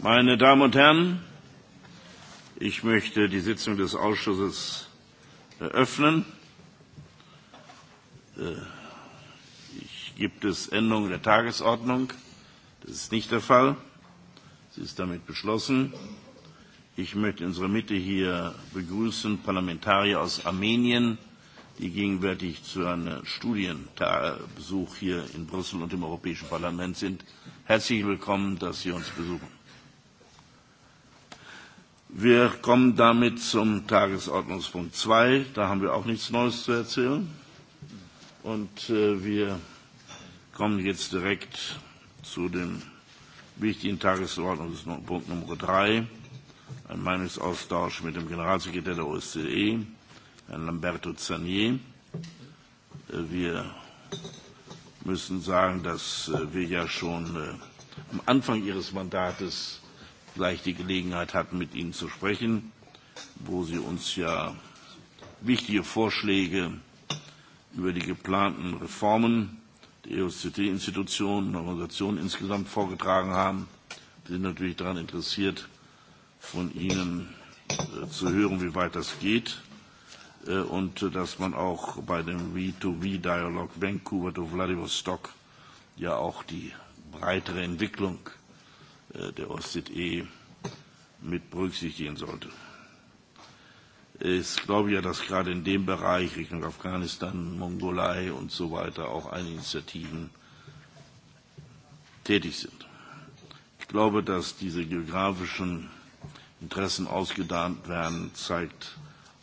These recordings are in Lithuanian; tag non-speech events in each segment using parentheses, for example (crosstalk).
Meine Damen und Herren, ich möchte die Sitzung des Ausschusses eröffnen. Äh, ich gibt es Änderungen der Tagesordnung? Das ist nicht der Fall. Sie ist damit beschlossen. Ich möchte in unserer Mitte hier begrüßen Parlamentarier aus Armenien, die gegenwärtig zu einem Studienbesuch hier in Brüssel und im Europäischen Parlament sind. Herzlich willkommen, dass Sie uns besuchen. Wir kommen damit zum Tagesordnungspunkt 2. Da haben wir auch nichts Neues zu erzählen. Und äh, wir kommen jetzt direkt zu dem wichtigen Tagesordnungspunkt Nummer 3, ein Meinungsaustausch mit dem Generalsekretär der OSZE Herrn Lamberto Zanier. Äh, wir müssen sagen, dass äh, wir ja schon äh, am Anfang Ihres Mandates gleich die Gelegenheit hatten, mit Ihnen zu sprechen, wo Sie uns ja wichtige Vorschläge über die geplanten Reformen der EOCT-Institutionen und Organisationen insgesamt vorgetragen haben. Wir sind natürlich daran interessiert, von Ihnen zu hören, wie weit das geht äh, und dass man auch bei dem V2V-Dialog Vancouver to Vladivostok ja auch die breitere Entwicklung äh, der OSZE mit berücksichtigen sollte. Ich glaube ja, dass gerade in dem Bereich Richtung Afghanistan, Mongolei und so weiter auch einige Initiativen tätig sind. Ich glaube, dass diese geografischen Interessen ausgedahnt werden, zeigt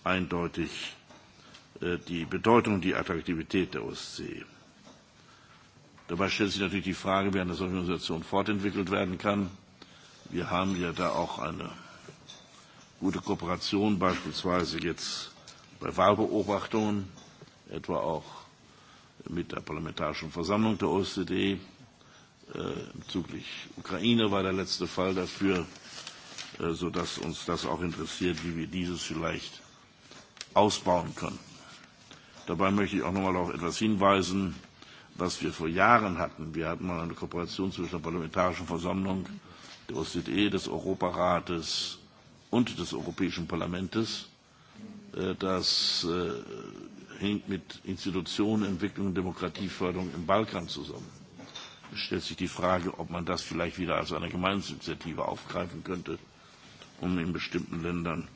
eindeutig äh, die Bedeutung und die Attraktivität der OSZE. Dabei stellt sich natürlich die Frage, wie eine solche Organisation fortentwickelt werden kann. Wir haben ja da auch eine gute Kooperation, beispielsweise jetzt bei Wahlbeobachtungen, etwa auch mit der Parlamentarischen Versammlung der OSZE. Äh, bezüglich Ukraine war der letzte Fall dafür, äh, sodass uns das auch interessiert, wie wir dieses vielleicht ausbauen können. Dabei möchte ich auch nochmal auf etwas hinweisen, was wir vor Jahren hatten. Wir hatten mal eine Kooperation zwischen der Parlamentarischen Versammlung, der OSZE, des Europarates und des Europäischen Parlaments. Äh, das äh, hängt mit Institutionen, Entwicklung und Demokratieförderung im Balkan zusammen. Es stellt sich die Frage, ob man das vielleicht wieder als eine Gemeinschaftsinitiative aufgreifen könnte, um in bestimmten Ländern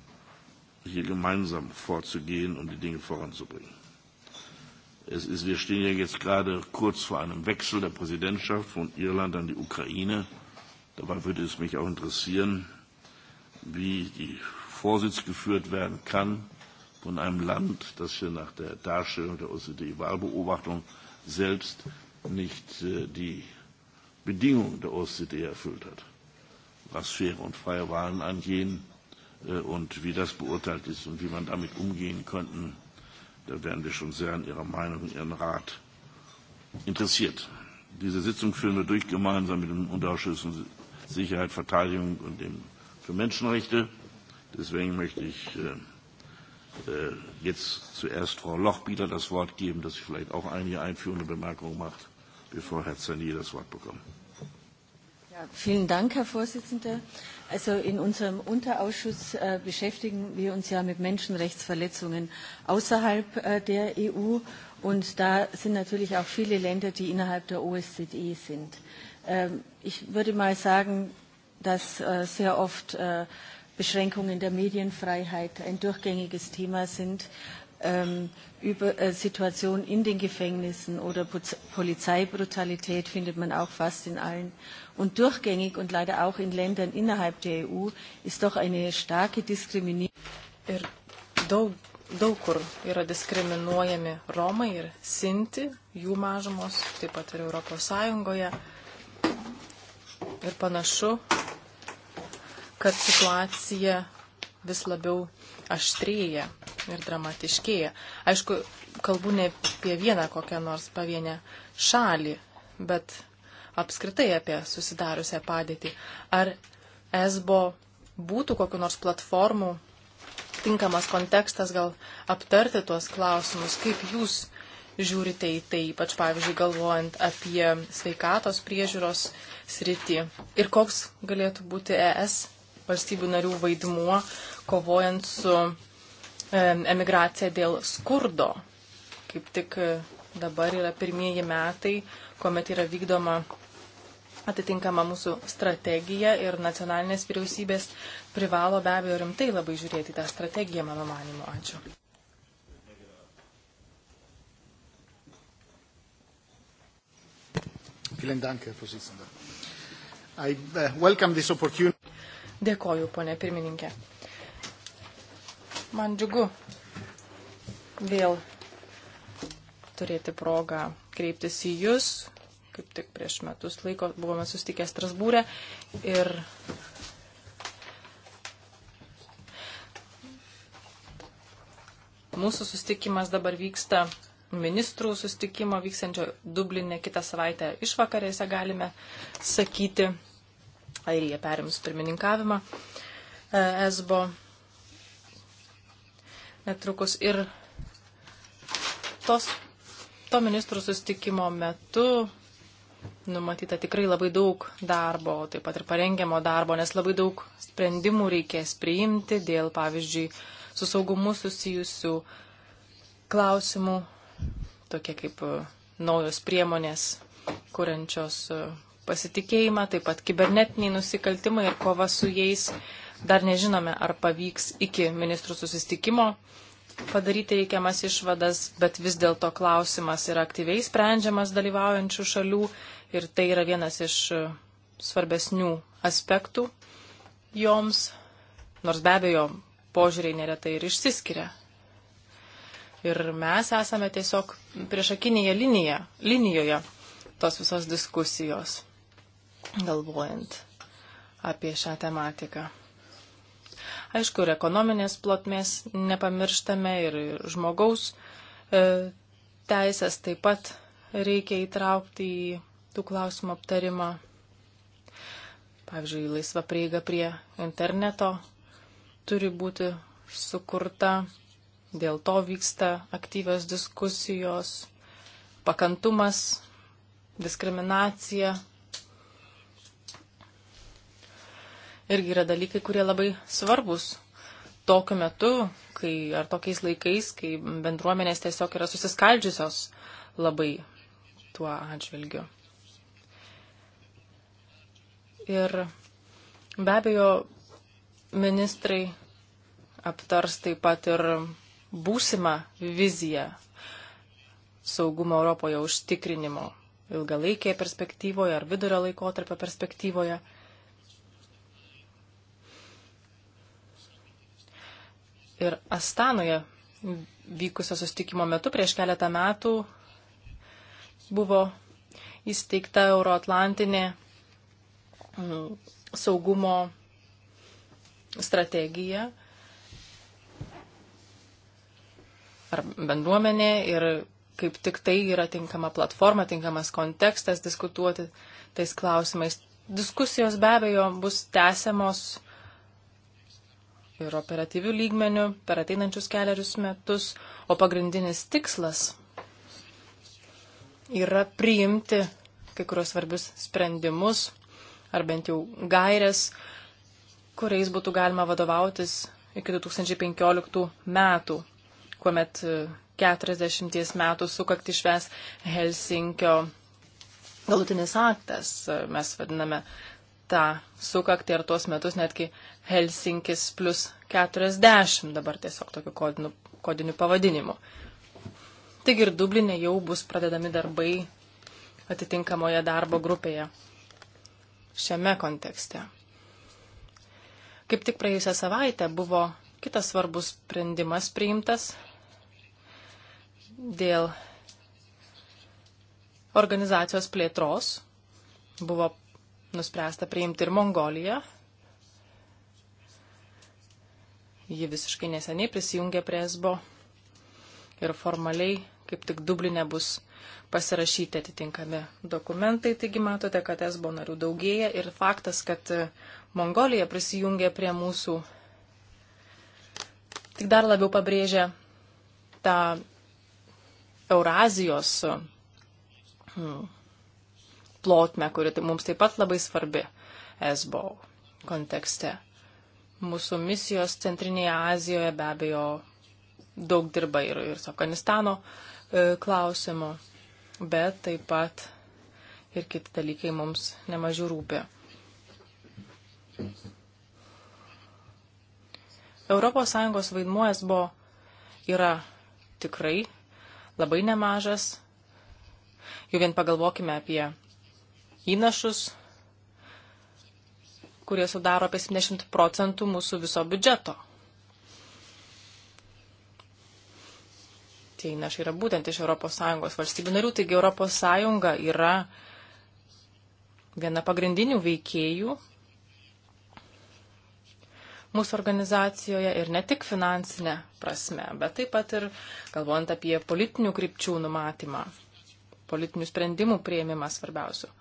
hier gemeinsam vorzugehen und die Dinge voranzubringen. Es ist, wir stehen ja jetzt gerade kurz vor einem Wechsel der Präsidentschaft von Irland an die Ukraine. Dabei würde es mich auch interessieren, wie die Vorsitz geführt werden kann von einem Land, das hier nach der Darstellung der OCD-Wahlbeobachtung selbst nicht äh, die Bedingungen der OCD erfüllt hat, was faire und freie Wahlen angehen äh, und wie das beurteilt ist und wie man damit umgehen könnten. Hm, da wären wir schon sehr an Ihrer Meinung und Ihren Rat interessiert. Diese Sitzung führen wir durch gemeinsam mit den Unterausschüssen Sicherheit, Verteidigung und dem für Menschenrechte. Deswegen möchte ich äh, äh, jetzt zuerst Frau Lochbieter das Wort geben, dass sie vielleicht auch einige einführende Bemerkungen macht, bevor Herr Zernier das Wort bekommt. Ja, vielen Dank, Herr Vorsitzender. Also in unserem Unterausschuss äh, beschäftigen wir uns ja mit Menschenrechtsverletzungen außerhalb äh, der EU. Und da sind natürlich auch viele Länder, die innerhalb der OSZE sind. Ähm, ich würde mal sagen, dass äh, sehr oft äh, Beschränkungen der Medienfreiheit ein durchgängiges Thema sind. Äh, ähm, über äh, Situation in den Gefängnissen oder Poz Polizeibrutalität findet man auch fast in allen. Und durchgängig und leider auch in Ländern innerhalb der EU ist doch eine starke Diskriminierung. Ir daug, daug kur yra diskriminuojami Romai ir Sinti, jų mažumos, taip pat ir Europos Sąjungoje. Ir panašu, kad situacija vis labiau aštrėja ir dramatiškėja. Aišku, kalbu ne apie vieną kokią nors pavienę šalį, bet apskritai apie susidariusią padėtį. Ar esbo būtų kokiu nors platformų tinkamas kontekstas gal aptarti tuos klausimus, kaip jūs žiūrite į tai, ypač pavyzdžiui, galvojant apie sveikatos priežiūros sritį ir koks galėtų būti ES valstybių narių vaidmuo kovojant su e, emigracija dėl skurdo. Kaip tik e, dabar yra pirmieji metai, kuomet yra vykdoma atitinkama mūsų strategija ir nacionalinės vyriausybės privalo be abejo rimtai labai žiūrėti tą strategiją, mano manimu. Ačiū. Vielen Dank, Herr Vorsitzender. I uh, welcome this opportunity. Dėkoju, ponė pirmininkė. Man džiugu vėl turėti progą kreiptis į Jūs. Kaip tik prieš metus laiko buvome susitikę Strasbūrę ir mūsų susitikimas dabar vyksta, ministrų susitikimo vyksančio Dublinė kitą savaitę išvakarėse galime sakyti. Airija perims pirmininkavimą e, esbo netrukus ir tos, to ministrų sustikimo metu numatyta tikrai labai daug darbo, taip pat ir parengiamo darbo, nes labai daug sprendimų reikės priimti dėl, pavyzdžiui, su saugumu susijusių klausimų, tokie kaip e, naujos priemonės, kuriančios e, pasitikėjimą, taip pat kibernetiniai nusikaltimai ir kova su jais. Dar nežinome, ar pavyks iki ministrų susistikimo padaryti reikiamas išvadas, bet vis dėlto klausimas yra aktyviai sprendžiamas dalyvaujančių šalių ir tai yra vienas iš e, svarbesnių aspektų joms, nors be abejo požiūriai neretai ir išsiskiria. Ir mes esame tiesiog priešakinėje linija, linijoje tos visos diskusijos galvojant apie šią tematiką. Aišku, ir ekonominės plotmės nepamirštame ir žmogaus e, teisės taip pat reikia įtraukti į tų klausimų aptarimą. Pavyzdžiui, laisva prieiga prie interneto turi būti sukurta, dėl to vyksta aktyvios diskusijos, pakantumas, diskriminacija irgi yra dalykai, kurie labai svarbus tokiu metu, kai ar tokiais laikais, kai bendruomenės tiesiog yra susiskaldžiusios labai tuo atžvilgiu. Ir be abejo, ministrai aptars taip pat ir būsimą viziją saugumo Europoje užtikrinimo ilgalaikėje perspektyvoje ar vidurio laikotarpio perspektyvoje. ir Astanoje vykusio sustikimo metu prieš keletą metų buvo įsteigta Euroatlantinė mm, saugumo strategija ar bendruomenė ir kaip tik tai yra tinkama platforma, tinkamas kontekstas diskutuoti tais klausimais. Diskusijos be abejo bus tęsiamos ir operatyvių lygmenių per ateinančius keliarius metus, o pagrindinis tikslas yra priimti kai kurios svarbius sprendimus ar bent jau gairias, kuriais būtų galima vadovautis iki 2015 metų, kuomet 40 e, metų sukakti šves Helsinkio galutinis aktas, mes vadiname tą sukaktį ar tuos metus netgi Helsinkis plus 40 dabar tiesiog tokiu kodiniu, kodiniu pavadinimu. Taigi ir Dublinė jau bus pradedami darbai atitinkamoje darbo grupėje šiame kontekste. Kaip tik praėjusią savaitę buvo kitas svarbus sprendimas priimtas dėl organizacijos plėtros. Buvo nuspręsta priimti ir Mongoliją. Ji visiškai neseniai prisijungė prie esbo ir formaliai kaip tik Dublinė bus pasirašyti atitinkami dokumentai. Taigi matote, kad esbo narių daugėja ir faktas, kad Mongolija prisijungė prie mūsų, tik dar labiau pabrėžia tą Eurazijos hmm, plotmę, kuri tai mums taip pat labai svarbi ESBO kontekste. Mūsų misijos Centrinėje Azijoje be abejo daug dirba ir, ir su Afganistano e, klausimu, bet taip pat ir kiti dalykai mums nemažiau rūpi. ES vaidmuo esbo yra tikrai labai nemažas. Jau vien pagalvokime apie įnašus, kurie sudaro apie 70 procentų mūsų viso biudžeto. Tie įnašai yra būtent iš ES valstybių narių, taigi ES yra viena pagrindinių veikėjų mūsų organizacijoje ir ne tik finansinė prasme, bet taip pat ir galvojant apie politinių krypčių numatymą, politinių sprendimų prieimimą svarbiausių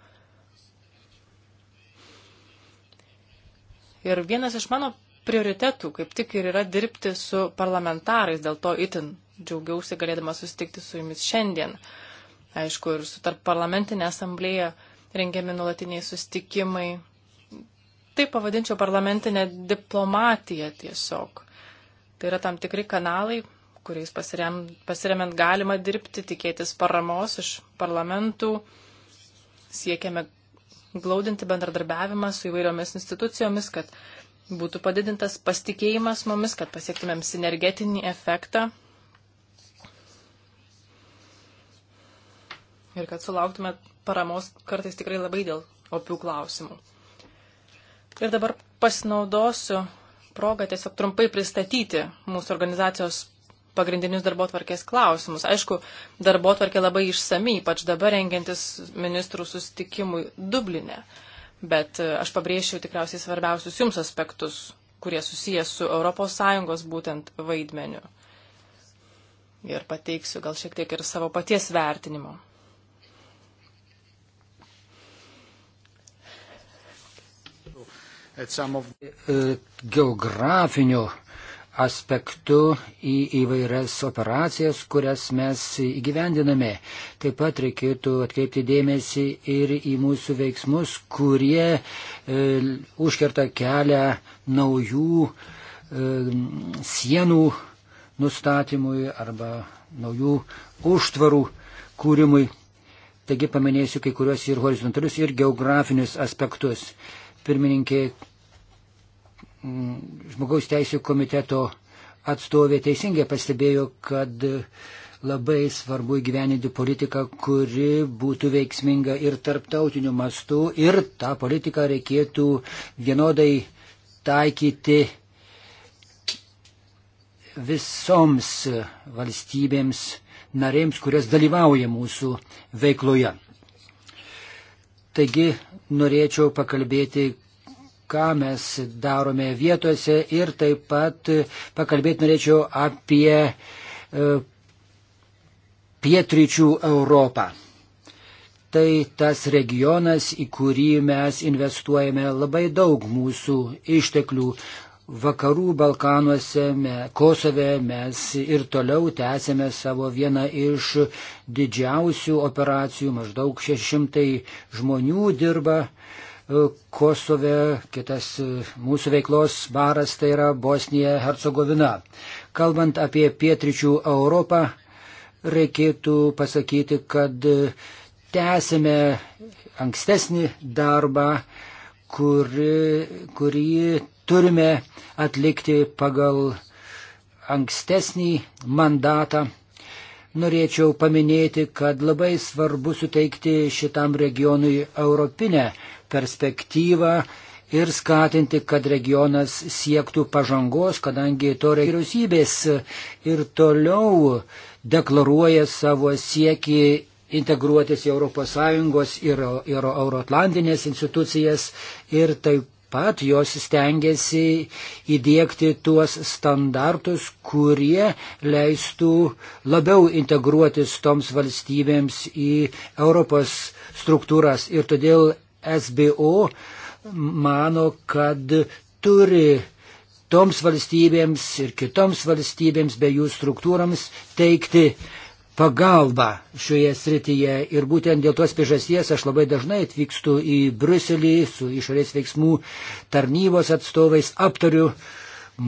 Ir vienas iš mano prioritetų kaip tik ir yra dirbti su parlamentarais, dėl to itin džiaugiausi galėdama susitikti su jumis šiandien. Aišku, ir su tarp parlamentinė asamblėja rengiami nulatiniai susitikimai. Tai pavadinčiau parlamentinę diplomatiją tiesiog. Tai yra tam tikri kanalai, kuriais pasirem, pasiremiant galima dirbti, tikėtis paramos iš parlamentų. Siekiame glaudinti bendradarbiavimą su įvairiomis institucijomis, kad būtų padidintas pasitikėjimas mumis, kad pasiektumėm sinergetinį efektą ir kad sulauktume paramos kartais tikrai labai dėl opių klausimų. Ir dabar pasinaudosiu progą tiesiog trumpai pristatyti mūsų organizacijos pagrindinius darbo tvarkės klausimus. Aišku, darbo tvarkė labai išsami, ypač dabar rengiantis ministrų sustikimui Dublinė. Bet e, aš pabrėšiu tikriausiai svarbiausius jums aspektus, kurie susijęs su ES būtent vaidmeniu. Ir pateiksiu gal šiek tiek ir savo paties vertinimo. E, geografinio aspektu į įvairias operacijas, kurias mes įgyvendiname. Taip pat reikėtų atkreipti dėmesį ir į mūsų veiksmus, kurie e, užkerta kelią naujų e, sienų nustatymui arba naujų užtvarų kūrimui. Taigi paminėsiu kai kuriuos ir horizontalius, ir geografinius aspektus. Pirmininkė Mm, žmogaus teisų komiteto atstovė teisingai pastebėjo, kad labai svarbu įgyveninti politiką, kuri būtų veiksminga ir tarptautiniu mastu, ir tą politiką reikėtų vienodai taikyti visoms valstybėms narėms, kurios dalyvauja mūsų veikloje. Taigi norėčiau pakalbėti, ką mes darome vietose ir taip pat pakalbėti norėčiau apie e, pietryčių Europą. Tai tas regionas, į kurį mes investuojame labai daug mūsų išteklių. Vakarų Balkanuose, me, Kosove mes ir toliau tęsėme savo vieną iš didžiausių operacijų, maždaug 600 žmonių dirba Kosove, kitas e, mūsų veiklos baras tai yra Bosnija Hercegovina. Kalbant apie pietričių Europą, reikėtų pasakyti, kad e, tęsime ankstesnį darbą, kuri, kurį turime atlikti pagal ankstesnį mandatą. Norėčiau paminėti, kad labai svarbu suteikti šitam regionui europinę perspektyvą ir skatinti, kad regionas siektų pažangos, kadangi to vyriausybės ir toliau deklaruoja savo siekį integruotis į ES ir, ir euroatlantinės institucijas ir taip pat jos stengiasi įdėkti tuos standartus, kurie leistų labiau integruotis toms valstybėms į Europos struktūras. Ir todėl SBO mano, kad turi toms valstybėms ir kitoms valstybėms bei jų struktūrams teikti pagalbą šioje srityje. Ir būtent dėl tos priežasties aš labai dažnai atvykstu į Bruselį su išorės veiksmų tarnybos atstovais, aptariu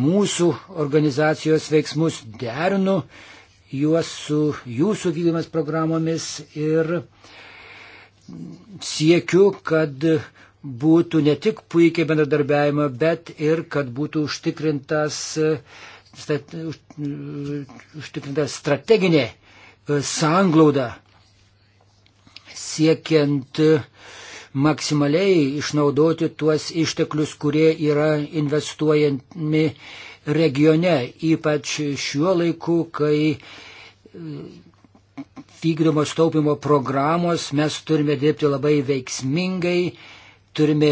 mūsų organizacijos veiksmus, derinu juos su jūsų vykdomis programomis ir uh, siekiu, kad būtų ne tik puikiai bendradarbiavimo, bet ir kad būtų užtikrintas, stat, užtikrintas strateginė e, sanglauda siekiant e, maksimaliai išnaudoti tuos išteklius, kurie yra investuojami regione, ypač šiuo laiku, kai e, vykdomos taupimo programos mes turime dirbti labai veiksmingai, turime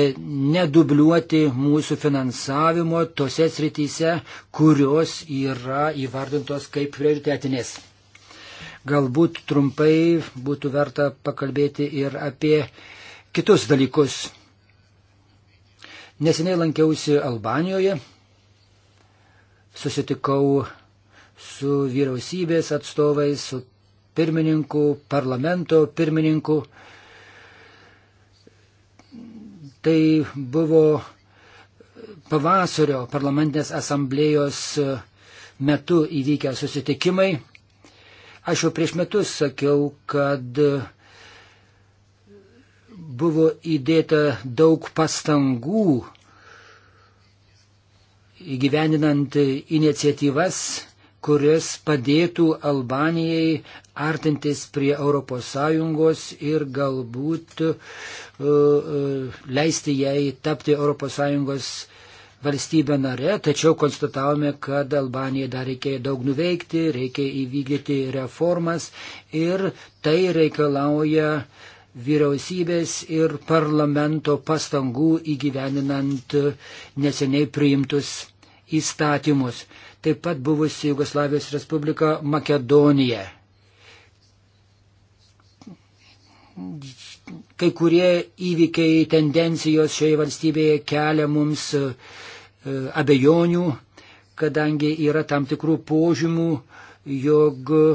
nedubliuoti mūsų finansavimo tose srityse, kurios yra įvardintos kaip prioritetinės. Galbūt trumpai būtų verta pakalbėti ir apie kitus dalykus. Neseniai lankiausi Albanijoje, susitikau su vyriausybės atstovais, su pirmininku, parlamento pirmininku. Tai buvo pavasario parlamentinės asamblėjos e, metu įvykę susitikimai. Aš jau prieš metus sakiau, kad e, buvo įdėta daug pastangų įgyvendinant iniciatyvas kuris padėtų Albanijai artintis prie ES ir galbūt uh, uh, leisti jai tapti ES valstybę narę, tačiau konstatavome, kad Albanijai dar reikėjo daug nuveikti, reikia įvykdyti reformas ir tai reikalauja vyriausybės ir parlamento pastangų įgyveninant neseniai priimtus įstatymus taip pat buvusi Jugoslavijos Respublika Makedonija. Kai kurie įvykiai, tendencijos šioje valstybėje kelia mums e, abejonių, kadangi yra tam tikrų požymų, jog e,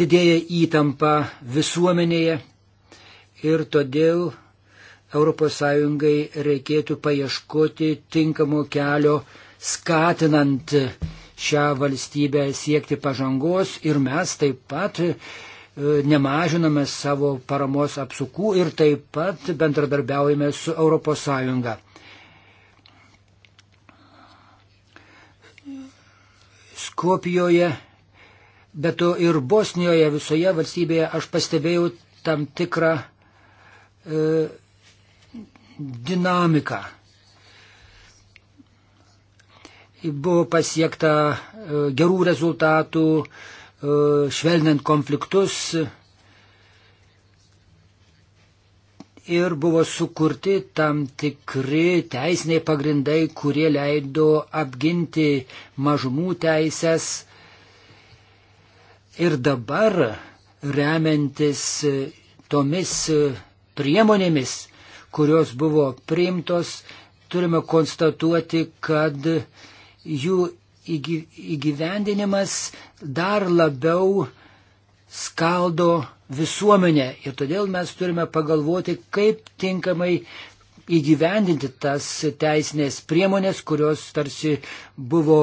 didėja įtampa visuomenėje ir todėl ES reikėtų paieškoti tinkamo kelio skatinant šią valstybę siekti pažangos ir mes taip pat e, nemažiname savo paramos apsukų ir taip pat bendradarbiaujame su ES. Skopijoje, bet ir Bosnijoje visoje valstybėje aš pastebėjau tam tikrą e, dinamiką buvo pasiekta e, gerų rezultatų, e, švelnint konfliktus ir buvo sukurti tam tikri teisiniai pagrindai, kurie leido apginti mažumų teisės. Ir dabar, remiantis e, tomis priemonėmis, kurios buvo priimtos, turime konstatuoti, kad jų įgyvendinimas dar labiau skaldo visuomenę ir todėl mes turime pagalvoti, kaip tinkamai įgyvendinti tas teisinės priemonės, kurios tarsi buvo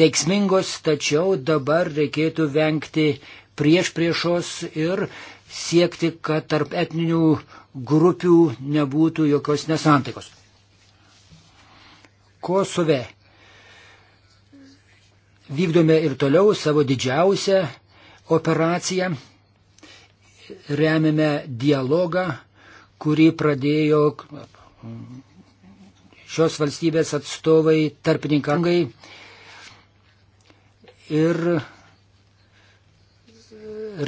veiksmingos, tačiau dabar reikėtų vengti prieš priešos ir siekti, kad tarp etninių grupių nebūtų jokios nesantaikos. Kosove vykdome ir toliau savo didžiausią operaciją, remiame dialogą, kurį pradėjo šios valstybės atstovai tarpininkangai ir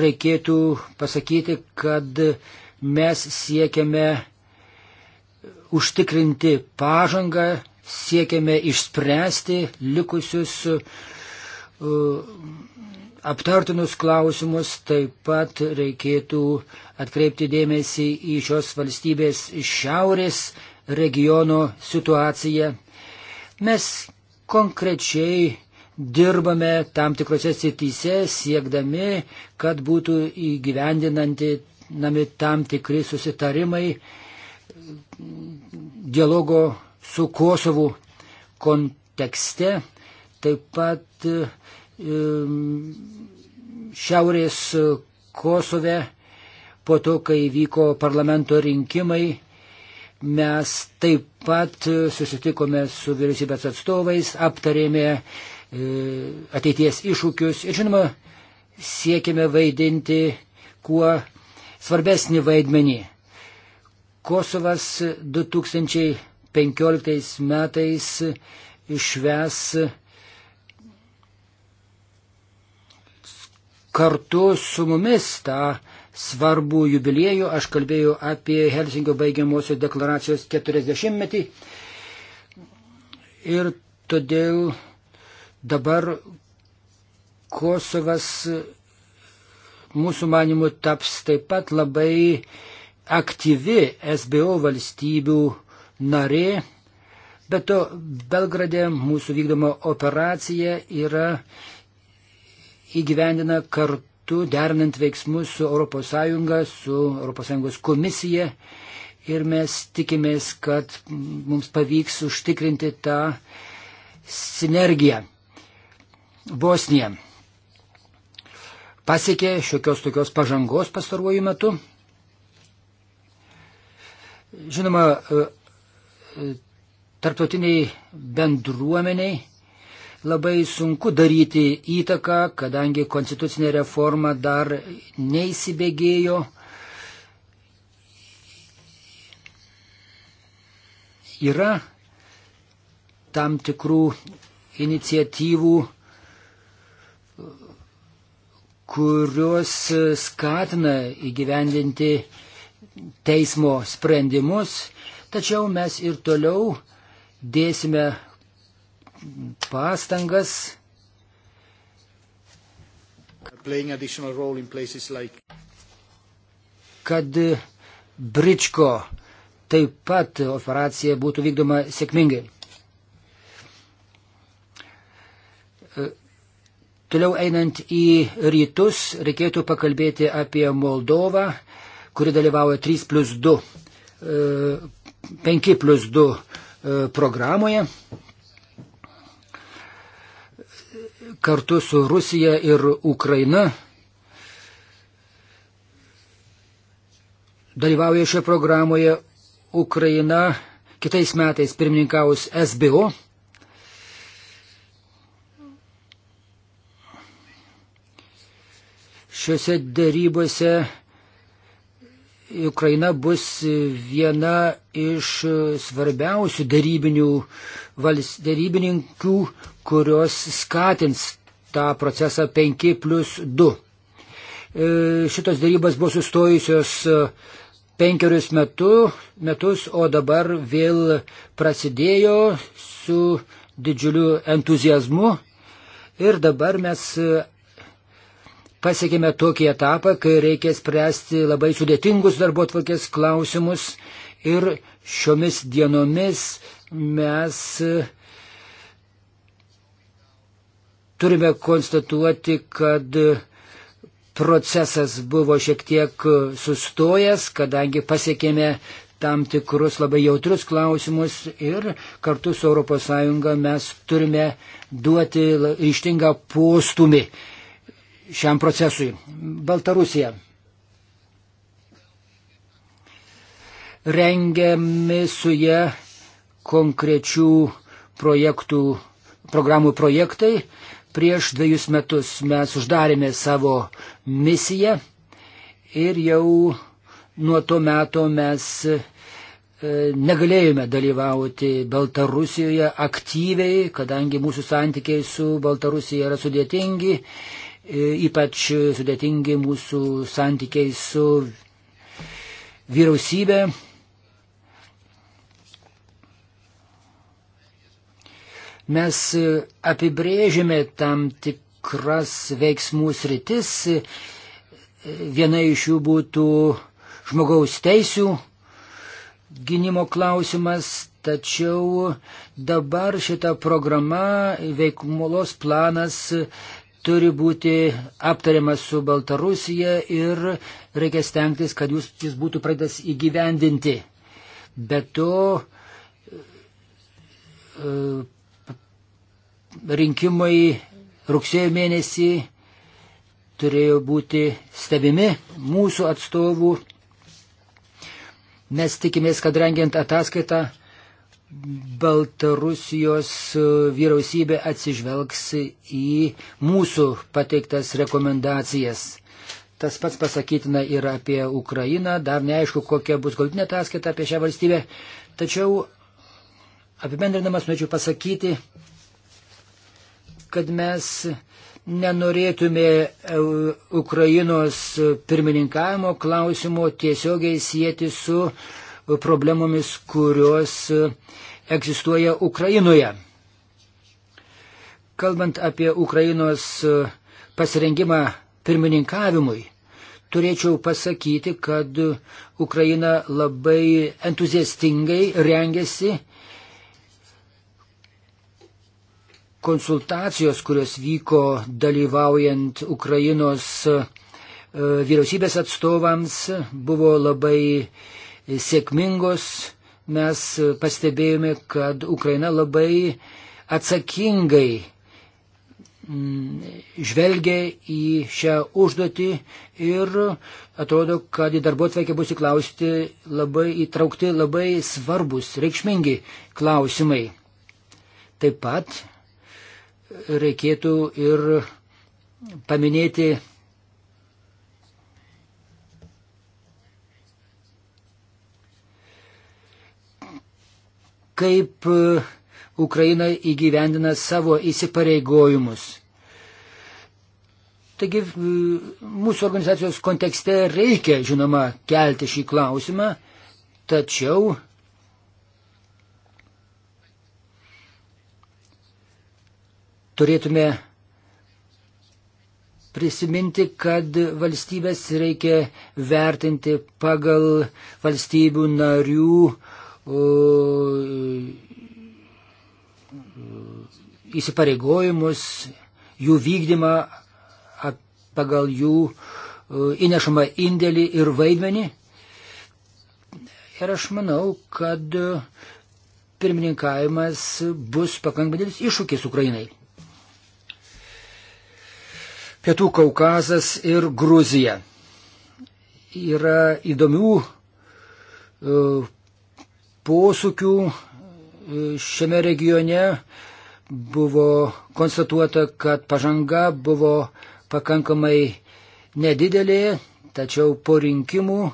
reikėtų pasakyti, kad mes siekiame užtikrinti pažangą, siekiame išspręsti likusius E, aptartinus klausimus taip pat reikėtų atkreipti dėmesį į šios valstybės šiaurės regiono situaciją. Mes konkrečiai dirbame tam tikrose sityse, siekdami, kad būtų įgyvendinanti nami tam tikri susitarimai dialogo su Kosovu kontekste. Taip pat Šiaurės Kosove, po to, kai vyko parlamento rinkimai, mes taip pat susitikome su vyriausybės atstovais, aptarėme e, ateities iššūkius ir žinoma, siekime vaidinti kuo svarbesnį vaidmenį. Kosovas 2015 metais išves kartu su mumis tą svarbų jubiliejų. Aš kalbėjau apie Helsingio baigiamosios deklaracijos 40-metį. Ir todėl dabar Kosovas mūsų manimų taps taip pat labai aktyvi SBO valstybių narė. Bet to Belgrade mūsų vykdoma operacija yra įgyvendina kartu derinant veiksmus su ES, su ES komisija ir mes tikimės, kad mums pavyks užtikrinti tą sinergiją. Bosnija pasiekė šiokios tokios pažangos pastaruoju metu. Žinoma, e, e, tarptautiniai bendruomeniai labai sunku daryti įtaką, kadangi konstitucinė reforma dar neįsibėgėjo. Yra tam tikrų iniciatyvų, kurios skatina įgyvendinti teismo sprendimus, tačiau mes ir toliau dėsime pastangas. Kad Bričko taip pat operacija būtų vykdoma sėkmingai. E, toliau einant į rytus, reikėtų pakalbėti apie Moldovą, kuri dalyvauja 3 plus 2, 5 e, plus 2 e, programoje. kartu su Rusija ir Ukraina dalyvauja šioje programoje. Ukraina kitais metais pirmininkaus SBO. Šiuose dėrybose Ukraina bus viena iš svarbiausių darybininkių, kurios skatins tą procesą 5 plus 2. E, šitos darybas buvo sustojusios e, penkerius metu, metus, o dabar vėl prasidėjo su didžiuliu entuzijazmu. Ir dabar mes pasiekėme tokį etapą, kai reikia spręsti labai sudėtingus darbo atvarkės klausimus ir šiomis dienomis mes e, turime konstatuoti, kad e, procesas buvo šiek tiek e, sustojęs, kadangi pasiekėme tam tikrus labai jautrius klausimus ir kartu su ES mes turime duoti ryštingą postumį šiam procesui. Baltarusija. Rengiami su jie konkrečių projektų, programų projektai. Prieš dviejus metus mes uždarėme savo misiją ir jau nuo to meto mes e, negalėjome dalyvauti Baltarusijoje aktyviai, kadangi mūsų santykiai su Baltarusija yra sudėtingi E, ypač sudėtingi mūsų santykiai su vyriausybė. Mes apibrėžėme tam tikras veiksmų sritis. Viena iš jų būtų žmogaus teisų gynimo klausimas, tačiau dabar šita programa veikmulos planas turi būti aptariamas su Baltarusija ir reikia stengtis, kad jūs, jis būtų pradės įgyvendinti. Be to, e, rinkimai rugsėjo mėnesį turėjo būti stebimi mūsų atstovų. Mes tikimės, kad rengiant ataskaitą Baltarusijos e, vyriausybė atsižvelgs į mūsų pateiktas rekomendacijas. Tas pats pasakytina ir apie Ukrainą, dar neaišku, kokia bus galutinė ataskaita apie šią valstybę. Tačiau apibendrinamas norėčiau pasakyti, kad mes nenorėtume e, Ukrainos pirmininkavimo klausimo tiesiogiai sieti su uh, problemomis, kurios e, egzistuoja Ukrainoje. Kalbant apie Ukrainos e, pasirengimą pirmininkavimui, turėčiau pasakyti, kad Ukraina labai entuziastingai rengiasi konsultacijos, kurios vyko dalyvaujant Ukrainos e, vyriausybės atstovams, buvo labai uh, sėkmingos, mes pastebėjome, kad Ukraina labai atsakingai mm, žvelgia į šią užduotį ir atrodo, kad į darbo atvekę bus įklausti labai įtraukti labai svarbus, reikšmingi klausimai. Taip pat reikėtų ir paminėti kaip e, Ukraina įgyvendina savo įsipareigojimus. Taigi e, mūsų organizacijos kontekste reikia, žinoma, kelti šį klausimą, tačiau turėtume prisiminti, kad valstybės reikia vertinti pagal valstybių narių E, įsipareigojimus, jų vykdymą pagal jų įnešamą indėlį ir vaidmenį. Ir aš manau, kad pirmininkavimas bus pakankamai didelis iššūkis Ukrainai. Pietų Kaukazas ir Gruzija yra įdomių posūkių e, šiame regione buvo konstatuota, kad pažanga buvo pakankamai nedidelė, tačiau po rinkimų e,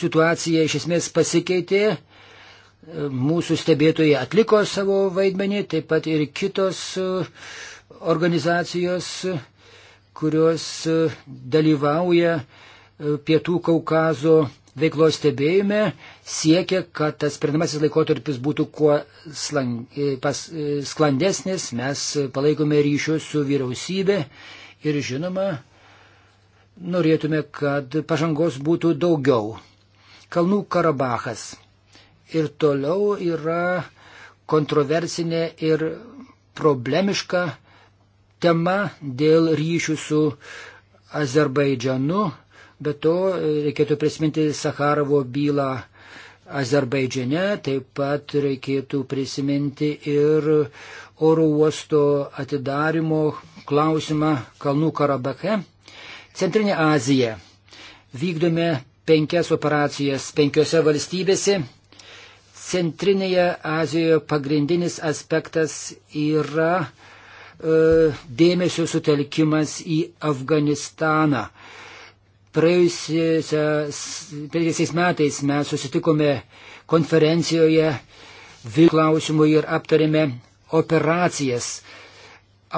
situacija iš esmės pasikeitė. E, mūsų stebėtojai atliko savo vaidmenį, taip pat ir kitos organizacijos, kurios dalyvauja Pietų Kaukazo veiklos stebėjime siekia, kad tas perinamasis laikotarpis būtų kuo slang, e, pas, e, sklandesnis. Mes palaikome ryšius su vyriausybė ir žinoma, norėtume, kad pažangos būtų daugiau. Kalnų Karabachas ir toliau yra kontroversinė ir problemiška tema dėl ryšių su Azerbaidžanu Bet to reikėtų prisiminti Sakarovo bylą Azerbaidžiane, taip pat reikėtų prisiminti ir oro uosto atidarimo klausimą Kalnų Karabache. Centrinė Azija. Vykdome penkias operacijas penkiose valstybėse. Centrinėje Azijoje pagrindinis aspektas yra e, dėmesio sutelkimas į Afganistaną. E, Praėjusiais metais mes susitikome konferencijoje Vilnių klausimų ir aptarėme operacijas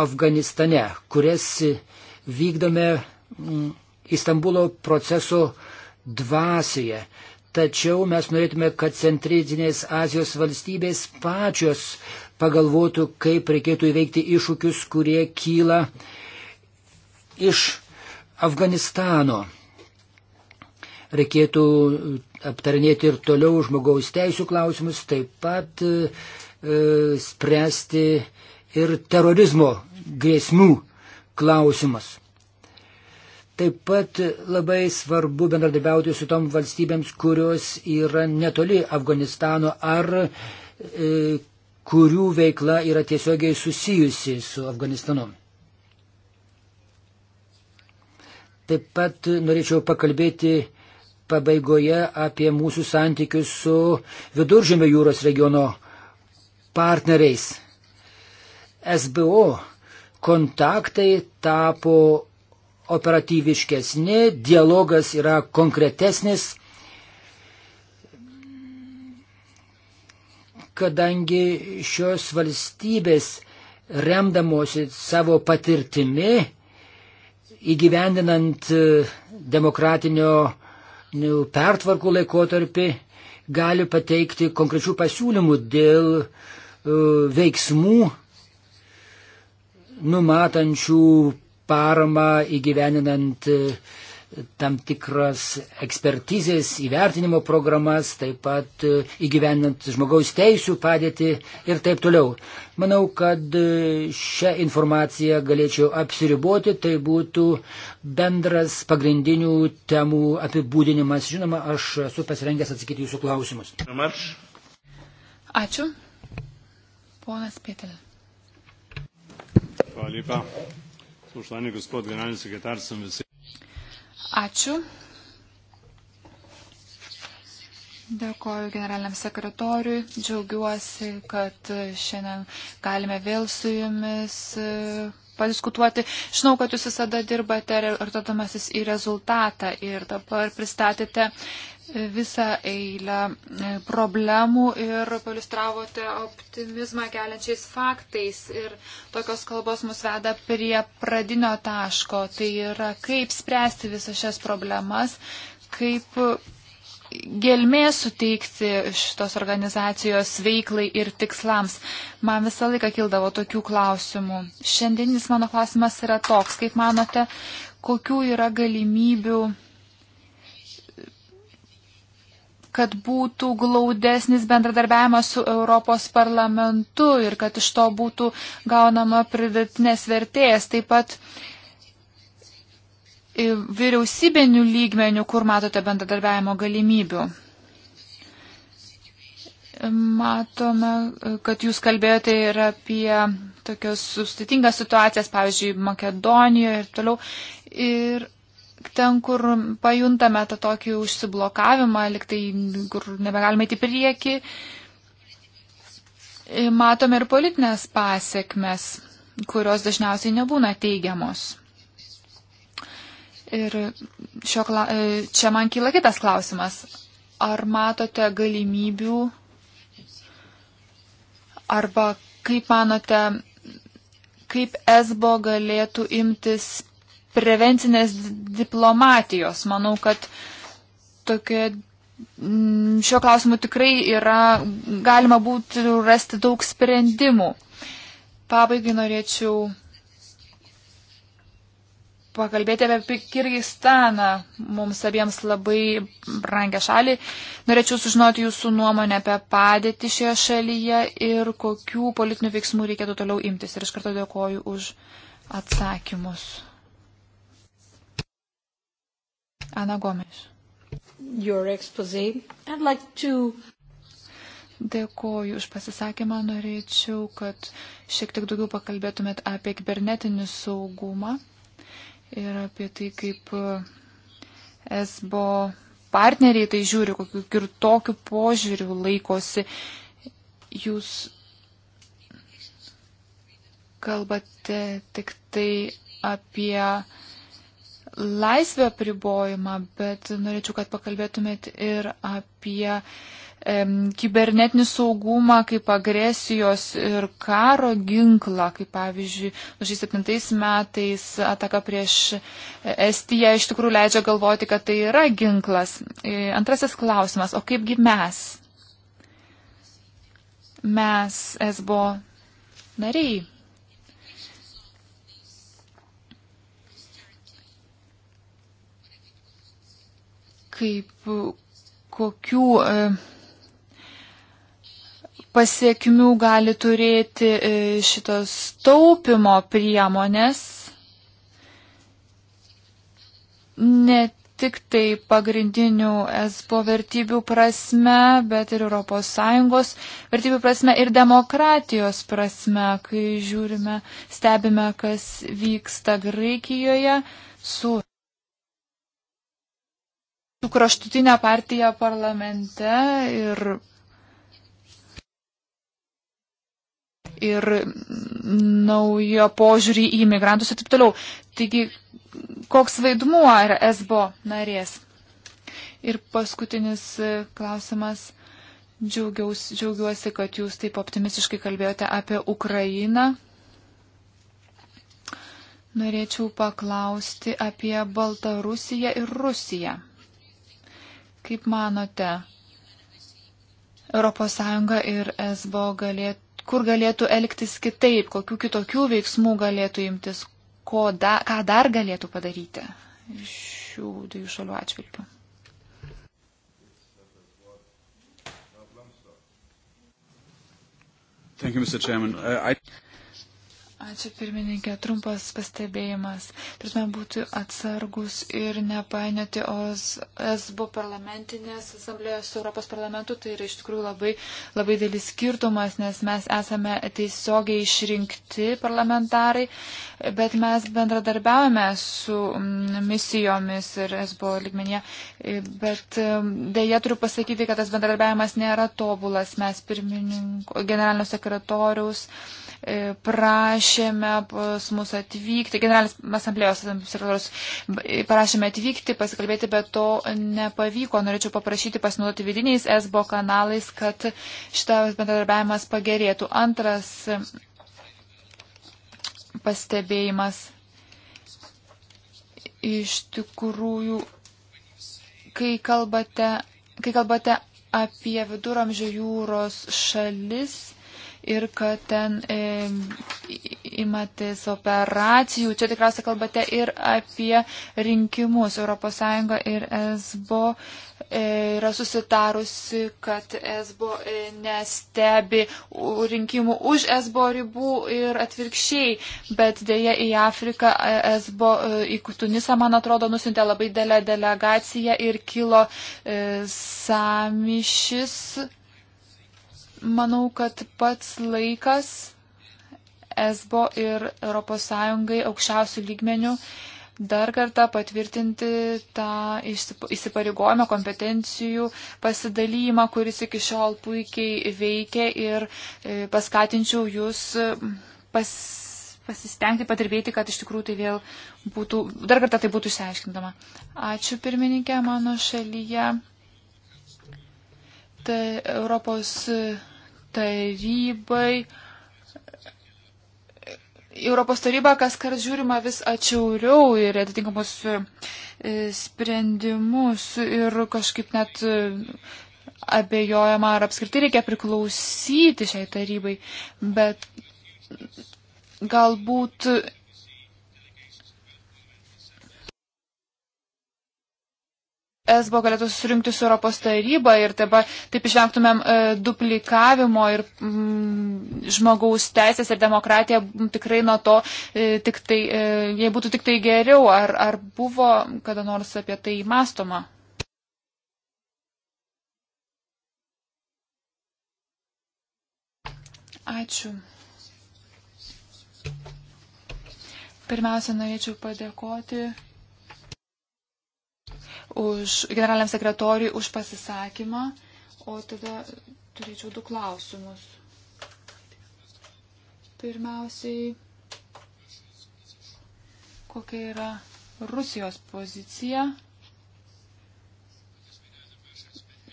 Afganistane, kurias vykdome mm, Istanbulo proceso dvasioje. Tačiau mes norėtume, kad Centrinės Azijos valstybės pačios pagalvotų, kaip reikėtų įveikti iššūkius, kurie kyla iš Afganistano reikėtų e, aptarinėti ir toliau žmogaus teisų klausimus, taip pat e, e spręsti ir terorizmo grėsmių klausimas. Taip pat labai svarbu bendradarbiauti su tom valstybėms, kurios yra netoli Afganistano ar e, kurių veikla yra tiesiogiai susijusi su Afganistanu. Taip pat norėčiau pakalbėti pabaigoje apie mūsų santykius su Viduržėmio jūros regiono partneriais. SBO kontaktai tapo operatyviškesni, dialogas yra konkretesnis, kadangi šios valstybės remdamosi savo patirtimi įgyvendinant demokratinio pertvarkų laikotarpį gali pateikti konkrečių pasiūlymų dėl e, veiksmų numatančių paramą įgyveninant uh, tam tikras ekspertizės įvertinimo programas, taip pat e, įgyvendinant žmogaus teisų padėtį ir taip toliau. Manau, kad e, šią informaciją galėčiau apsiriboti, tai būtų bendras pagrindinių temų apibūdinimas. Žinoma, aš esu pasirengęs atsakyti jūsų klausimus. Ačiū. Ponas Pietelė. Hvala lepa. Spoštovani gospod generalni sekretar, sem vesel. Ačiū. Dėkoju generaliniam sekretoriui. Džiaugiuosi, kad šiandien galime vėl su jumis e, padiskutuoti. Žinau, kad jūs visada dirbate ir todamasis į rezultatą ir dabar pristatėte visą eilę e, problemų ir palistravote optimizmą keliančiais faktais. Ir tokios kalbos mus veda prie pradinio taško. Tai yra, kaip spręsti visas šias problemas, kaip gelmė suteikti šitos organizacijos veiklai ir tikslams. Man visą laiką kildavo tokių klausimų. Šiandieninis mano klausimas yra toks, kaip manote, kokių yra galimybių kad būtų glaudesnis bendradarbiavimas su Europos parlamentu ir kad iš to būtų gaunama pridėtinės vertės. Taip pat e, vyriausybinių lygmenių, kur matote bendradarbiavimo galimybių. Matome, kad jūs kalbėjote ir apie tokias sustitingas situacijas, pavyzdžiui, Makedonijoje ir toliau. Ir ten, kur pajuntame tą tokį užsiblokavimą, liktai, kur nebegalime į priekį, e, matome ir politinės pasiekmes, kurios dažniausiai nebūna teigiamos. Ir šio, e, čia man kyla kitas klausimas. Ar matote galimybių arba kaip manote, kaip esbo galėtų imtis prevencinės diplomatijos. Manau, kad tokia, mm, šiuo klausimu tikrai yra, galima būtų rasti daug sprendimų. Pabaigai norėčiau pakalbėti apie Kirgistaną, mums abiems labai brangę šalį. Norėčiau sužinoti jūsų nuomonę apie padėtį šioje šalyje ir kokių politinių veiksmų reikėtų toliau imtis. Ir iš karto dėkoju už atsakymus. Ana Gomes. Like to... Dėkoju už pasisakymą. Norėčiau, kad šiek tiek daugiau pakalbėtumėt apie kibernetinį saugumą ir apie tai, kaip esbo eh, partneriai tai žiūri, kokiu ir tokiu požiūriu laikosi. Jūs kalbate tik tai apie laisvę pribojimą, bet norėčiau, kad pakalbėtumėt ir apie kibernetinį saugumą kaip agresijos ir karo ginklą, kaip pavyzdžiui, 2007 metais ataka prieš e, Estiją iš tikrųjų leidžia galvoti, kad tai yra ginklas. E, antrasis klausimas, o kaipgi mes? Mes esbo nariai. kaip kokių e, pasiekmių gali turėti e, šitos taupimo priemonės. Ne tik tai pagrindinių espo vertybių prasme, bet ir ES vertybių prasme ir demokratijos prasme, kai žiūrime, stebime, kas vyksta Graikijoje su su kraštutinė partija parlamente ir, ir naujo požiūrį į imigrantus ir taip toliau. Taigi, koks vaidmuo yra SBO narės? Ir paskutinis klausimas. Džiaugiausi, džiaugiuosi, kad jūs taip optimistiškai kalbėjote apie Ukrainą. Norėčiau paklausti apie Baltarusiją ir Rusiją. Kaip manote, ES ir SBO galėtų, kur galėtų elgtis kitaip, kokiu kitokių veiksmų galėtų imtis, da, ką dar galėtų padaryti šių dviejų šalių atžvilgių? Thank you, Mr. Chairman. Uh, I... Ačiū pirmininkė, trumpas pastebėjimas. Turime būti atsargus ir nepainioti SBO parlamentinės asamblėjos su Europos parlamentu. Tai yra iš tikrųjų labai, labai dėlis skirtumas, nes mes esame tiesiogiai išrinkti parlamentarai, bet mes bendradarbiavame su mm, misijomis ir SBO ligmenyje. Bet mm, dėja turiu pasakyti, kad tas bendradarbiavimas nėra tobulas. Mes pirmininko, generalinio sekretoriaus e, prašymą paprašėme pas mus atvykti, generalinis asamblėjos sekretorius parašėme atvykti, pasikalbėti, bet to nepavyko. Norėčiau paprašyti pasinaudoti vidiniais SBO kanalais, kad šitas bendradarbiavimas pagerėtų. Antras pastebėjimas. Iš tikrųjų, kai kalbate, kai kalbate apie viduramžių jūros šalis ir kad ten e, imatės operacijų. Čia tikriausiai kalbate ir apie rinkimus. ES ir ESBO e, yra susitarusi, kad ESBO e, nestebi rinkimų už ESBO ribų ir atvirkščiai, bet dėja į Afriką ESBO e, į Tunisą, man atrodo, nusintė labai dėlę delegaciją ir kilo samišis manau, kad pats laikas ESBO ir ES aukščiausių lygmenių dar kartą patvirtinti tą įsipareigojimą kompetencijų pasidalymą, kuris iki šiol puikiai veikia ir e, paskatinčiau jūs e, pas, pasistengti, padirbėti, kad iš tikrųjų tai vėl būtų, dar kartą tai būtų išsiaiškintama. Ačiū pirmininkė mano šalyje. Tai Europos e, tarybai Europos taryba kas kart žiūrima vis atšiauriau ir atitinkamus e, sprendimus ir kažkaip net e, abejojama, ar apskritai reikia priklausyti šiai tarybai, bet galbūt ESBO galėtų susirinkti su Europos taryba ir teba, taip išvengtumėm e, duplikavimo ir mm, žmogaus teisės ir demokratija tikrai nuo to, e, tik tai, e, jei būtų tik tai geriau, ar, ar buvo kada nors apie tai mąstoma? Ačiū. Pirmiausia, norėčiau padėkoti už generaliniam sekretoriui už pasisakymą, o tada turėčiau du klausimus. Pirmiausiai, kokia yra Rusijos pozicija?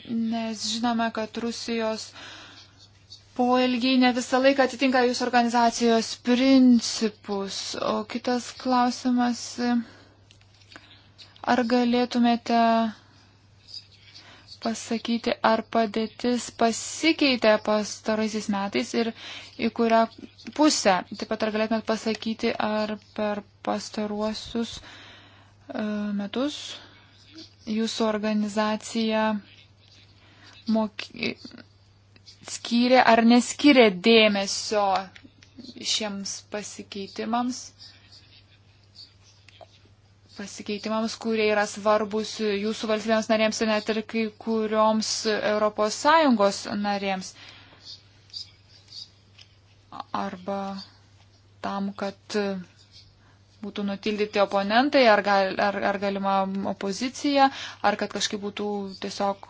Nes žinome, kad Rusijos poelgiai ne visą laiką atitinka jūsų organizacijos principus. O kitas klausimas Ar galėtumėte pasakyti, ar padėtis pasikeitė pastaraisiais metais ir į kurią pusę? Taip pat ar galėtumėt pasakyti, ar per pastaruosius e, metus jūsų organizacija moky... skyrė ar neskyrė dėmesio šiems pasikeitimams? pasikeitimams, kurie yra svarbus jūsų valstybėms narėms ir net ir kai kurioms ES narėms. Arba tam, kad būtų nutildyti oponentai, ar, gal, ar, ar galima opozicija, ar kad kažkaip būtų tiesiog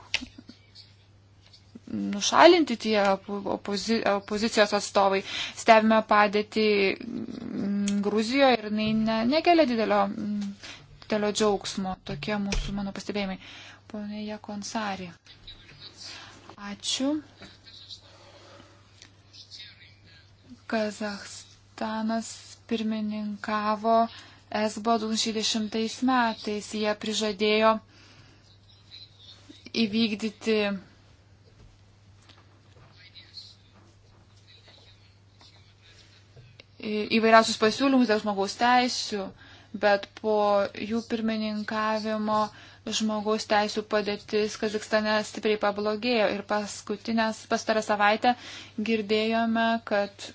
nušalinti tie opozi, opozicijos atstovai. Stebime padėti mm, Gruzijoje ir jinai ne, nekelia didelio, mm, didelio džiaugsmo. Tokie mūsų mano pastebėjimai. Pone Jakonsari. Ačiū. Kazahstanas pirmininkavo SBO 2010 metais. Jie prižadėjo įvykdyti įvairiausius pasiūlymus dėl žmogaus teisių, bet po jų pirmininkavimo žmogaus teisų padėtis Kazakstane stipriai pablogėjo ir pastarą savaitę girdėjome, kad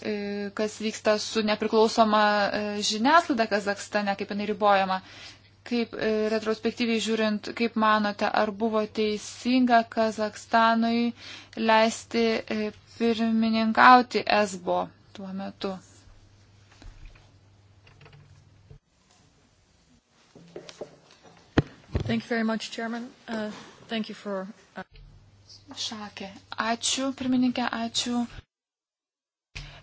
e, kas vyksta su nepriklausoma e, žiniasklaida Kazakstane, kaip jinai ribojama kaip e, retrospektyviai žiūrint, kaip manote, ar buvo teisinga Kazakstanui leisti e, pirmininkauti esbo tuo metu? Thank you very much, Chairman. Uh, thank you for... Uh, Šakė. Ačiū, pirmininkė, ačiū.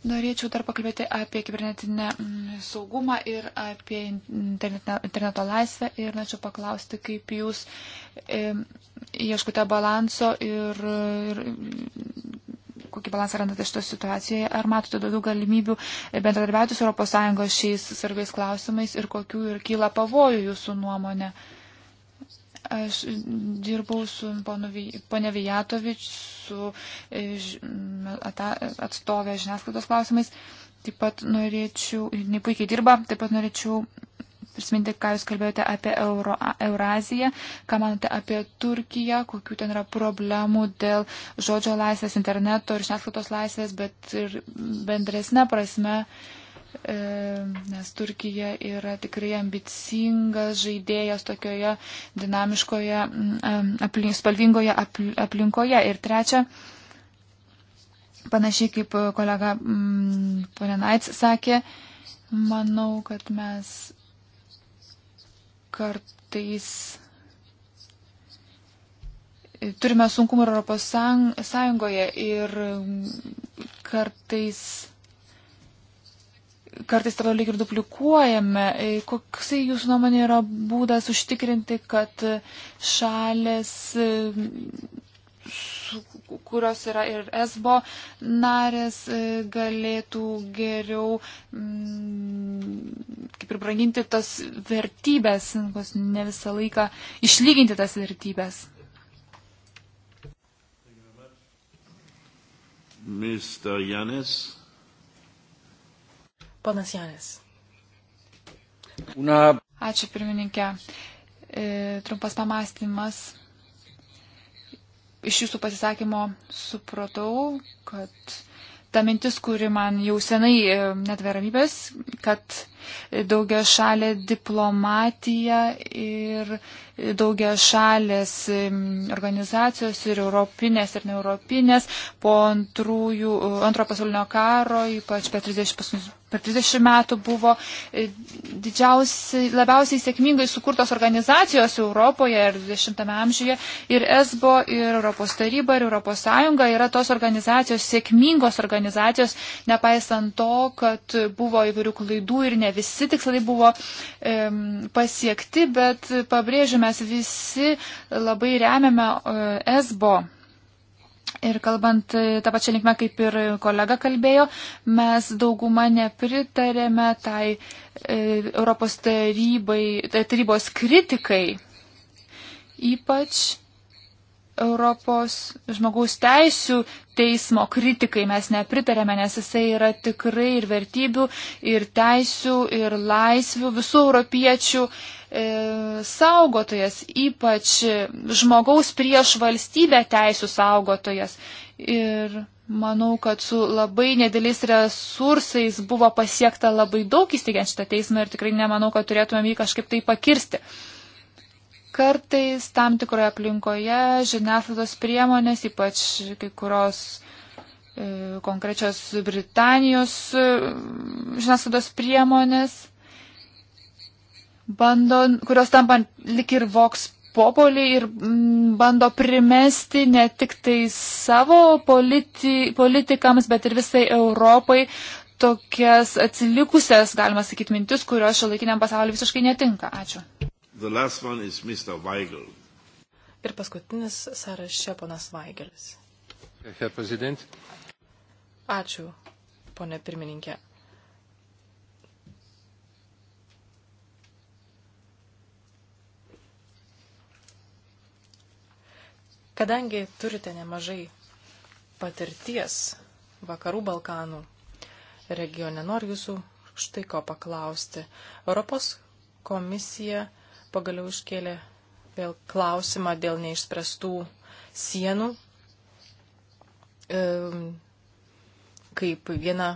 Norėčiau dar pakalbėti apie kibernetinę mm, saugumą ir apie interneto laisvę ir norėčiau paklausti, kaip jūs e, ieškote balanso ir, ir kokį balansą randate šitoje situacijoje, ar matote daugiau galimybių bendradarbiauti su ES šiais svarbiais klausimais ir kokių ir kyla pavojų jūsų nuomonė. E, Aš dirbau su ponia Vijatovič, su e, atstovė žiniasklaidos klausimais. Taip pat norėčiau, jinai puikiai dirba, taip pat norėčiau prisiminti, ką jūs kalbėjote apie Euro, Euraziją, ką manote apie Turkiją, kokių ten yra problemų dėl žodžio laisvės, interneto ir žiniasklaidos laisvės, bet ir bendresnė prasme. Uh, E, nes Turkija yra tikrai ambicingas žaidėjas tokioje dinamiškoje, aplink, spalvingoje aplinkoje. Ir trečia, panašiai kaip kolega Ponenaits sakė, manau, kad mes kartais turime sunkumų Europos Sąjungoje ir kartais kartais atrodo lyg ir duplikuojame. E, koksai jūsų nuomonė yra būdas užtikrinti, kad šalis, e, kurios yra ir esbo narės, e, galėtų geriau mm, kaip ir branginti tas vertybės, ne visą laiką išlyginti tas vertybės. Mr. Janis. Panas Janės. Na. Ačiū pirmininkė. E, trumpas pamastymas. Iš jūsų pasisakymo supratau, kad ta mintis, kuri man jau senai e, netveramybės, kad daugia šalė diplomatija ir daugia šalės organizacijos ir europinės ir neeuropinės po antrųjų, antro pasaulinio karo, ypač per 30, per 30 metų buvo e, didžiausiai, labiausiai sėkmingai sukurtos organizacijos Europoje ir 20-ame amžiuje ir ESBO ir Europos taryba ir Europos sąjunga yra tos organizacijos, sėkmingos organizacijos, nepaisant to, kad buvo įvairių klaidų ir ne visi tikslai buvo e, pasiekti, bet pabrėžiu, mes visi labai remiame e, SBO. Ir kalbant e, tą pačią linkmę, kaip ir kolega kalbėjo, mes daugumą nepritarėme tai e, Europos tarybai, tai tarybos kritikai. Ypač Europos žmogaus teisų teismo kritikai mes nepritarėme, nes jisai yra tikrai ir vertybių, ir teisų, ir laisvių visų europiečių e, saugotojas, ypač žmogaus prieš valstybę teisų saugotojas. Ir manau, kad su labai nedėlis resursais buvo pasiekta labai daug įsteigiant šitą teismą ir tikrai nemanau, kad turėtumėm jį kažkaip tai pakirsti. E, Kartais tam tikroje aplinkoje žiniasklaidos priemonės, ypač kai kurios e, konkrečios Britanijos e, žiniasklaidos priemonės, bando, kurios tampa lik ir voks popolį ir mm, bando primesti ne tik tai savo politi, politikams, bet ir visai Europai tokias atsilikusias, galima sakyti, mintis, kurios šio laikiniam pasauliu visiškai netinka. Ačiū. The last one is Mr. Weigel. Ir paskutinis sąraše ponas Vaigelis. Herr President. Ačiū, ponė pirmininkė. Kadangi turite nemažai patirties vakarų Balkanų regione, noriu jūsų štai ko paklausti. Europos komisija pagaliau iškėlė vėl klausimą dėl neišspręstų sienų, kaip viena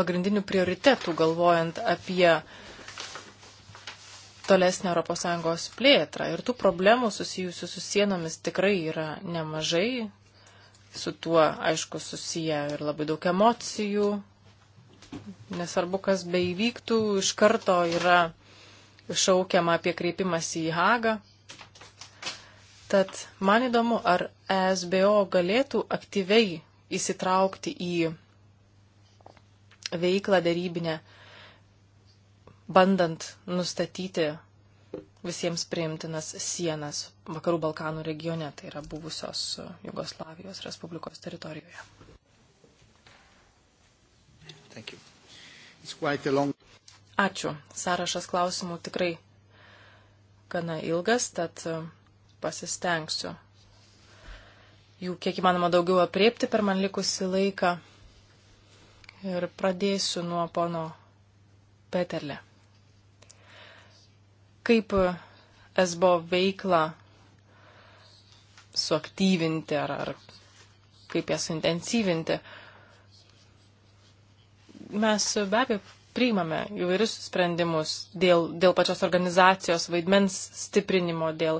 pagrindinių prioritetų galvojant apie tolesnę ES plėtrą. Ir tų problemų susijusių su sienomis tikrai yra nemažai. Su tuo, aišku, susiję ir labai daug emocijų. Nesvarbu, kas beivyktų, iš karto yra šaukiama apie kreipimas į Hagą. Tad man įdomu, ar ESBO galėtų aktyviai įsitraukti į veiklą darybinę, bandant nustatyti visiems priimtinas sienas Vakarų Balkanų regione, tai yra buvusios Jugoslavijos Respublikos teritorijoje. Long... Ačiū. Sąrašas klausimų tikrai gana ilgas, tad e, pasistengsiu jų kiek įmanoma daugiau apriepti per man likusi laiką. Ir pradėsiu nuo pono Peterle. Kaip esbo veiklą suaktyvinti ar, ar kaip ją suintensyvinti? Mes e, be abejo priimame įvairius sprendimus dėl, dėl pačios organizacijos vaidmens stiprinimo, dėl,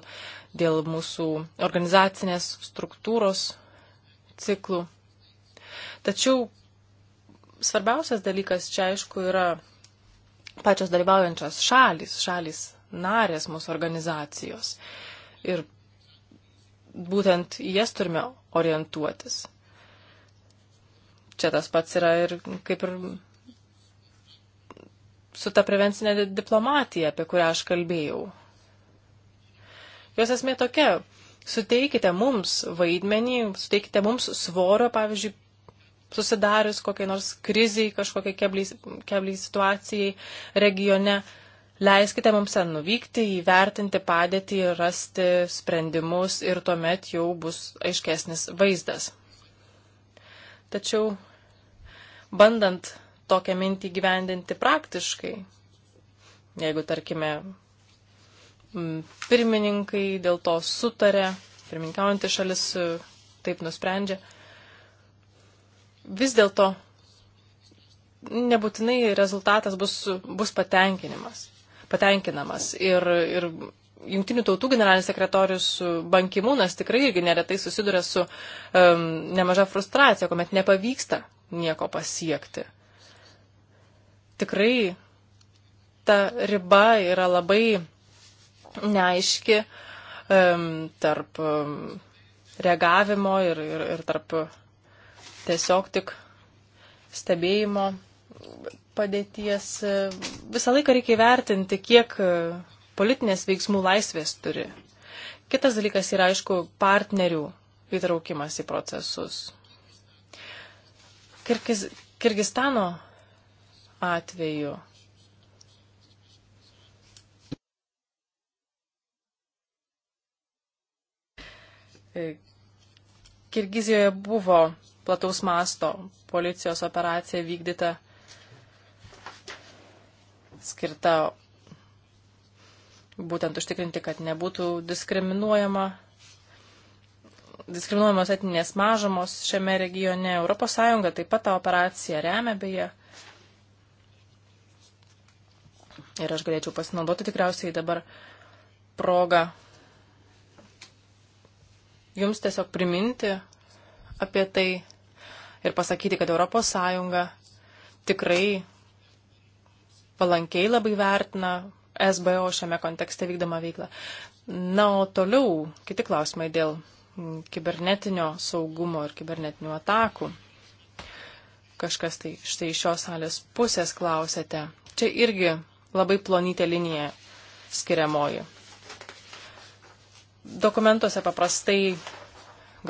dėl mūsų organizacinės struktūros ciklų. Tačiau svarbiausias dalykas čia aišku yra pačios dalyvaujančios šalis, šalis narės mūsų organizacijos. Ir būtent jas turime orientuotis. Čia tas pats yra ir kaip ir su ta prevencinė diplomatija, apie kurią aš kalbėjau. Jos esmė tokia, suteikite mums vaidmenį, suteikite mums svorio, pavyzdžiui, susidarius kokiai nors kriziai, kažkokiai kebliai situacijai regione, leiskite mums ten nuvykti, įvertinti padėtį, rasti sprendimus ir tuomet jau bus aiškesnis vaizdas. Tačiau, bandant tokią mintį gyvendinti praktiškai. Jeigu, tarkime, pirmininkai dėl to sutarė, pirmininkaujantį šalis e, taip nusprendžia, vis dėlto nebūtinai rezultatas bus, bus patenkinimas. Patenkinamas. Ir, ir Junktinių tautų generalinis sekretorius Bankimūnas tikrai irgi neretai susiduria su um, nemaža frustracija, kuomet nepavyksta nieko pasiekti tikrai ta riba yra labai neaiški tarp reagavimo ir, ir, ir tarp tiesiog tik stebėjimo padėties. Visą laiką reikia įvertinti, kiek politinės veiksmų laisvės turi. Kitas dalykas yra, aišku, partnerių įtraukimas į procesus. Kirgiz, Kirgistano atveju. E, Kirgizijoje buvo plataus masto policijos operacija vykdyta skirta būtent užtikrinti, kad nebūtų diskriminuojama diskriminuojamos etinės mažumos šiame regione. ES taip pat tą operaciją remia beje. Ir aš galėčiau pasinaudoti tikriausiai dabar progą jums tiesiog priminti apie tai ir pasakyti, kad ES tikrai palankiai labai vertina SBO šiame kontekste vykdomą veiklą. Na, o toliau kiti klausimai dėl kibernetinio saugumo ir kibernetinių atakų. Kažkas tai štai iš šios salės pusės klausėte. Čia irgi labai plonytė linija skiriamoji. Dokumentuose paprastai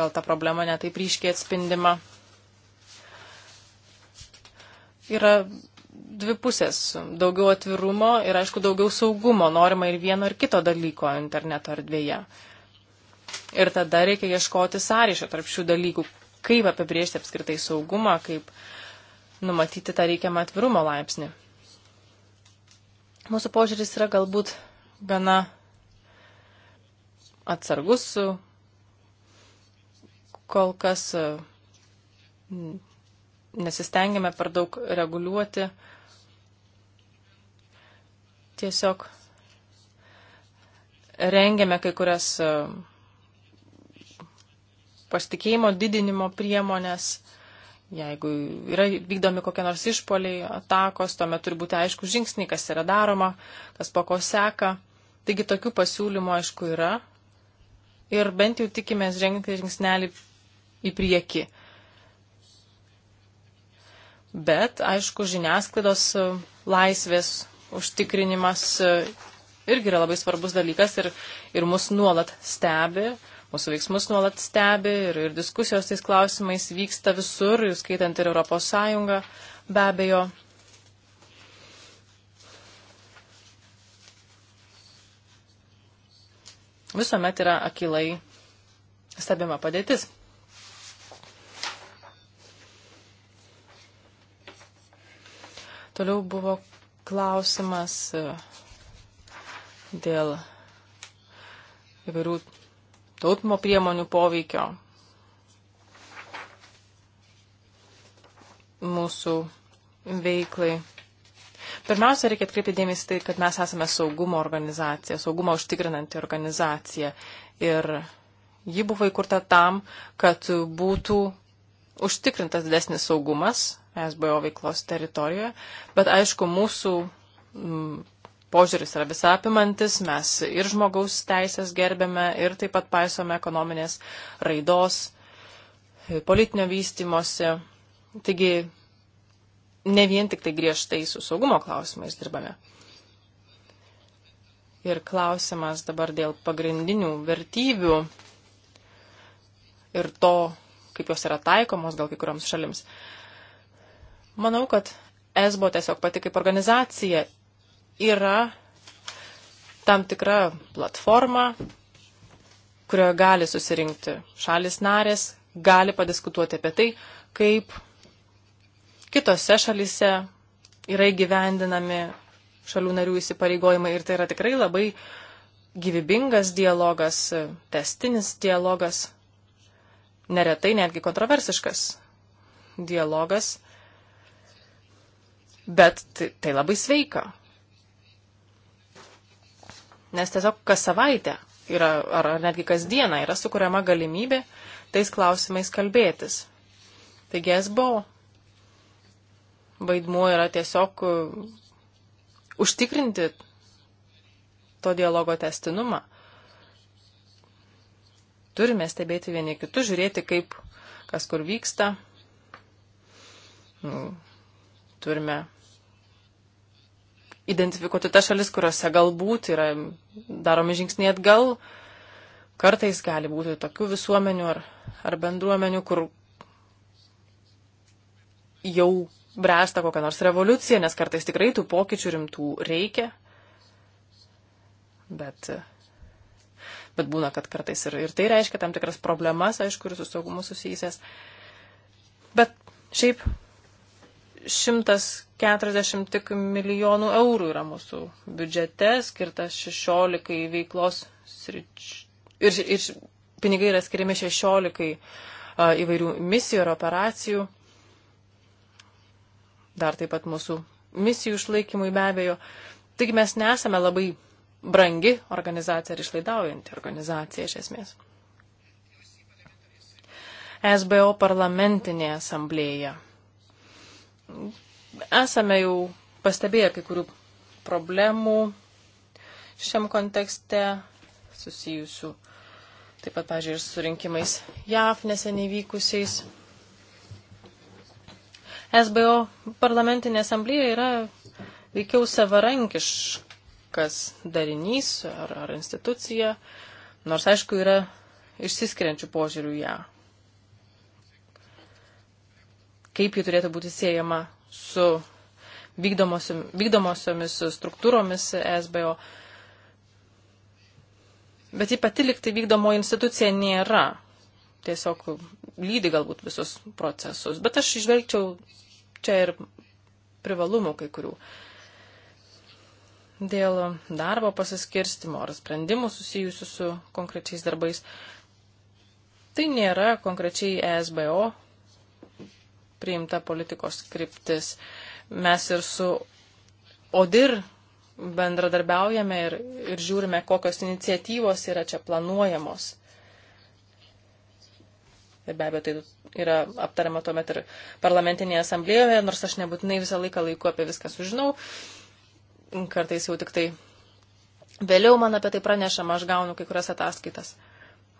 gal ta problema netaip ryškiai atspindima. Yra dvi pusės - daugiau atvirumo ir, aišku, daugiau saugumo norima ir vieno ir kito dalyko interneto erdvėje. Ir tada reikia ieškoti sąryšio tarp šių dalykų, kaip apibriežti apskritai saugumą, kaip numatyti tą reikiamą atvirumo laipsnį. Mūsų požiūris yra galbūt gana atsargus, kol kas mm, nesistengiame per daug reguliuoti. Tiesiog rengiame kai kurias mm, pasitikėjimo didinimo priemonės Jeigu yra vykdomi kokie nors išpoliai, atakos, tuomet turi būti aišku žingsniai, kas yra daroma, kas po ko seka. Taigi tokių pasiūlymų aišku yra. Ir bent jau tikimės žengti žingsnelį į priekį. Bet, aišku, žiniasklaidos e, laisvės užtikrinimas e, irgi yra labai svarbus dalykas ir, ir mus nuolat stebi mūsų veiksmus nuolat stebi ir, ir diskusijos tais klausimais vyksta visur, skaitant ir Europos Sąjungą, be abejo. Visuomet yra akilai stebima padėtis. Toliau buvo klausimas e, dėl įvairių taupimo priemonių poveikio. mūsų veiklai. Pirmiausia, reikia atkreipti dėmesį tai, kad mes esame saugumo organizacija, saugumo užtikrinanti organizacija. Ir ji buvo įkurta tam, kad būtų užtikrintas didesnis saugumas SBO veiklos teritorijoje. Bet aišku, mūsų požiūris yra visapimantis, mes ir žmogaus teisės gerbėme, ir taip pat paisome ekonominės raidos, politinio vystimosi. Taigi ne vien tik tai griežtai su saugumo klausimais dirbame. Ir klausimas dabar dėl pagrindinių vertybių ir to, kaip jos yra taikomos gal kai kurioms šalims. Manau, kad ESBO tiesiog pati kaip organizacija yra tam tikra platforma, kurioje gali susirinkti šalis narės, gali padiskutuoti apie tai, kaip kitose šalise yra įgyvendinami šalių narių įsipareigojimai ir tai yra tikrai labai gyvybingas dialogas, testinis dialogas, neretai netgi kontroversiškas dialogas, bet tai, tai labai sveika nes tiesiog kas savaitę yra, ar netgi kasdieną yra sukuriama galimybė tais klausimais kalbėtis. Taigi esbo vaidmuo yra tiesiog uh, užtikrinti to dialogo testinumą. Turime stebėti vieni kitus, žiūrėti, kaip kas kur vyksta. Mm. Turime identifikuoti tas šalis, kuriuose galbūt yra daromi žingsniai atgal. Kartais gali būti tokių visuomenių ar, ar bendruomenių, kur jau bręsta kokią nors revoliuciją, nes kartais tikrai tų pokyčių rimtų reikia. Bet, bet būna, kad kartais ir, ir tai reiškia tam tikras problemas, aišku, ir su saugumu susijusias. Bet šiaip šimtas 40 tik milijonų eurų yra mūsų biudžete, skirtas 16 veiklos sričių. Ir, ir pinigai yra skiriami 16 įvairių misijų ir operacijų. Dar taip pat mūsų misijų išlaikymui be abejo. Taigi mes nesame labai brangi organizacija ir išlaidaujanti organizacija iš esmės. SBO parlamentinė asamblėja Esame jau pastebėję kai kurių problemų šiam kontekste susijusių taip pat, pažiūrėjau, ir su rinkimais JAF neseniai vykusiais. SBO parlamentinė asamblėje yra veikiau savarankiškas darinys ar, ar institucija, nors aišku yra išsiskiriančių požiūrių ją. Kaip ji turėtų būti siejama su vykdomosiomis struktūromis SBO. Bet ji pati liktai vykdomo institucija nėra. Tiesiog lydi galbūt visus procesus. Bet aš išvelgčiau čia ir privalumų kai kurių. Dėl darbo pasiskirstimo ar sprendimų susijusių su konkrečiais darbais. Tai nėra konkrečiai ESBO priimta politikos kryptis. Mes ir su ODIR bendradarbiaujame ir, ir žiūrime, kokios iniciatyvos yra čia planuojamos. Ir be abejo, tai yra aptariama tuomet ir parlamentinėje asamblėjoje, nors aš nebūtinai visą laiką laiku apie viską sužinau. Kartais jau tik tai vėliau man apie tai pranešama, aš gaunu kai kurias ataskaitas.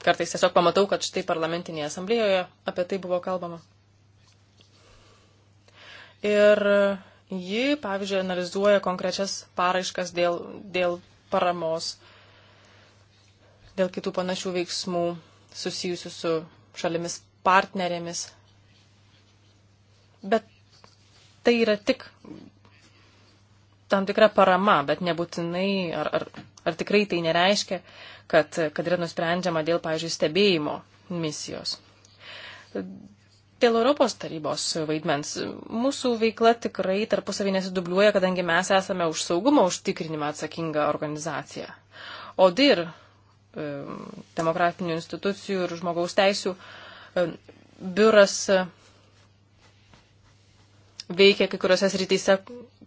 Kartais tiesiog pamatau, kad štai parlamentinėje asamblėjoje apie tai buvo kalbama ir ji, pavyzdžiui, analizuoja konkrečias paraiškas dėl, dėl paramos, dėl kitų panašių veiksmų susijusių su šalimis partnerėmis. Bet tai yra tik tam tikra parama, bet nebūtinai, ar, ar, ar tikrai tai nereiškia, kad, kad yra nusprendžiama dėl, pavyzdžiui, stebėjimo misijos. Dėl Europos tarybos vaidmens mūsų veikla tikrai tarpusavį nesidubliuoja, kadangi mes esame už saugumo užtikrinimą atsakinga organizacija. O DIR, demokratinių institucijų ir žmogaus teisų biuras veikia kai kuriuose srityse,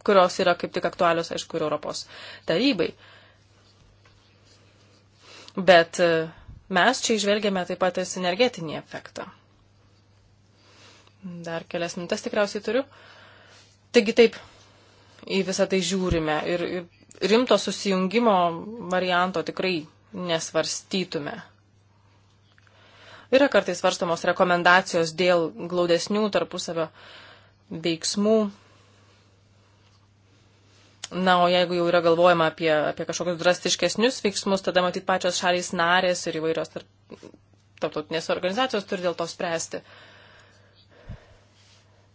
kurios yra kaip tik aktualios, aišku, ir Europos tarybai. Bet mes čia išvelgiame taip pat sinergetinį efektą. Dar kelias mintas tikriausiai turiu. Taigi taip, į visą tai žiūrime ir, ir rimto susijungimo varianto tikrai nesvarstytume. Yra kartais svarstamos rekomendacijos dėl glaudesnių tarpusavio veiksmų. Na, o jeigu jau yra galvojama apie, apie kažkokius drastiškesnius veiksmus, tada matyt pačios šalys narės ir įvairios tarp, tarptautinės organizacijos turi dėl to spręsti. Uh,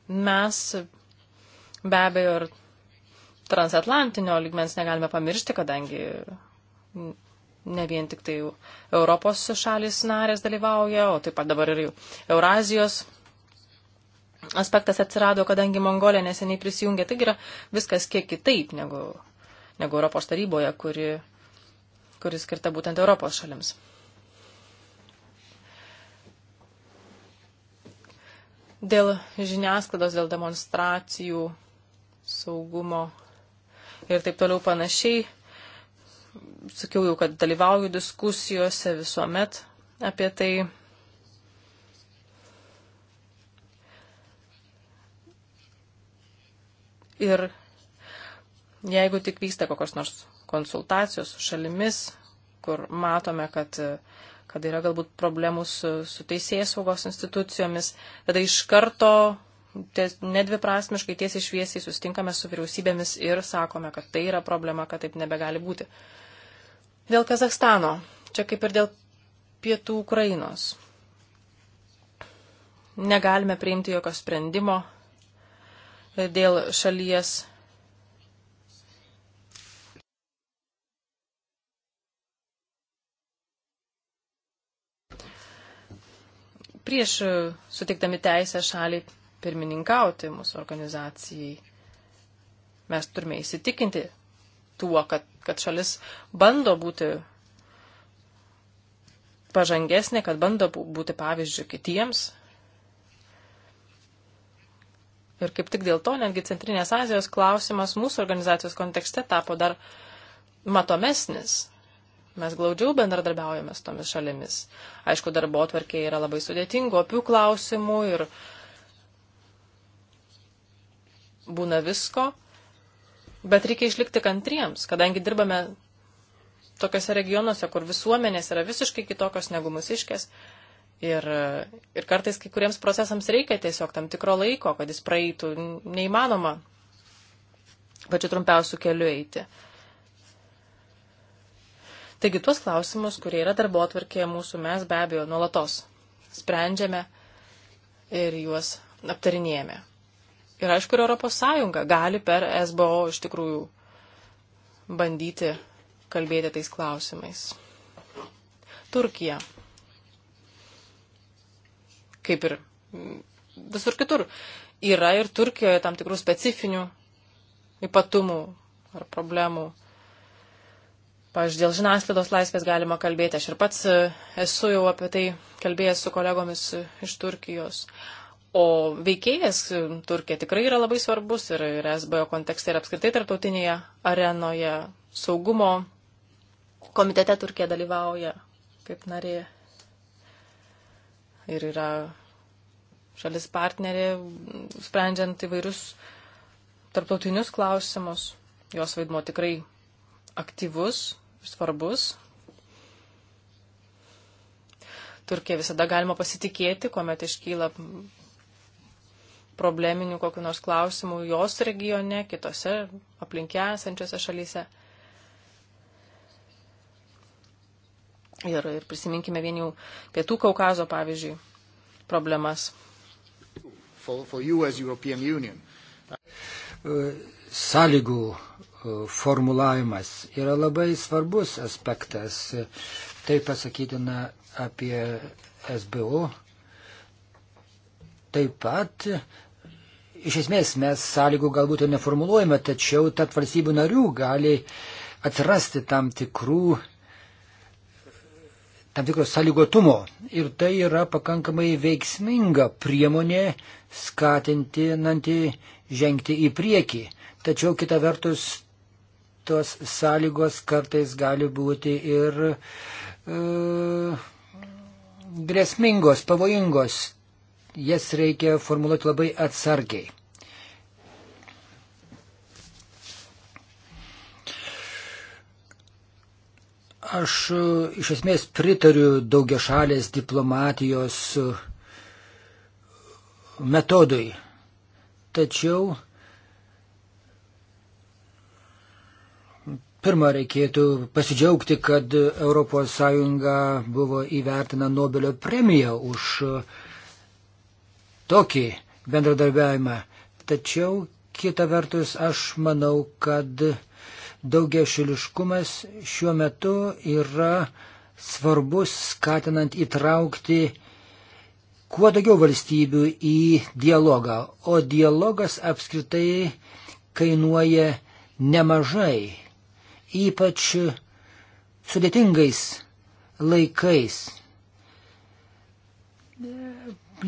Mes be abejo ir transatlantinio ligmens negalime pamiršti, kadangi ne vien tik tai Europos šalis narės dalyvauja, o taip pat dabar ir Eurazijos aspektas atsirado, kadangi Mongolija neseniai prisijungė. Taigi yra viskas kiek kitaip negu, negu Europos taryboje, kuri, kuri skirta būtent Europos šalims. Dėl žiniasklaidos, dėl demonstracijų, saugumo ir taip toliau panašiai. Sakiau jau, kad dalyvauju diskusijose visuomet apie tai. Ir jeigu tik vyksta kokios nors konsultacijos su šalimis, kur matome, kad uh, kada yra galbūt problemų su, su teisėjas saugos institucijomis, tada iš karto nedviprasmiškai tiesiai šviesiai sustinkame su vyriausybėmis ir sakome, kad tai yra problema, kad taip nebegali būti. Dėl Kazakstano, čia kaip ir dėl pietų Ukrainos, negalime priimti jokio sprendimo dėl šalies prieš e, sutikdami teisę šaliai pirmininkauti mūsų organizacijai. Mes turime įsitikinti tuo, kad, kad šalis bando būti pažangesnė, kad bando būti pavyzdžių kitiems. Ir kaip tik dėl to netgi Centrinės Azijos klausimas mūsų organizacijos kontekste tapo dar matomesnis mes glaudžiau bendradarbiaujame su tomis šalimis. Aišku, darbo atvarkė yra labai sudėtingų, opių klausimų ir būna visko, bet reikia išlikti kantriems, kadangi dirbame tokiuose regionuose, kur visuomenės yra visiškai kitokios negu musiškės. Ir, ir kartais kai kuriems procesams reikia tiesiog tam tikro laiko, kad jis praeitų, neįmanoma pačiu trumpiausiu keliu eiti. Uh, Taigi tuos klausimus, kurie yra darbo atvarkėje mūsų, mes be abejo nuolatos sprendžiame ir juos aptarinėjame. Ir aišku, ir ES gali per SBO iš tikrųjų bandyti kalbėti tais klausimais. Turkija. Kaip ir visur kitur. Yra ir Turkijoje tam tikrų specifinių ypatumų ar problemų. Pavyzdžiui, dėl žiniasklaidos laisvės galima kalbėti. Aš ir pats e, esu jau apie tai kalbėjęs su kolegomis iš Turkijos. O veikėjas e, Turkija tikrai yra labai svarbus ir, ir SBO kontekste ir apskritai tarptautinėje arenoje saugumo komitete Turkija dalyvauja kaip narė ir yra šalis partnerė, sprendžiant įvairius tarptautinius klausimus. Jos vaidmo tikrai aktyvus, svarbus. Turkija visada galima pasitikėti, kuomet iškyla probleminių kokiu nors klausimų jos regione, kitose aplinkia esančiose šalyse. Ir, ir prisiminkime vien jau Pietų Kaukazo, pavyzdžiui, problemas. For, for you Sąlygų formulavimas yra labai svarbus aspektas. Tai pasakytina apie SBO. Taip pat, iš esmės, mes sąlygų galbūt ir neformuluojame, tačiau tarp valstybių narių gali atsirasti tam tikrų tam tikros sąlygotumo. Ir tai yra pakankamai veiksminga priemonė skatinti, nanti žengti į priekį. Tačiau kita vertus tos sąlygos kartais gali būti ir e, grėsmingos, pavojingos. Jas reikia formuluoti labai atsargiai. Aš e, iš esmės pritariu daugia šalės diplomatijos metodui. Tačiau Pirma, reikėtų pasidžiaugti, kad ES buvo įvertina Nobelio premiją už tokį bendradarbiavimą. Tačiau kita vertus, aš manau, kad daugia šiliškumas šiuo metu yra svarbus skatinant įtraukti kuo daugiau valstybių į dialogą, o dialogas apskritai kainuoja nemažai ypač sudėtingais laikais.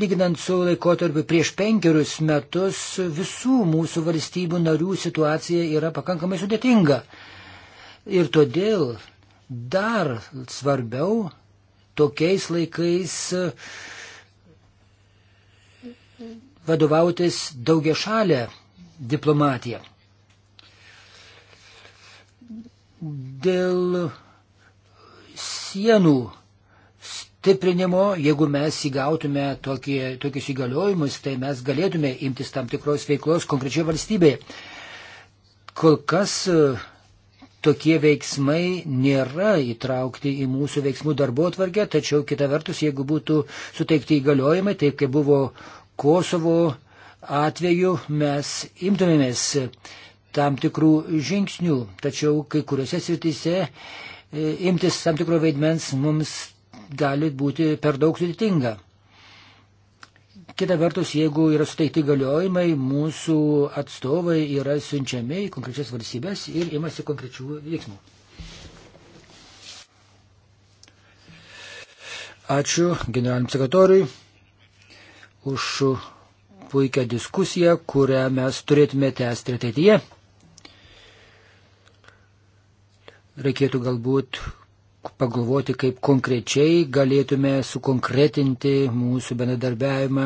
Lyginant su laikotarpiu prieš penkerius metus, visų mūsų valstybių narių situacija yra pakankamai sudėtinga. Ir todėl dar svarbiau tokiais laikais vadovautis daugia šalė diplomatija dėl sienų stiprinimo, jeigu mes įgautume tokie, tokius įgaliojimus, tai mes galėtume imtis tam tikros veiklos konkrečioje valstybėje. Kol kas e, tokie veiksmai nėra įtraukti į mūsų veiksmų darbo atvargę, tačiau kita vertus, jeigu būtų suteikti įgaliojimai, taip kaip buvo Kosovo atveju, mes imtumėmės tam tikrų žingsnių, tačiau kai kuriuose srityse e, imtis tam tikro vaidmens mums gali būti per daug sudėtinga. Kita vertus, jeigu yra suteikti galiojimai, mūsų atstovai yra siunčiami į konkrečias valstybės ir imasi konkrečių veiksmų. Ačiū generaliniam sekretoriui už puikią diskusiją, kurią mes turėtume tęsti ateityje. reikėtų galbūt pagalvoti, kaip konkrečiai galėtume sukonkretinti mūsų bendradarbiavimą,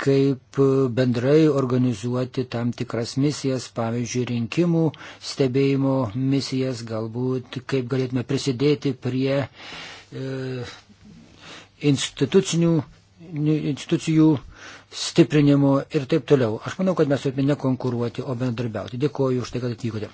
kaip bendrai organizuoti tam tikras misijas, pavyzdžiui, rinkimų stebėjimo misijas, galbūt kaip galėtume prisidėti prie e, institucinių, nu, institucijų stiprinimo ir taip toliau. Aš manau, kad mes turime nekonkuruoti, o bendradarbiauti. Dėkuoju už tai, kad atvykote.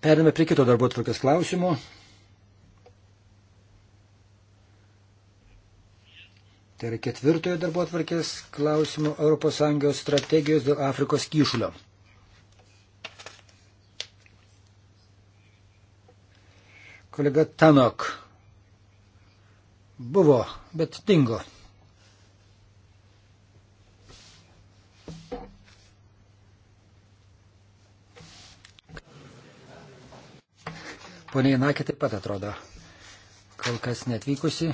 Perėmė prie kito darbo tvarkės klausimo. Tai yra ketvirtojo darbo atvarkės klausimo ES strategijos dėl Afrikos kyšulio. Kolega Tanok buvo, bet dingo. Pone Inakė taip pat atrodo kol kas netvykusi.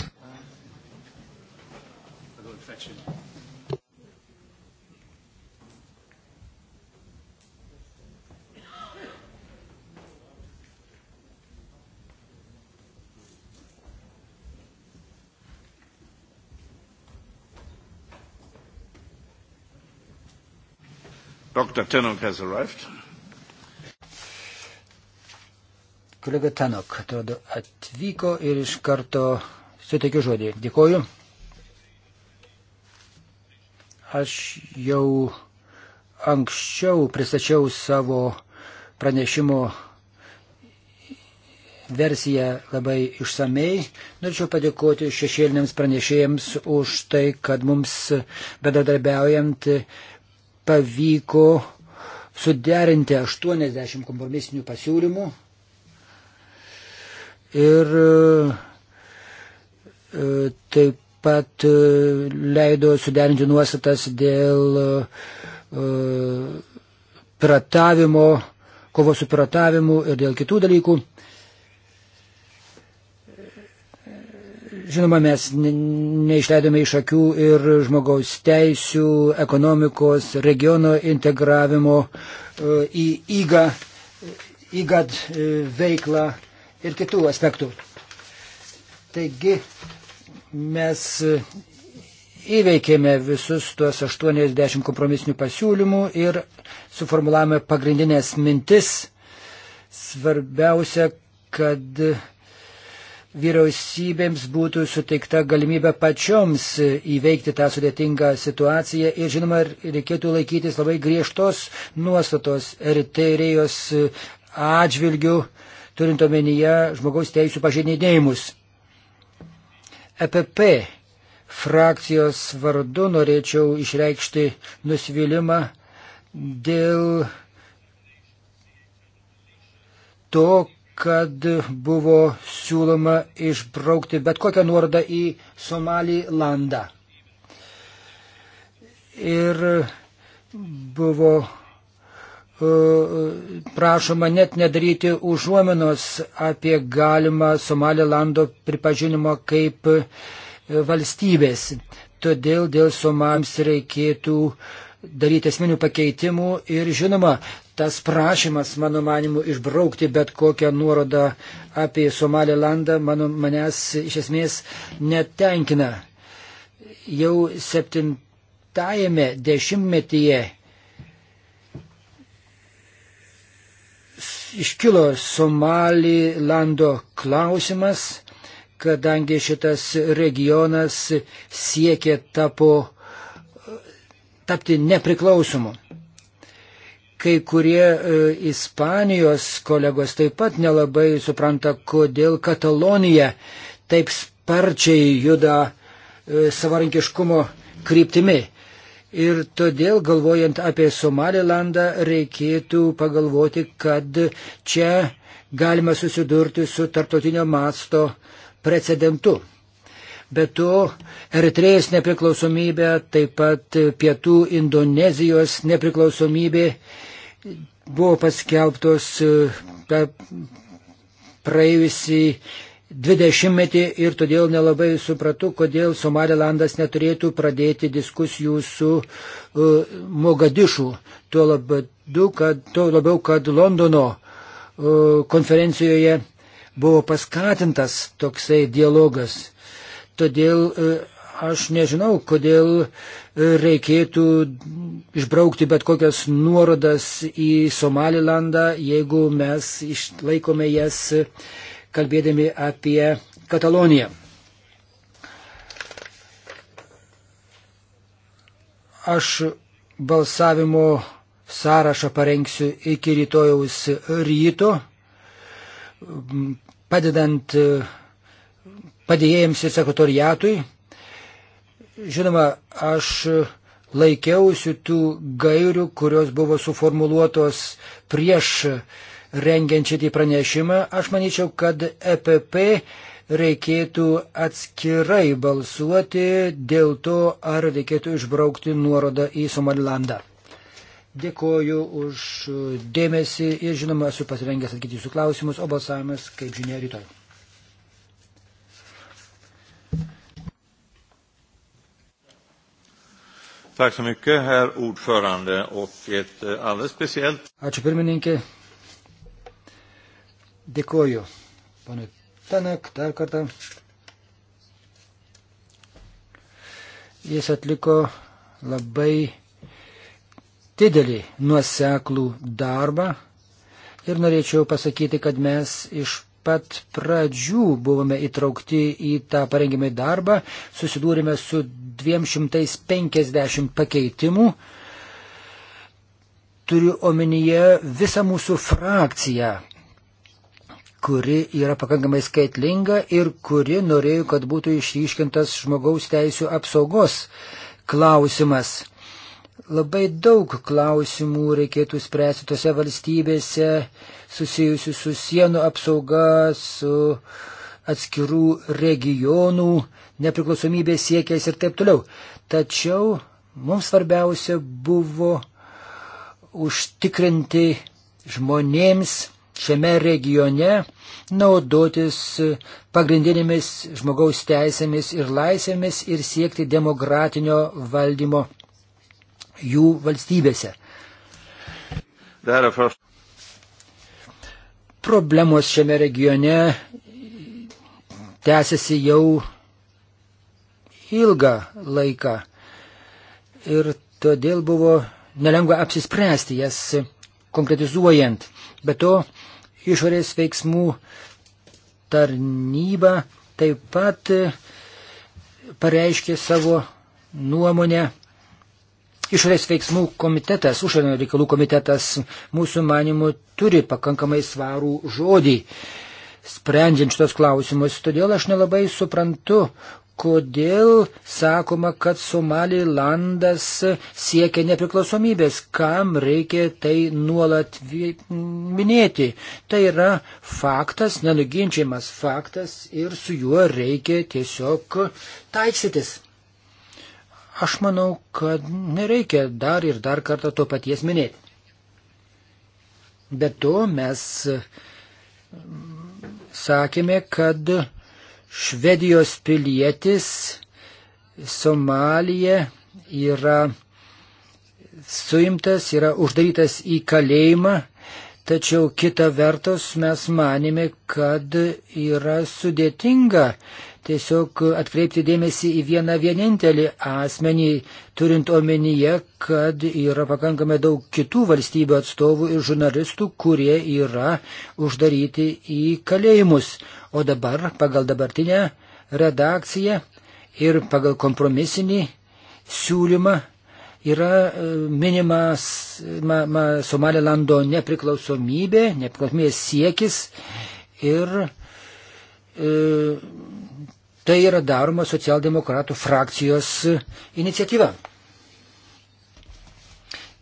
Dr. Tenok has arrived. Kolega Tanok, atrodo, atvyko ir iš karto suteikiu žodį. Dėkoju. Aš jau anksčiau pristačiau savo pranešimo versiją labai išsamei. Norėčiau padėkoti šešėliniams pranešėjams už tai, kad mums bedadarbiaujant pavyko suderinti 80 kompromisinių pasiūlymų ir e, taip pat e, leido suderinti nuostatas dėl e, piratavimo, kovos su piratavimu ir dėl kitų dalykų. Žinoma, mes neišleidome iš akių ir žmogaus teisių, ekonomikos, regiono integravimo į įgą, įgad veiklą ir kitų aspektų. Taigi mes įveikėme visus tuos 80 kompromisinių pasiūlymų ir suformulavome pagrindinės mintis. Svarbiausia, kad vyriausybėms būtų suteikta galimybė pačioms įveikti tą sudėtingą situaciją ir, žinoma, reikėtų laikytis labai griežtos nuostatos eriterijos atžvilgių, turint omenyje žmogaus teisų pažeidinėjimus. EPP frakcijos vardu norėčiau išreikšti nusivylimą dėl to, kad buvo siūloma išbraukti bet kokią nuorodą į Somalį landą. Ir buvo E, prašoma net nedaryti užuominos apie galimą Somalilando pripažinimo kaip e, valstybės. Todėl dėl Somams reikėtų daryti esminių pakeitimų ir žinoma, tas prašymas, mano manimu, išbraukti bet kokią nuorodą apie Somalilandą mano, manęs iš esmės netenkina. Jau septintajame dešimtmetyje iškilo Somalilando klausimas, kadangi šitas regionas siekė tapo, tapti nepriklausomu. Kai kurie e, Ispanijos kolegos taip pat nelabai supranta, kodėl Katalonija taip sparčiai juda e, savarankiškumo kryptimi. Ir todėl, galvojant apie Somalilandą, reikėtų pagalvoti, kad čia galima susidurti su tarptautinio masto precedentu. Be to, Eritrėjos nepriklausomybė, taip pat pietų Indonezijos nepriklausomybė buvo paskelbtos e, praėjusį dvidešimtmetį ir todėl nelabai supratau, kodėl Somalilandas neturėtų pradėti diskusijų su uh, Mogadišu. Tuo labiau, kad, tuo labiau, kad Londono uh, konferencijoje buvo paskatintas toksai dialogas. Todėl uh, aš nežinau, kodėl uh, reikėtų išbraukti bet kokias nuorodas į Somalilandą, jeigu mes išlaikome jas uh, kalbėdami apie Kataloniją. Aš balsavimo sąrašą parengsiu iki rytojaus ryto, padedant padėjėjams ir sekretoriatui. Žinoma, aš laikiausi tų gairių, kurios buvo suformuluotos prieš uh, rengiant šitį pranešimą, aš manyčiau, kad EPP reikėtų atskirai balsuoti dėl to, ar reikėtų išbraukti nuorodą į Somalilandą. Dėkoju už dėmesį ir žinoma, esu pasirengęs atsakyti jūsų klausimus, o balsavimas, kaip žinia, rytoj. Tack så mycket, herr ordförande, och ett eh, alldeles speciellt... Ačiū pirmininkė, Dėkoju, ponui Tanak, dar kartą. Jis atliko labai didelį nuoseklų darbą ir norėčiau pasakyti, kad mes iš pat pradžių buvome įtraukti į tą parengimą darbą, susidūrėme su 250 pakeitimų. Turiu omenyje visą mūsų frakciją kuri yra pakankamai skaitlinga ir kuri norėjo, kad būtų išryškintas žmogaus teisų apsaugos klausimas. Labai daug klausimų reikėtų spręsti tose valstybėse susijusių su sienų apsauga, su atskirų regionų nepriklausomybės siekiais ir taip toliau. Tačiau mums svarbiausia buvo užtikrinti žmonėms šiame regione naudotis pagrindinėmis žmogaus teisėmis ir laisvėmis ir siekti demokratinio valdymo jų valstybėse. Problemos šiame regione tęsiasi jau ilgą laiką ir todėl buvo nelengva apsispręsti jas konkretizuojant. Be to, išorės veiksmų tarnyba taip pat e, pareiškė savo nuomonę. Išorės veiksmų komitetas, užsienio reikalų komitetas mūsų manimu turi pakankamai svarų žodį sprendžiant šitos klausimus. Todėl aš nelabai suprantu, kodėl sakoma, kad Somalilandas siekia nepriklausomybės, kam reikia tai nuolat minėti. Tai yra faktas, nenuginčiamas faktas ir su juo reikia tiesiog taiksytis. Aš manau, kad nereikia dar ir dar kartą to paties minėti. Bet to mes sakėme, kad Švedijos pilietis Somalija yra suimtas, yra uždarytas į kalėjimą, tačiau kita vertus mes manėme, kad yra sudėtinga tiesiog atkreipti dėmesį į vieną vienintelį asmenį, turint omenyje, kad yra pakankamai daug kitų valstybių atstovų ir žurnalistų, kurie yra uždaryti į kalėjimus. O dabar pagal dabartinę redakciją ir pagal kompromisinį siūlymą yra e, minimas ma, ma, Somalilando nepriklausomybė, nepriklausomybės siekis ir e, tai yra daroma socialdemokratų frakcijos iniciatyva.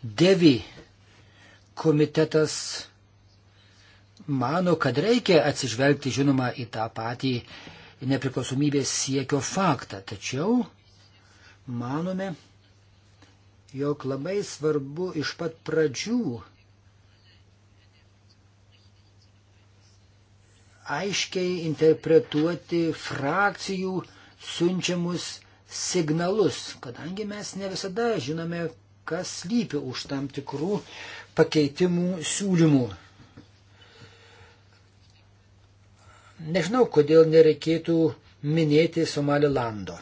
Devi komitetas mano, kad reikia atsižvelgti, žinoma, į tą patį nepriklausomybės siekio faktą. Tačiau manome, jog labai svarbu iš pat pradžių aiškiai interpretuoti frakcijų siunčiamus signalus, kadangi mes ne visada žinome, kas lypi už tam tikrų pakeitimų siūlymų. Nežinau, kodėl nereikėtų minėti Somalilando.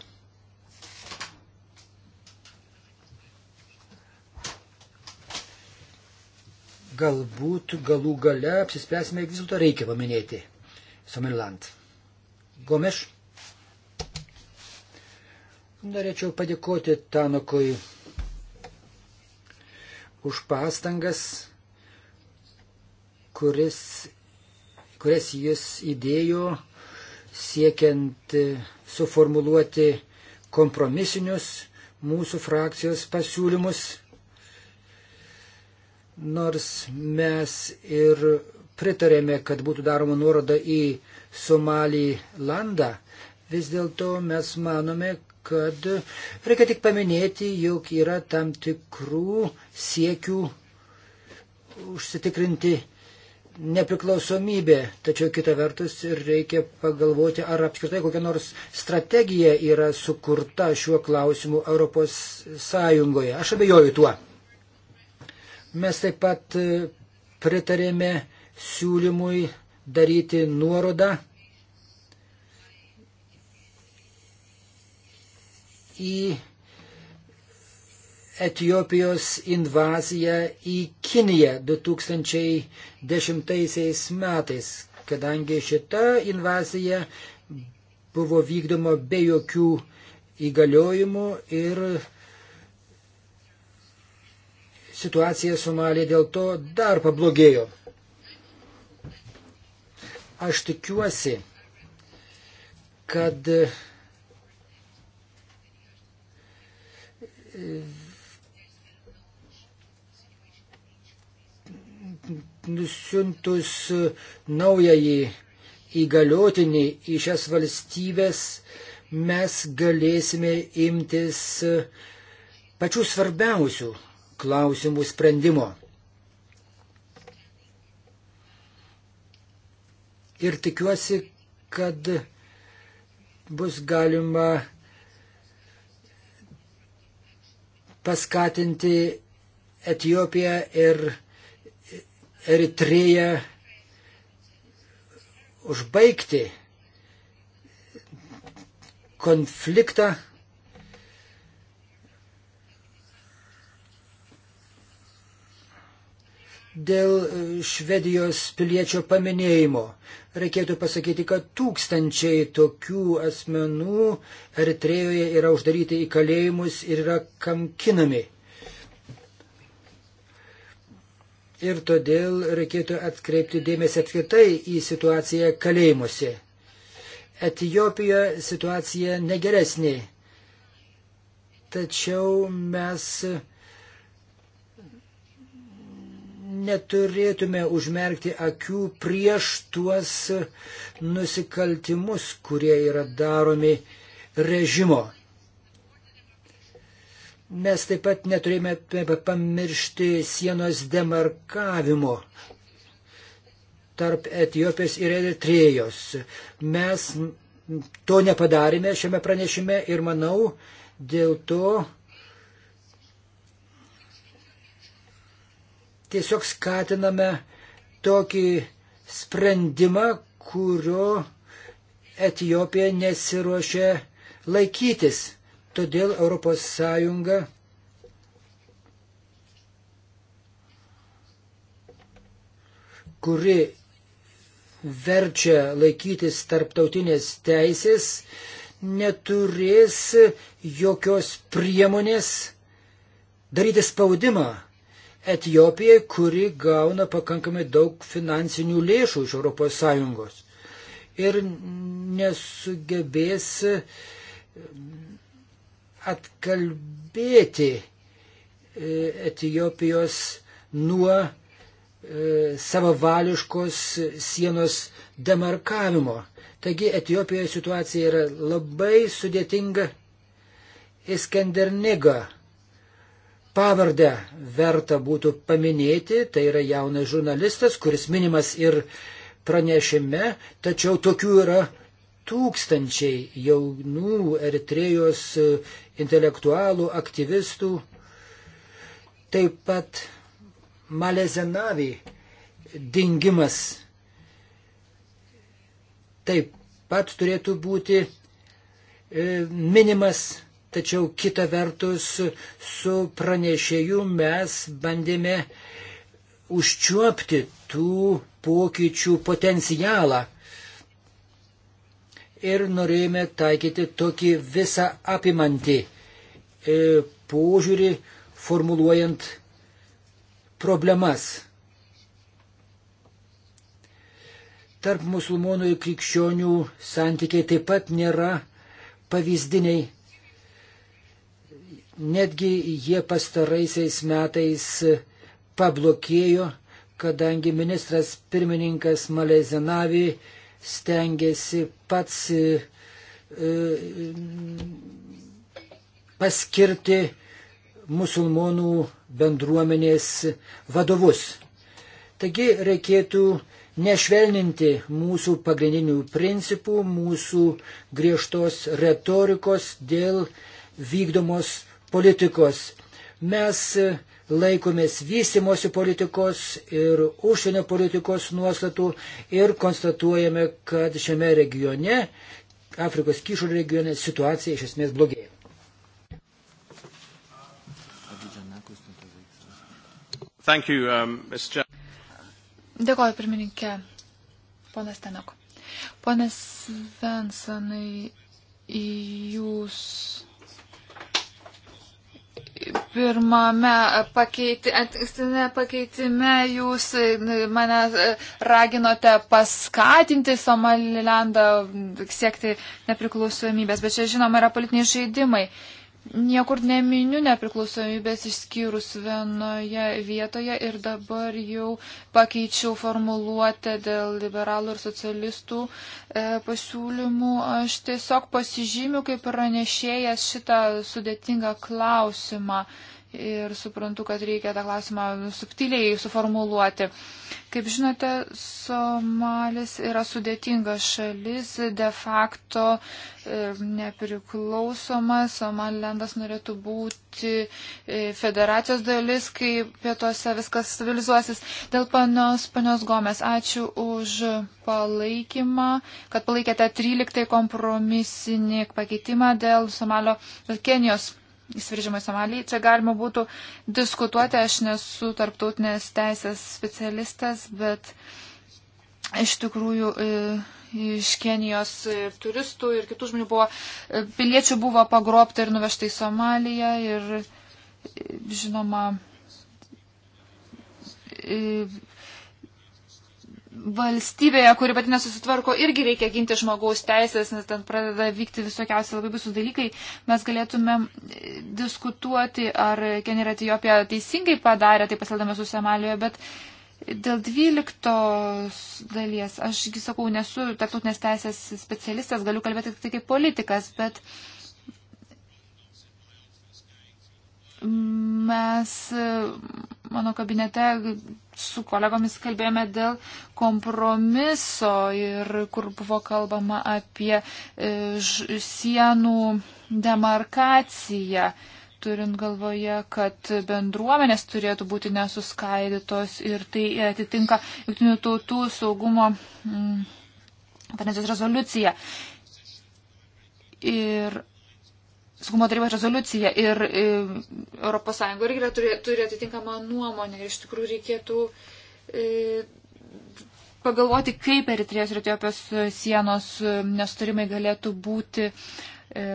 Galbūt galų gale apsispręsime, vis dėlto reikia paminėti Somaliland. Gomeš. Norėčiau padėkoti Tanokui už pastangas, kuris kurias jis įdėjo siekiant e, suformuluoti kompromisinius mūsų frakcijos pasiūlymus. Nors mes ir pritarėme, kad būtų daroma nuoroda į Somalį landą, vis dėlto mes manome, kad reikia tik paminėti, jog yra tam tikrų siekių užsitikrinti nepriklausomybė, tačiau kita vertus ir reikia pagalvoti, ar apskritai kokia nors strategija yra sukurta šiuo klausimu Europos Sąjungoje. Aš abejoju tuo. Mes taip pat e, pritarėme siūlymui daryti nuorodą į Etijopijos invaziją į Kiniją 2010 metais, kadangi šita invazija buvo vykdoma be jokių įgaliojimų ir situacija Somalija dėl to dar pablogėjo. Aš tikiuosi, kad nusintus naująjį įgaliotinį į šias valstybės, mes galėsime imtis pačių svarbiausių klausimų sprendimo. Ir tikiuosi, kad bus galima paskatinti Etiopiją ir Eritreją užbaigti konfliktą. Dėl Švedijos piliečio paminėjimo reikėtų pasakyti, kad tūkstančiai tokių asmenų Eritrejoje yra uždaryti į kalėjimus ir yra kankinami. ir todėl reikėtų atkreipti dėmesį apskritai į situaciją kalėjimuose. Etijopijoje situacija negeresnė, tačiau mes neturėtume užmerkti akių prieš tuos nusikaltimus, kurie yra daromi režimo. Mes taip pat neturime pamiršti sienos demarkavimo tarp Etijopijos ir Eritrėjos. Mes to nepadarėme šiame pranešime ir manau, dėl to tiesiog skatiname tokį sprendimą, kurio Etijopija nesiruošia laikytis. Todėl ES kuri verčia laikytis tarptautinės teisės, neturės jokios priemonės daryti spaudimą Etijopijai, kuri gauna pakankamai daug finansinių lėšų iš ES ir nesugebės atkalbėti e, Etijopijos nuo e, savavališkos sienos demarkavimo. Taigi Etijopijoje situacija yra labai sudėtinga. Iskendernega pavardę verta būtų paminėti, tai yra jaunas žurnalistas, kuris minimas ir pranešime, tačiau tokių yra tūkstančiai jaunų Eritrejos e, intelektualų, aktyvistų, taip pat Malezenavi dingimas taip pat turėtų būti e, minimas, tačiau kita vertus su pranešėju mes bandėme užčiuopti tų pokyčių potencialą ir norėjome taikyti tokį visą apimantį e, požiūrį formuluojant problemas. Tarp musulmonų ir krikščionių santykiai taip pat nėra pavyzdiniai. Netgi jie pastaraisiais metais pablokėjo, kadangi ministras pirmininkas Malezenavi stengiasi pats e, e, paskirti musulmonų bendruomenės vadovus. Taigi reikėtų nešvelninti mūsų pagrindinių principų, mūsų griežtos retorikos dėl vykdomos politikos. Mes laikomės vystimosi politikos ir užsienio politikos nuostatų ir konstatuojame, kad šiame regione, Afrikos kyšų regione, situacija iš esmės blogėja. Thank you, um, Mr. Dėkoju, pirmininkė, ponas Tenok. Ponas Svensonai, jūs Pirmame pakeiti, pakeitime jūs mane e, raginote paskatinti Somalilandą siekti nepriklausomybės, bet čia žinoma yra politiniai žaidimai. Uh, Niekur neminiu nepriklausomybės išskyrus vienoje vietoje ir dabar jau pakeičiau formuluotę dėl liberalų ir socialistų e, pasiūlymų. Aš tiesiog pasižymiu kaip pranešėjas šitą sudėtingą klausimą. E, ir suprantu, kad reikia tą klausimą subtiliai suformuluoti. Kaip žinote, Somalis yra sudėtinga šalis, de facto e, nepriklausoma. Somalilendas norėtų būti e, federacijos dalis, kai pietuose viskas stabilizuosis. Dėl panios, panios Gomes, ačiū už palaikymą, kad palaikėte 13 kompromisinį pakeitimą dėl Somalio, dėl Kenijos įsiveržimo į Somalį. Čia galima būtų diskutuoti, aš nesu tarptautinės teisės specialistas, bet iš tikrųjų e, iš Kenijos ir turistų ir kitų žmonių buvo, e, piliečių buvo pagrobta ir nuvežta į Somaliją ir e, žinoma valstybėje, kuri pati nesusitvarko, irgi reikia ginti žmogaus teisės, nes ten pradeda vykti visokiausi labai bus dalykai. Mes galėtume diskutuoti, ar Kenija ir Etijopija teisingai padarė, tai pasildame su Somalijoje, bet Dėl dvyliktos dalies, ašgi sakau, nesu tarptautinės teisės specialistas, galiu kalbėti tik tai kaip politikas, bet mes e, mano kabinete su kolegomis kalbėjome dėl kompromiso ir kur buvo kalbama apie e, sienų demarkaciją, turint galvoje, kad bendruomenės turėtų būti nesuskaidytos ir tai atitinka Junktinių tautų saugumo mm, konferencijos rezoliuciją. Ir Skumo tarybos rezoliucija ir, ir e, ES irgi turi, turi atitinkamą nuomonę ir iš tikrųjų reikėtų e, pagalvoti, kaip Eritrėjos ir Etiopijos sienos e, nesutarimai galėtų būti e,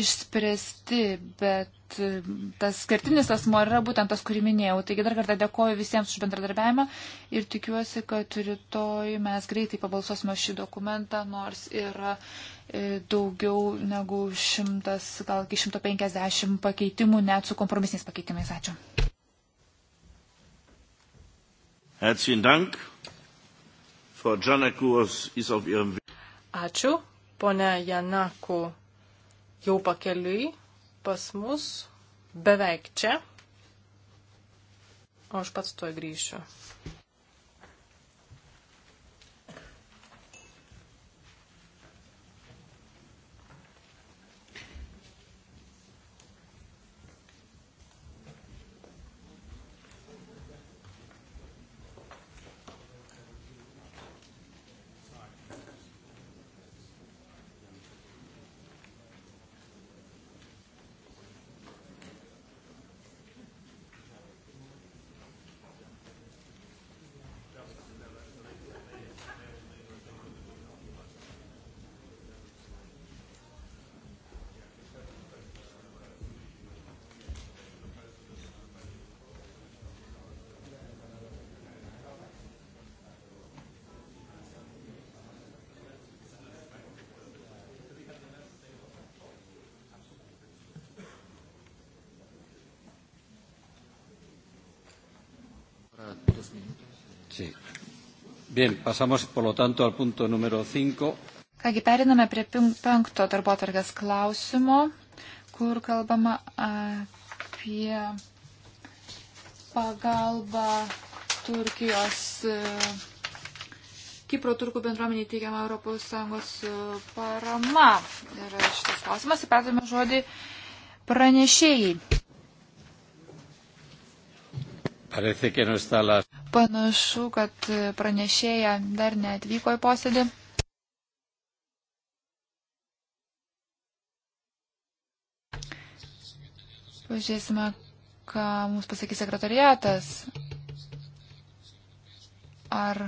išspręsti, bet e, tas skirtinis asmo yra būtent tas, kurį minėjau. Taigi dar kartą dėkoju visiems už bendradarbiavimą ir tikiuosi, kad rytoj mes greitai pabalsuosime šį dokumentą, nors yra. Ir E, daugiau negu 100, gal iki 150 pakeitimų, net su kompromisiniais pakeitimais. Ačiū. Herzlichen Dank. Frau Janaku ist auf ihrem Weg. Ačiū. Pone Janaku jau pakeliui pas mus, beveik čia. O aš pats tuoj grįšiu. Sí. Bien, pasamos por lo tanto al punto número 5. Kągi periname prie penkto darbo targės klausimo, kur kalbama apie pagalbą Turkijos e, Kipro turkų bendruomeniai teikiama ES e, parama. Ir šitas klausimas, įpratome žodį pranešėjai. Parece que no está la Panašu, kad pranešėja dar neatvyko į posėdį. Pažiūrėsime, ką mums pasakys sekretariatas. Ar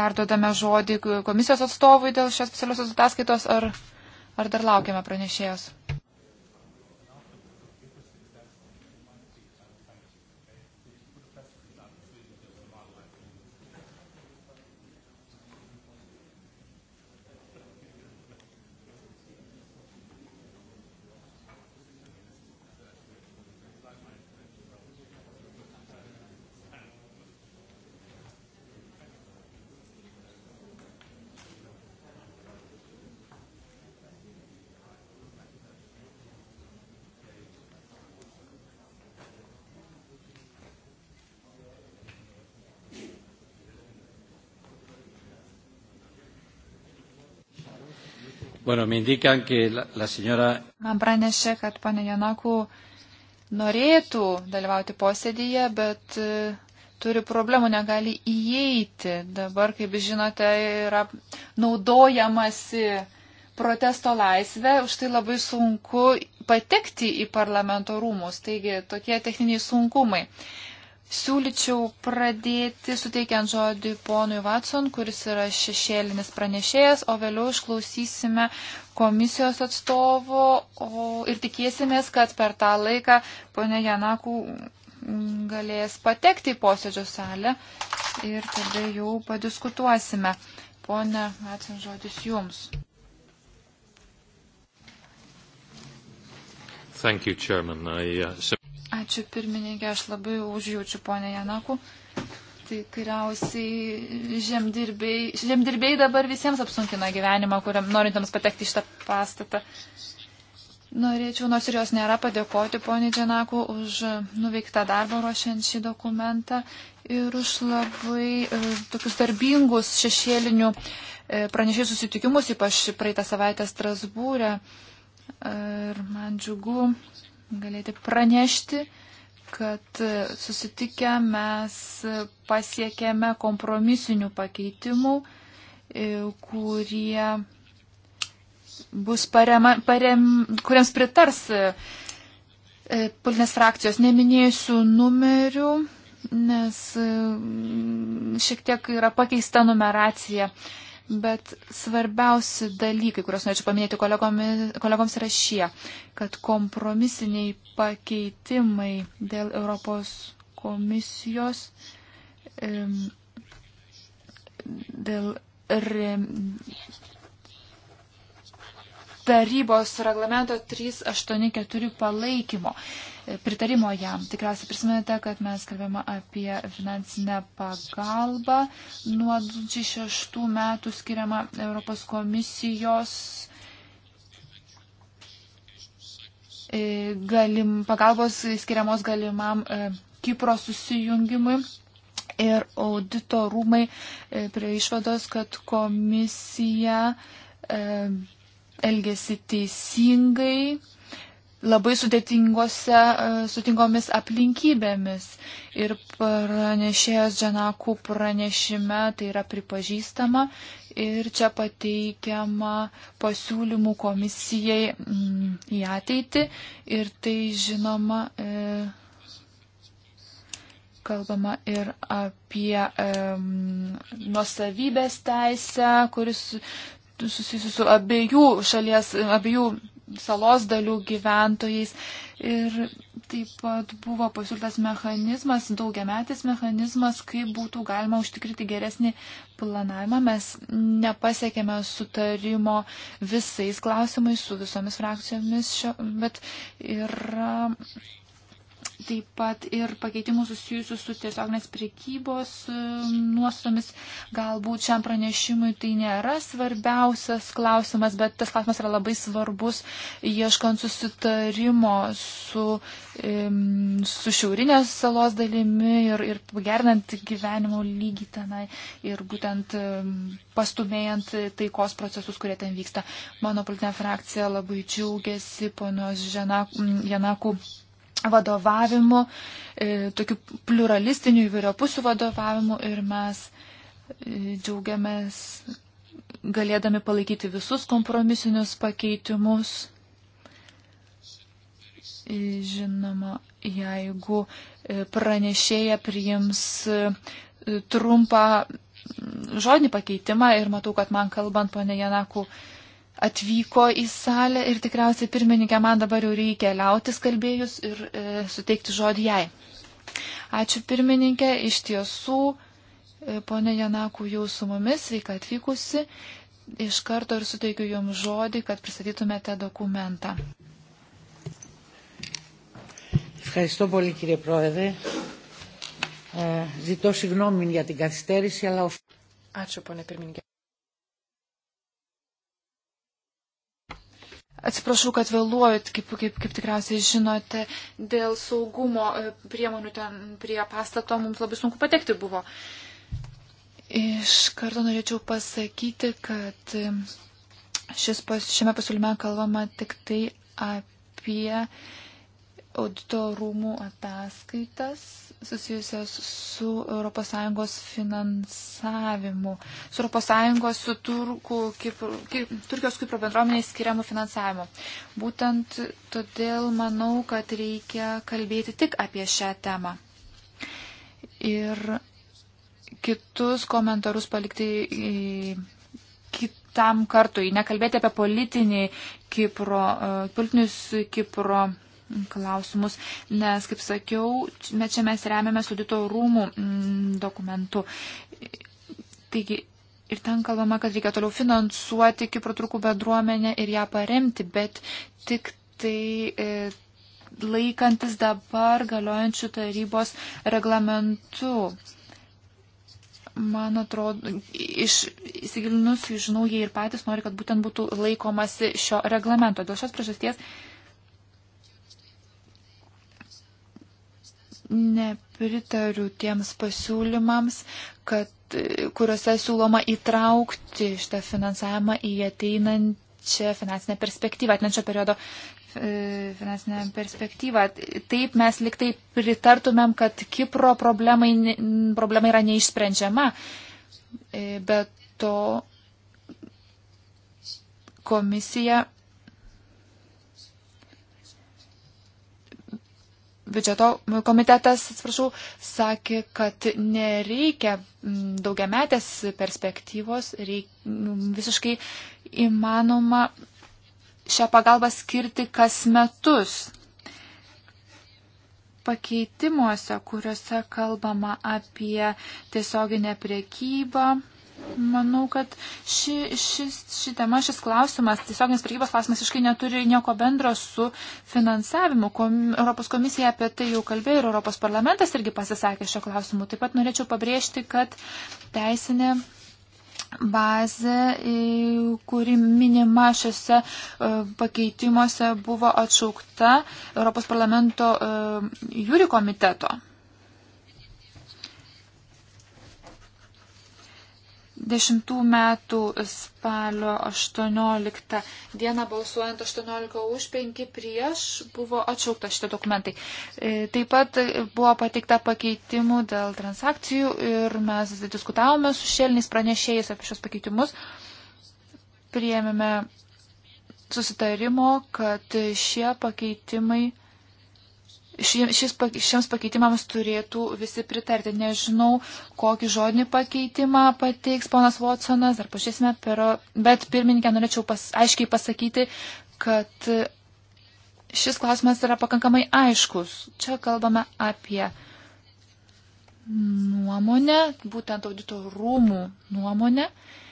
perduodame žodį komisijos atstovui dėl šios specialiosios ataskaitos, ar, ar dar laukiame pranešėjos. Bueno, me indican que la, la señora... Man pranešė, kad ponė Janaku norėtų dalyvauti posėdyje, bet e, turi problemų, negali įeiti. Dabar, kaip žinote, yra naudojamasi protesto laisvę, už tai labai sunku patekti į parlamento rūmus. Taigi tokie techniniai sunkumai siūlyčiau pradėti suteikiant žodį ponui Watson, kuris yra šešėlinis pranešėjas, o vėliau išklausysime komisijos atstovo o, ir tikėsimės, kad per tą laiką ponė Janakų galės patekti į posėdžio salę ir tada jau padiskutuosime. Pone Watson, žodis jums. Thank you, Chairman. I, uh, Ačiū pirmininkė, aš labai užjaučiu ponę Janaku. Tai tikriausiai žemdirbiai, žemdirbiai dabar visiems apsunkina gyvenimą, kuriam norintams patekti šitą pastatą. Norėčiau, nors ir jos nėra, padėkoti poniai Džanaku už nuveiktą darbą ruošiant šį dokumentą ir už labai e, tokius darbingus šešėlinių e, pranešėjų susitikimus, ypač praeitą savaitę Strasbūrę. E, ir man džiugu, galėti pranešti, kad susitikę mes pasiekėme kompromisinių pakeitimų, e, kurie bus parema, parem, kuriems pritars e, politinės frakcijos. Neminėsiu numerių, nes e, šiek tiek yra pakeista numeracija bet svarbiausi dalykai, kuriuos norėčiau paminėti kolegoms, yra šie, kad kompromisiniai pakeitimai dėl Europos komisijos, dėl rem... tarybos reglamento 384 palaikymo pritarimo jam. Tikriausiai prisimenate, kad mes kalbėjome apie finansinę pagalbą nuo 2006 metų skiriamą Europos komisijos e, galim, pagalbos skiriamos galimam e, Kipro susijungimui. Ir audito rūmai e, prie išvados, kad komisija elgesi teisingai labai sudėtingose, e, sutingomis aplinkybėmis. Ir pranešėjas Džanakų pranešime tai yra pripažįstama ir čia pateikiama pasiūlymų komisijai mm, į ateitį ir tai žinoma. E, kalbama ir apie um, nuosavybės teisę, kuris susijusi su abiejų šalies, abiejų salos dalių gyventojais. Ir taip pat buvo pasiūlytas mechanizmas, daugiametis mechanizmas, kaip būtų galima užtikrinti geresnį planavimą. Mes nepasiekėme sutarimo visais klausimais su visomis frakcijomis, šio, bet yra taip pat ir pakeitimų susijusių su tiesioginės priekybos um, nuostomis. Galbūt šiam pranešimui tai nėra svarbiausias klausimas, bet tas klausimas yra labai svarbus ieškant susitarimo su, su šiaurinės salos dalimi ir, ir pagernant gyvenimo lygį tenai ir būtent pastumėjant taikos procesus, kurie ten vyksta. Mano politinė frakcija labai džiaugiasi ponios Janakų vadovavimu, e, tokiu pluralistiniu įvairiopusiu vadovavimu ir mes e, džiaugiamės galėdami palaikyti visus kompromisinius pakeitimus. E, žinoma, jeigu pranešėja priims trumpą žodinį pakeitimą ir matau, kad man kalbant, ponė Janaku, atvyko į salę ir tikriausiai pirmininkė man dabar jau reikia liautis kalbėjus ir e, suteikti žodį jai. Ačiū pirmininkė, iš tiesų, e, ponė Janakų jau su mumis, sveika atvykusi. Iš karto ir suteikiu jums žodį, kad pristatytumėte dokumentą. Ευχαριστώ πολύ κύριε Πρόεδρε. Ε, ζητώ συγγνώμη για την καθυστέρηση, αλλά... Άτσο, πόνε, πυρμήνικε. Atsiprašau, kad vėluojat, kaip, kaip, kaip tikriausiai žinote, dėl saugumo e, priemonių ten prie pastato mums labai sunku patekti buvo. Iš karto norėčiau pasakyti, kad e, šis, šiame pasiūlyme kalbama tik tai apie audito rūmų ataskaitas susijusios su ES finansavimu, su ES, su Turkų, Kipro, Turkijos Kipro bendruomeniai skiriamu finansavimu. Būtent todėl manau, kad reikia kalbėti tik apie šią temą. Ir kitus komentarus palikti kitam kartui, nekalbėti apie politinį Kipro, e, politinius Kipro klausimus, nes, kaip sakiau, čia mes remiame sudito rūmų mm, dokumentu. Taigi, ir ten kalbama, kad reikia toliau finansuoti Kipro trukų bendruomenę ir ją paremti, bet tik tai e, laikantis dabar galiojančių tarybos reglamentų. Man atrodo, iš įsigilinus, žinau, jie ir patys nori, kad būtent būtų laikomasi šio reglamento. Dėl šios priežasties nepritariu tiems pasiūlymams, kad, kuriuose siūloma įtraukti šitą finansavimą į ateinančią finansinę perspektyvą, atnešio periodo e, finansinę perspektyvą. Taip mes liktai pritartumėm, kad Kipro problemai, problema yra neišsprendžiama, e, bet to komisija biudžeto komitetas, atsiprašau, sakė, kad nereikia mm, daugiametės perspektyvos, reik, mm, visiškai įmanoma šią pagalbą skirti kas metus. Pakeitimuose, kuriuose kalbama apie tiesioginę priekybą, Manau, kad ši, šis, ši tema, šis klausimas, tiesioginis prekybos klausimas, iškai neturi nieko bendro su finansavimu. Kom, Europos komisija apie tai jau kalbėjo ir Europos parlamentas irgi pasisakė šio klausimu. Taip pat norėčiau pabrėžti, kad teisinė bazė, kuri minima šiuose e, pakeitimuose, buvo atšaukta Europos parlamento e, jūri komiteto. 10 metų spalio 18 dieną balsuojant 18 už 5 prieš buvo atšaukta šitie dokumentai. E, taip pat buvo pateikta pakeitimų dėl transakcijų ir mes diskutavome su šelniais pranešėjais apie šios pakeitimus. Priėmėme susitarimo, kad šie pakeitimai šiems šiems pakeitimams turėtų visi pritarti. Nežinau, kokį žodinį pakeitimą pateiks ponas Watsonas, dar pažiūrėsime, pero, bet pirmininkę norėčiau pas, aiškiai pasakyti, kad šis klausimas yra pakankamai aiškus. Čia kalbame apie nuomonę, būtent audito rūmų nuomonę. Uh,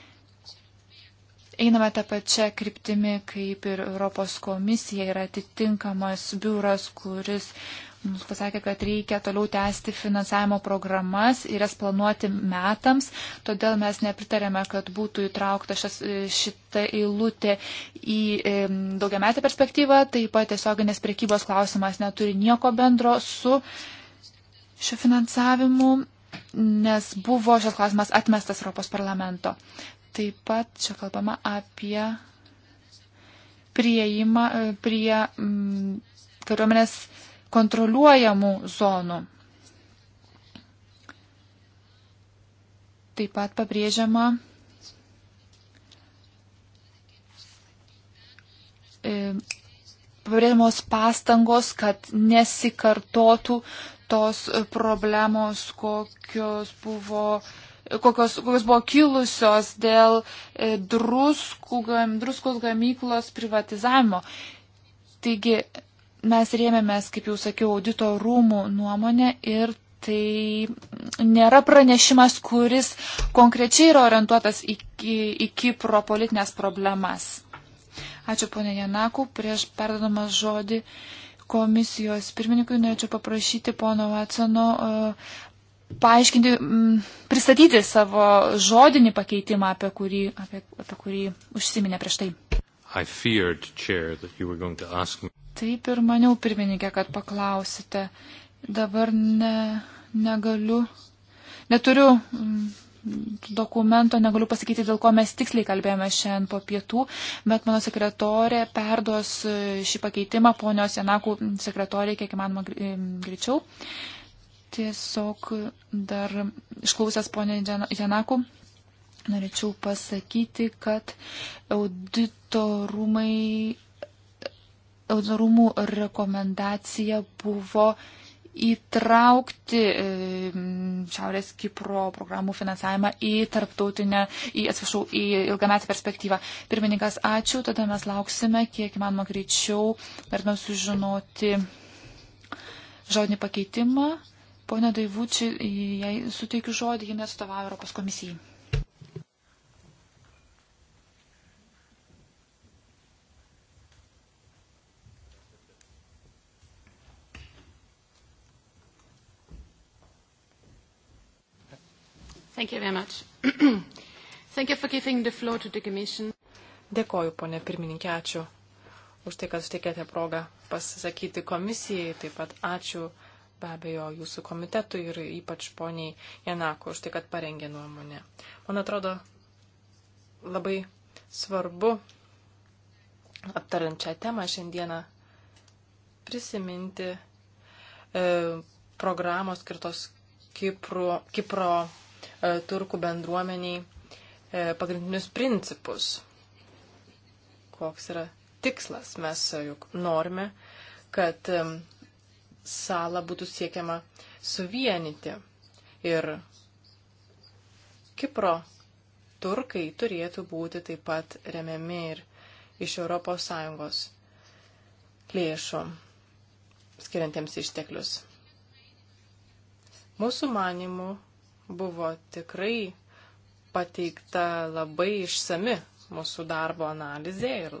einame tą pačią kryptimį, kaip ir Europos komisija yra atitinkamas biuras, kuris mums pasakė, kad reikia toliau tęsti finansavimo programas ir jas planuoti metams. Todėl mes nepritarėme, kad būtų įtraukta šias, šita eilutė į e, daugiametę perspektyvą. Taip pat tiesioginės priekybos klausimas neturi nieko bendro su šiuo finansavimu nes buvo šios klausimas atmestas Europos parlamento. Taip pat čia kalbama apie prieima, e, prie mm, kariuomenės kontroliuojamų zonų. Taip pat pabrėžiama e, pabrėžiamos pastangos, kad nesikartotų tos problemos, kokios buvo kokios, kokios buvo kilusios dėl e, druskų, druskos gamyklos privatizavimo. Taigi mes rėmėmės, kaip jau sakiau, audito rūmų nuomonę ir tai nėra pranešimas, kuris konkrečiai yra orientuotas į, į, į Kipro politinės problemas. Ačiū ponė Janaku, prieš perdodamas žodį komisijos pirmininkui norėčiau paprašyti pono Vatsono uh, paaiškinti, m, mm, pristatyti savo žodinį pakeitimą, apie kurį, apie, apie kurį užsiminė prieš tai. Feared, chair, Taip ir maniau, pirmininkė, kad paklausite. Dabar ne, negaliu, neturiu m, mm, dokumento, negaliu pasakyti, dėl ko mes tiksliai kalbėjome šiandien po pietų, bet mano sekretorė perduos e, šį pakeitimą ponios Janakų sekretorė, kiek įmanoma e, greičiau. Gr Tiesiog dar išklausęs ponė Janakų, norėčiau pasakyti, kad auditorumai, auditorumų rekomendacija buvo įtraukti Šiaurės Kipro programų finansavimą į tarptautinę, į, atsiprašau, į ilgametį perspektyvą. Pirmininkas, ačiū, tada mes lauksime, kiek įmanoma greičiau, norime sužinoti žodinį pakeitimą. Pone Daivučiai, jai suteikiu žodį, ji neatstovauja Europos komisijai. Thank you very much. (clears throat) Thank you for giving the floor to the Commission. Dėkoju, ponė pirmininkė, ačiū už tai, kad suteikėte progą pasisakyti komisijai. Taip pat ačiū be abejo jūsų komitetui ir ypač poniai Janako už tai, kad parengė nuomonę. Man atrodo labai svarbu aptarant šią temą šiandieną prisiminti e, programos skirtos Kipro, Kipro e, turkų bendruomeniai e, pagrindinius principus. Koks yra tikslas? Mes e, juk norime, kad e, salą būtų siekiama suvienyti. Ir Kipro turkai turėtų būti taip pat remiami ir iš ES lėšų skiriantiems išteklius. Mūsų manimų buvo tikrai pateikta labai išsami mūsų darbo analizė ir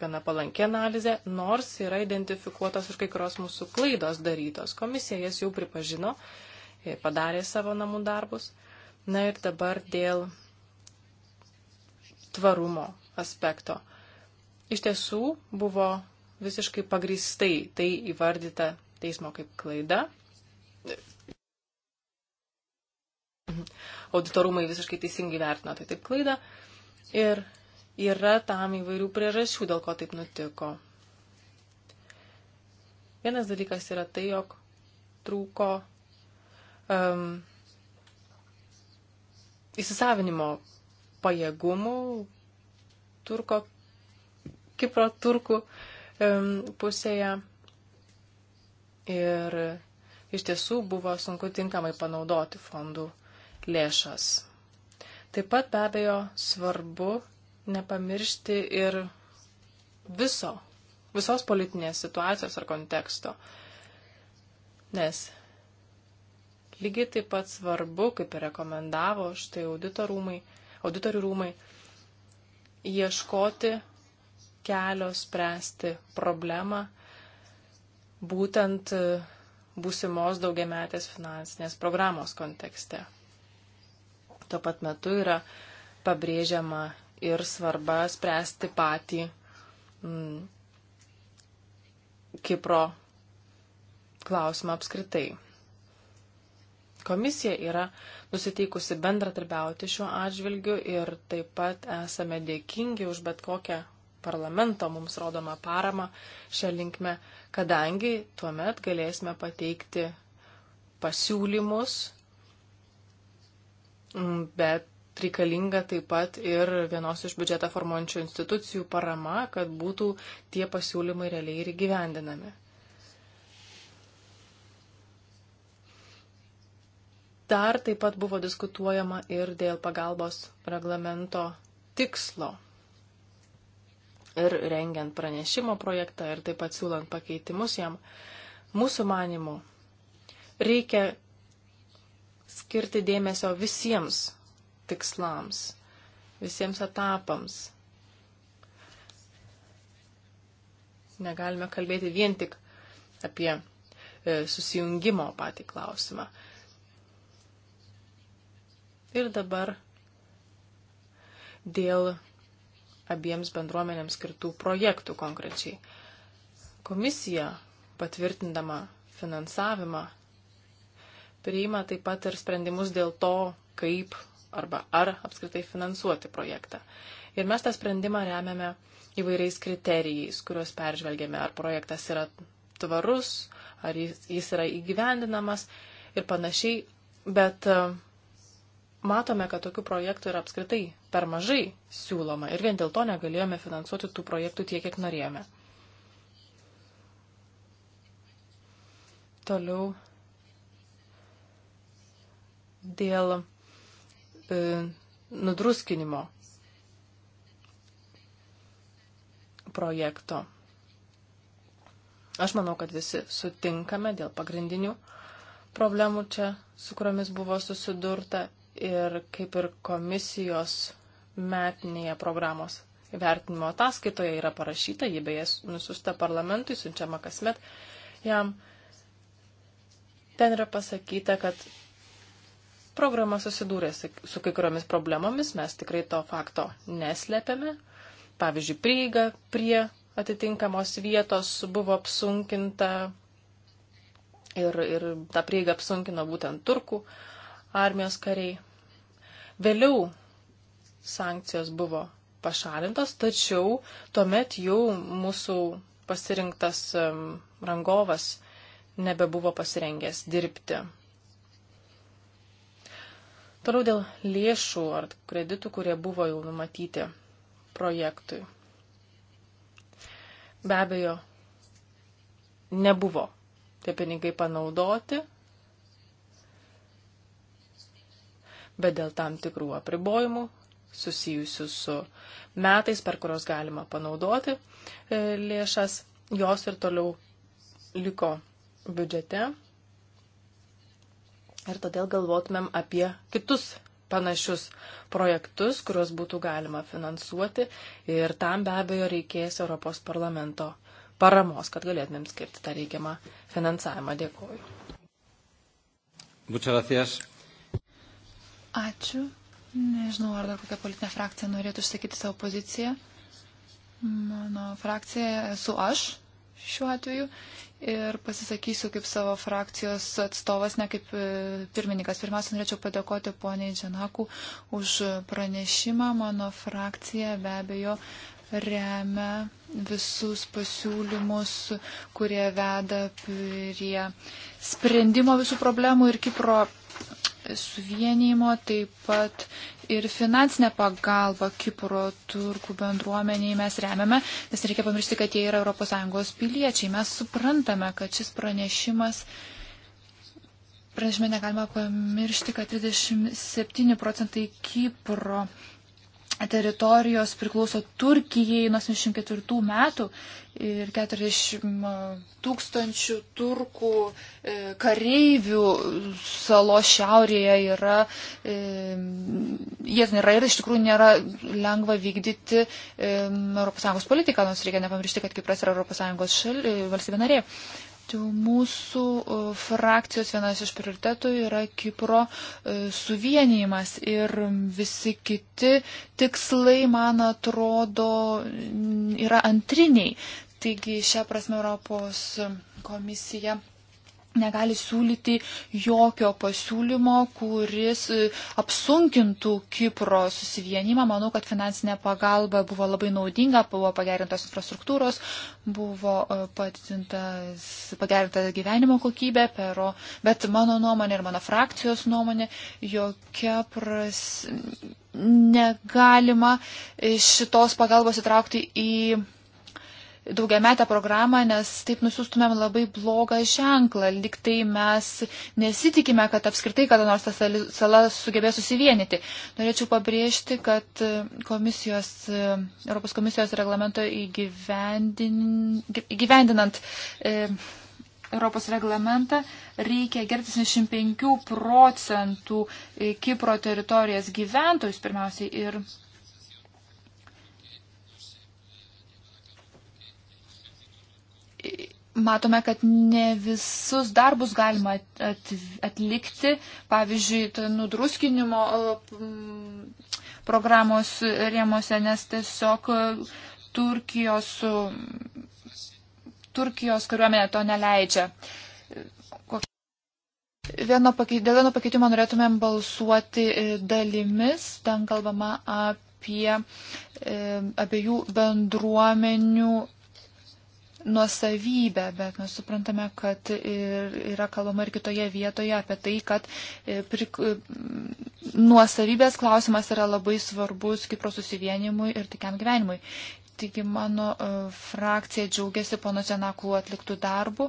gana palankė analizė, nors yra identifikuotos ir kai kurios mūsų klaidos darytos. Komisija jas jau pripažino, e, padarė savo namų darbus. Na ir dabar dėl tvarumo aspekto. Iš tiesų buvo visiškai pagristai tai įvardyta teismo kaip klaida. Auditorumai visiškai teisingai vertino tai taip klaidą. Ir Yra tam įvairių priežasčių, dėl ko taip nutiko. Vienas dalykas yra tai, jog trūko um, įsisavinimo pajėgumų turko, Kipro turkų um, pusėje. Ir iš tiesų buvo sunku tinkamai panaudoti fondų lėšas. Taip pat be abejo svarbu nepamiršti ir viso, visos politinės situacijos ar konteksto. Nes lygiai taip pat svarbu, kaip ir rekomendavo štai auditorumai, auditorių rūmai, ieškoti kelio spręsti problemą būtent būsimos daugiametės finansinės programos kontekste. Tuo pat metu yra pabrėžiama ir svarba spręsti patį mm, Kipro klausimą apskritai. Komisija yra nusiteikusi bendratarbiauti šiuo atžvilgiu ir taip pat esame dėkingi už bet kokią parlamento mums rodomą paramą šią linkmę, kadangi tuomet galėsime pateikti pasiūlymus, mm, bet reikalinga taip pat ir vienos iš biudžetą formuojančių institucijų parama, kad būtų tie pasiūlymai realiai ir įgyvendinami. Dar taip pat buvo diskutuojama ir dėl pagalbos reglamento tikslo. Ir rengiant pranešimo projektą ir taip pat siūlant pakeitimus jam, mūsų manimu, reikia skirti dėmesio visiems tikslams, visiems etapams. Negalime kalbėti vien tik apie e, susijungimo patį klausimą. Ir dabar dėl abiems bendruomenėms skirtų projektų konkrečiai. Komisija, patvirtindama finansavimą, priima taip pat ir sprendimus dėl to, kaip arba ar apskritai finansuoti projektą. Ir mes tą sprendimą remiame įvairiais kriterijais, kuriuos peržvelgėme, ar projektas yra tvarus, ar jis, jis yra įgyvendinamas ir panašiai. Bet e, matome, kad tokių projektų yra apskritai per mažai siūloma ir vien dėl to negalėjome finansuoti tų projektų tiek, kiek norėjome. Toliau dėl E, nudruskinimo projekto. Aš manau, kad visi sutinkame dėl pagrindinių problemų čia, su kuriomis buvo susidurta ir kaip ir komisijos metinėje programos vertinimo ataskaitoje yra parašyta, jie beje nusiusta parlamentui, siunčiama kasmet, jam ten yra pasakyta, kad programa susidūrė su kai kuriomis problemomis, mes tikrai to fakto neslepiame. Pavyzdžiui, prieiga prie atitinkamos vietos buvo apsunkinta ir, ir tą prieigą apsunkino būtent turkų armijos kariai. Vėliau sankcijos buvo pašalintos, tačiau tuomet jau mūsų pasirinktas rangovas nebebuvo pasirengęs dirbti Toliau dėl lėšų ar kreditų, kurie buvo jau numatyti projektui. Be abejo, nebuvo tie pinigai panaudoti, bet dėl tam tikrų apribojimų susijusių su metais, per kurios galima panaudoti e, lėšas, jos ir toliau liko biudžete Ir todėl galvotumėm apie kitus panašius projektus, kuriuos būtų galima finansuoti. Ir tam be abejo reikės Europos parlamento paramos, kad galėtumėm skirti tą reikiamą finansavimą. Dėkuoju. Ačiū. Nežinau, ar dar kokia politinė frakcija norėtų išsakyti savo poziciją. Mano frakcija esu aš šiuo atveju ir pasisakysiu kaip savo frakcijos atstovas, ne kaip e, pirmininkas. Pirmiausia, norėčiau padėkoti poniai Džanaku už pranešimą. Mano frakcija be abejo remia visus pasiūlymus, kurie veda prie sprendimo visų problemų ir Kipro suvienijimo, taip pat ir finansinę pagalbą Kipro turkų bendruomeniai mes remiame, nes reikia pamiršti, kad jie yra ES piliečiai. Mes suprantame, kad šis pranešimas. Pranešime negalima pamiršti, kad 37 procentai Kipro teritorijos priklauso Turkijai nuo 74 metų ir 40 tūkstančių turkų e, kareivių salo šiaurėje yra, e, jie ten yra ir iš tikrųjų nėra lengva vykdyti ES politiką, nors reikia nepamiršti, kad Kipras yra ES e, valstybė narė. Mūsų frakcijos vienas iš prioritetų yra Kipro e, suvienijimas ir visi kiti tikslai, man atrodo, yra antriniai. Taigi šią prasme Europos komisija negali siūlyti jokio pasiūlymo, kuris e, apsunkintų Kipro susivienimą. Manau, kad finansinė pagalba buvo labai naudinga, buvo pagerintos infrastruktūros, buvo e, pagerinta gyvenimo kokybė, pero, bet mano nuomonė ir mano frakcijos nuomonė, jokia pras negalima šitos pagalbos įtraukti į daugiametę programą, nes taip nusiustumėm labai blogą ženklą. Liktai mes nesitikime, kad apskritai kada nors ta sala sugebės susivienyti. Norėčiau pabrėžti, kad komisijos, Europos komisijos reglamento įgyvendin, įgyvendinant. E, Europos reglamentą reikia gerbti 75 procentų e, Kipro teritorijos gyventojus pirmiausiai ir matome, kad ne visus darbus galima atlikti. Pavyzdžiui, nudruskinimo e, programos rėmose, nes tiesiog e, Turkijos, Turkijos kariuomenė to neleidžia. Vieno dėl vieno pakeitimo norėtumėm balsuoti e, dalimis. Ten kalbama apie abiejų bendruomenių nuosavybę, bet mes suprantame, kad ir, yra kalbama ir kitoje vietoje apie tai, kad e, prik, e, nuosavybės klausimas yra labai svarbus Kipro susivienimui ir tikiam gyvenimui. Taigi mano e, frakcija džiaugiasi pono Čianakų atliktų darbų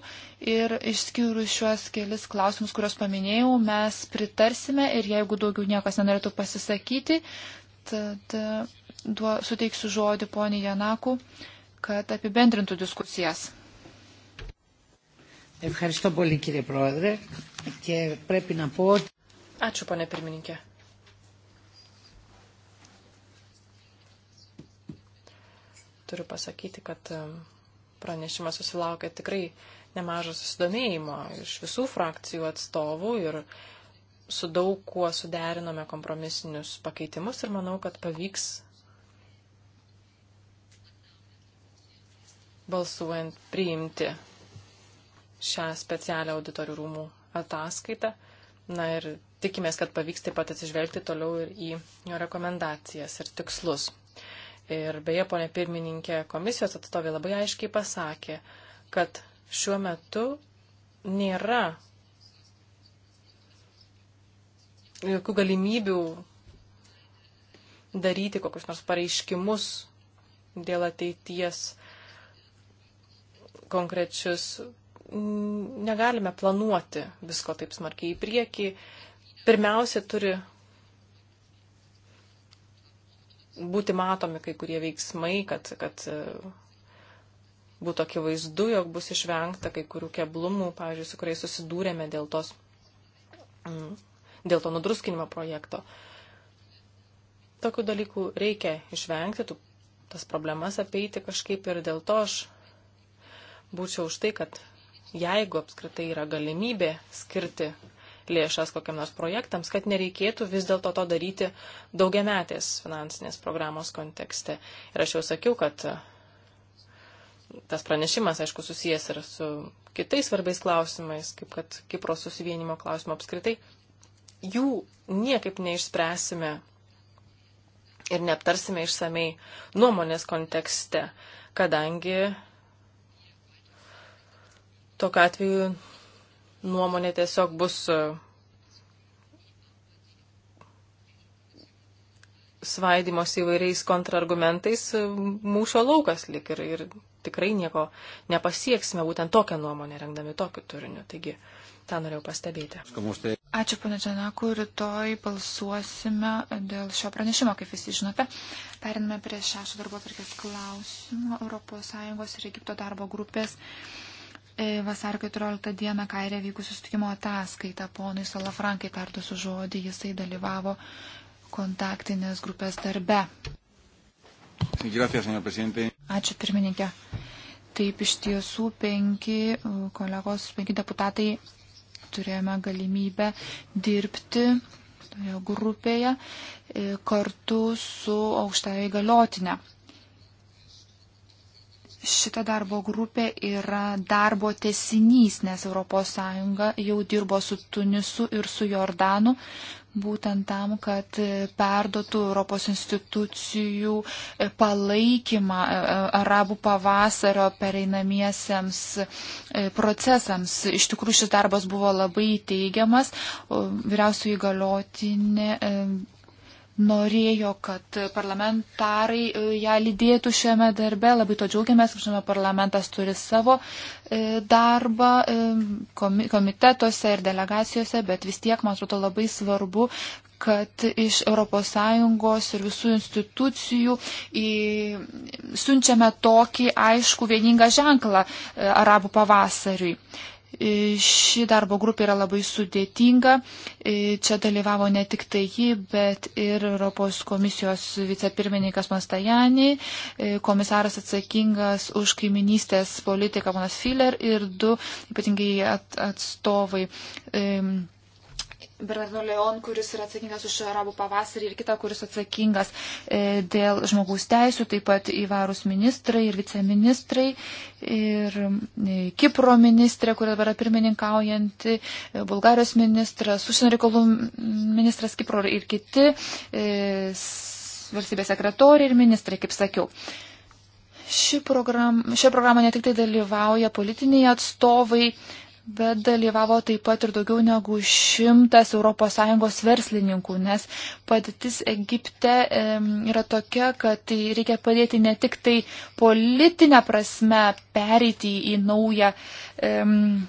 ir išskyrus šiuos kelis klausimus, kuriuos paminėjau, mes pritarsime ir jeigu daugiau niekas nenorėtų pasisakyti, tad duo, suteiksiu žodį poniai Janakų kad apibendrintų diskusijas. Ευχαριστώ πολύ κύριε Πρόεδρε και πρέπει να πω ότι... Ačiū, ponė pirmininkė. Turiu pasakyti, kad pranešimas susilaukė tikrai nemažo susidomėjimo iš visų frakcijų atstovų ir su daug kuo suderinome kompromisinius pakeitimus ir manau, kad pavyks balsuojant priimti šią specialią auditorių rūmų ataskaitą. Na ir tikimės, kad pavyks taip pat atsižvelgti toliau ir į jo rekomendacijas ir tikslus. Ir beje, ponė pirmininkė, komisijos atstovė labai aiškiai pasakė, kad šiuo metu nėra jokių galimybių daryti kokius nors pareiškimus dėl ateities konkrečius, negalime planuoti visko taip smarkiai į priekį. Pirmiausia, turi būti matomi kai kurie veiksmai, kad, kad e, būtų akivaizdu, jog bus išvengta kai kurių keblumų, pavyzdžiui, su kuriais susidūrėme dėl, tos, dėl to nudruskinimo projekto. Tokių dalykų reikia išvengti, tų, tas problemas apeiti kažkaip ir dėl to aš būčiau už tai, kad jeigu apskritai yra galimybė skirti lėšas kokiam nors projektams, kad nereikėtų vis dėlto to daryti daugiametės finansinės programos kontekste. Ir aš jau sakiau, kad e, tas pranešimas, aišku, susijęs ir su kitais svarbiais klausimais, kaip kad Kipro susivienimo klausimo apskritai, jų niekaip neišspręsime ir neaptarsime išsamei nuomonės kontekste, kadangi Tokiu atveju nuomonė tiesiog bus e, svaidimos įvairiais kontrargumentais e, mūšio laukas lik ir, ir tikrai nieko nepasieksime būtent tokią nuomonę rengdami tokiu turiniu. Taigi, tą norėjau pastebėti. Ačiū, pana Džanaku, rytoj balsuosime dėl šio pranešimo, kaip visi žinote. Periname prie šešto darbo tvarkės klausimų ES ir Egipto darbo grupės E, vasario 14 dieną kairė vykusių sustikimo ataskaitą. Ponui Salafrankai perduosiu žodį, jisai dalyvavo kontaktinės grupės darbe. Ačiū pirmininkė. Taip iš tiesų penki e, kolegos, penki deputatai turėjome galimybę dirbti grupėje e, kartu su aukštąją įgaliotinę. Šita darbo grupė yra darbo tesinys, nes ES jau dirbo su Tunisu ir su Jordanu, būtent tam, kad perdotų Europos institucijų palaikymą e, e, arabų pavasario pereinamiesiems e, procesams. Iš tikrųjų šis darbas buvo labai teigiamas. Vyriausių įgaliotinė norėjo, kad parlamentarai e, ją lydėtų šiame darbe. Labai to džiaugiamės, kad žinoma, parlamentas turi savo e, darbą e, komitetuose ir delegacijose, bet vis tiek, man atrodo, labai svarbu, kad iš ES ir visų institucijų į, siunčiame tokį aišku vieningą ženklą arabų pavasariui. E, ši darbo grupė yra labai sudėtinga. E, čia dalyvavo ne tik tai ji, bet ir Europos komisijos vicepirmininkas Mastajani, e, komisaras atsakingas už kaiminystės politiką Manas Filler ir du ypatingai at, atstovai. E, Bernardino Leon, kuris yra atsakingas už arabų pavasarį ir kitą, kuris atsakingas e, dėl žmogaus teisų, taip pat įvarūs ministrai ir viceministrai ir e, Kipro ministrė, kuri dabar yra pirmininkaujanti, e, Bulgarijos ministras, užsienio reikalų ministras Kipro ir kiti e, valstybės sekretoriai ir ministrai, kaip sakiau. Ši program, šią programą ne tik tai dalyvauja politiniai atstovai, bet dalyvavo taip pat ir daugiau negu šimtas ES verslininkų, nes padėtis Egipte yra tokia, kad tai reikia padėti ne tik tai politinę prasme pereiti į naują um,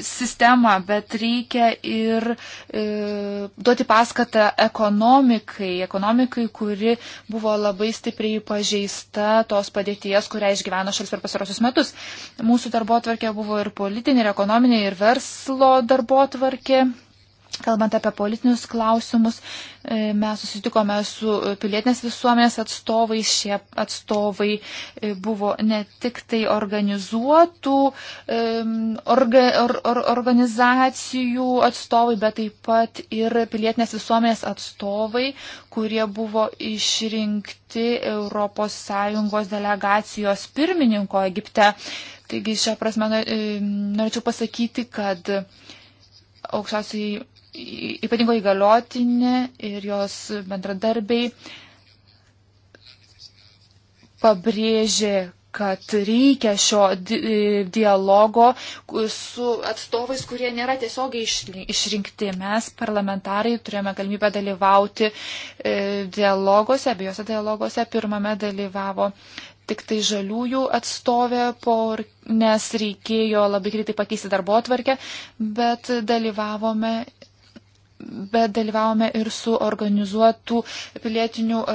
sistemą, bet reikia ir um, duoti paskatą ekonomikai, ekonomikai, kuri buvo labai stipriai pažeista tos padėties, kurią išgyveno šalis per pasarosius metus. Mūsų darbo atvarkė buvo ir politinė, ir ekonominė pramonė ir verslo darbo tvarkė. Kalbant apie politinius klausimus, e, mes susitikome su pilietinės visuomenės atstovais. Šie atstovai e, buvo ne tik tai organizuotų e, orga, or, or, organizacijų atstovai, bet taip pat ir pilietinės visuomenės atstovai, kurie buvo išrinkti ES delegacijos pirmininko Egipte. Taigi šią prasme norėčiau pasakyti, kad aukščiausiai ypatingo įgaliotinė ir jos bendradarbiai pabrėžė, kad reikia šio di dialogo su atstovais, kurie nėra tiesiogiai išrinkti. Mes, parlamentarai, turėjome galimybę dalyvauti e, dialogose, abiejose dialogose. Pirmame dalyvavo tik tai žaliųjų atstovė, por, nes reikėjo labai greitai pakeisti darbo atvarkę, bet dalyvavome bet dalyvavome ir su organizuotų pilietinių e,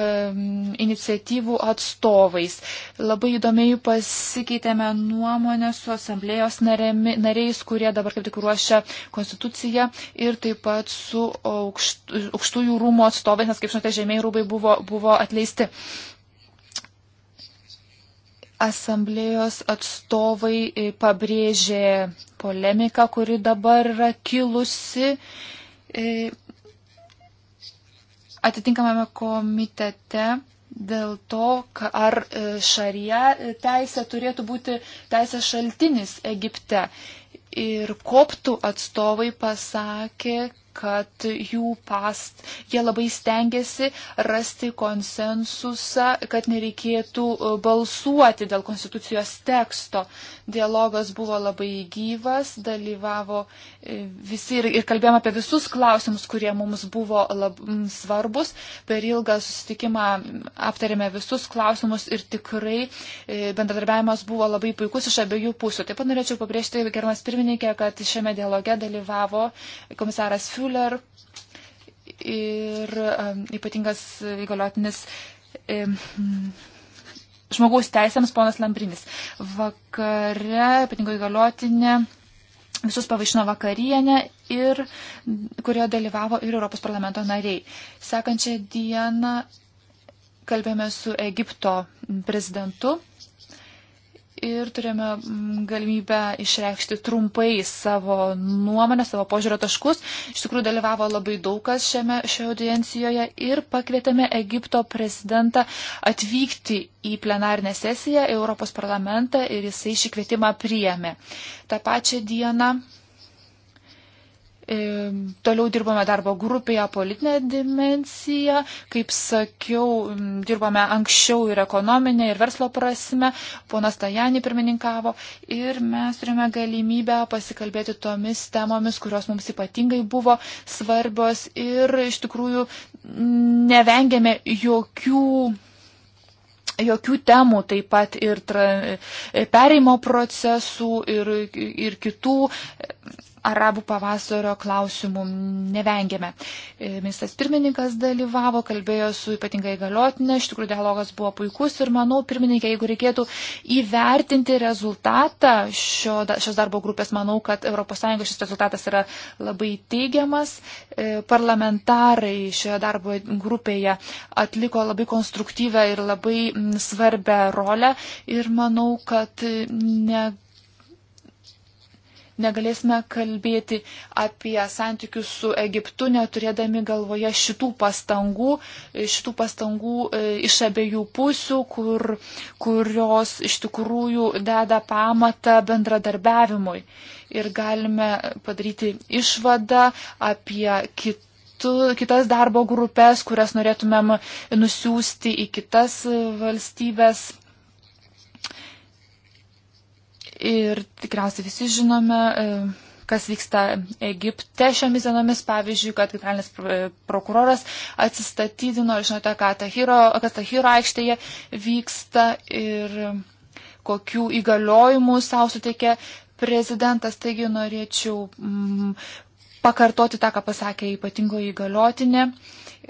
iniciatyvų atstovais. Labai įdomiai pasikeitėme nuomonę su asamblėjos narėmi, nariais, kurie dabar kaip tik ruošia konstituciją ir taip pat su aukšt, aukštųjų rūmų atstovais, nes kaip žinote, žemiai rūbai buvo, buvo atleisti. Asamblėjos atstovai e, pabrėžė polemiką, kuri dabar yra kilusi. E, E, atitinkamame komitete dėl to, ar e, šaria e, teisė turėtų būti teisės šaltinis Egipte. Ir koptų atstovai pasakė, kad jų past, jie labai stengiasi rasti konsensusą, kad nereikėtų balsuoti dėl konstitucijos teksto. Dialogas buvo labai gyvas, dalyvavo visi ir, ir kalbėjom apie visus klausimus, kurie mums buvo lab, svarbus. Per ilgą susitikimą aptarėme visus klausimus ir tikrai e, bendradarbiavimas buvo labai puikus iš abiejų pusių. Taip pat norėčiau pabrėžti, germas pirmininkė, kad šiame dialoge dalyvavo komisaras Fuller ir e, ypatingas įgaliotinis. E, Žmogaus teisėms ponas Lambrinis. Vakare, ypatingo įgaliotinė, visus pavaišino vakarienę ir kurioje dalyvavo ir Europos parlamento nariai. Sekančią dieną kalbėjome su Egipto prezidentu ir turėjome mm, galimybę išreikšti trumpai savo nuomonę, savo požiūrio taškus. Iš tikrųjų dalyvavo labai daug kas šiame, šioje audiencijoje ir pakvietėme Egipto prezidentą atvykti į plenarinę sesiją Europos parlamentą ir jisai šį kvietimą priėmė. Ta pačia diena E, toliau dirbame darbo grupėje politinę dimenciją, kaip sakiau, dirbame anksčiau ir ekonominę, ir verslo prasme, ponas Tajani pirmininkavo ir mes turime galimybę pasikalbėti tomis temomis, kurios mums ypatingai buvo svarbios ir iš tikrųjų nevengėme jokių jokių temų, taip pat ir tra, e, perimo procesų ir, ir kitų arabų pavasario klausimų nevengėme. E, ministras pirmininkas dalyvavo, kalbėjo su ypatingai galiotinė, iš tikrųjų dialogas buvo puikus ir manau, pirmininkė, jeigu reikėtų įvertinti rezultatą šio, šios darbo grupės, manau, kad ES šis rezultatas yra labai teigiamas. E, parlamentarai šioje darbo grupėje atliko labai konstruktyvę ir labai svarbę rolę ir manau, kad ne negalėsime kalbėti apie santykius su Egiptu, neturėdami galvoje šitų pastangų, šitų pastangų e, iš abiejų pusių, kur, kurios iš tikrųjų deda pamatą bendradarbiavimui. Ir galime padaryti išvadą apie kitą kitu, kitas darbo grupės, kurias norėtumėm nusiųsti į kitas valstybės Ir tikriausiai visi žinome, e, kas vyksta Egipte šiomis dienomis, pavyzdžiui, kad generalinis e, prokuroras atsistatydino, žinote, Tahiro, kas Tahiro aikštėje vyksta ir kokių įgaliojimų savo suteikė prezidentas. Taigi norėčiau mm, pakartoti tą, ką pasakė ypatingoji įgaliotinė.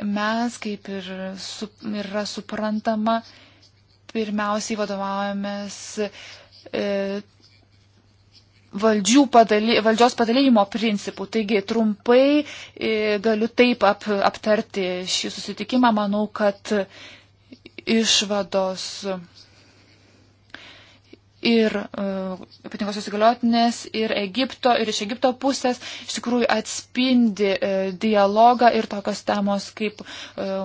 Mes, kaip ir su, yra suprantama, pirmiausiai vadovaujamės e, padaly, valdžios padalymo principų. Taigi trumpai e, galiu taip ap, aptarti šį susitikimą. Manau, kad išvados ir e, ypatingos įsigaliotinės, ir Egipto, ir iš Egipto pusės iš tikrųjų atspindi e, dialogą ir tokios temos kaip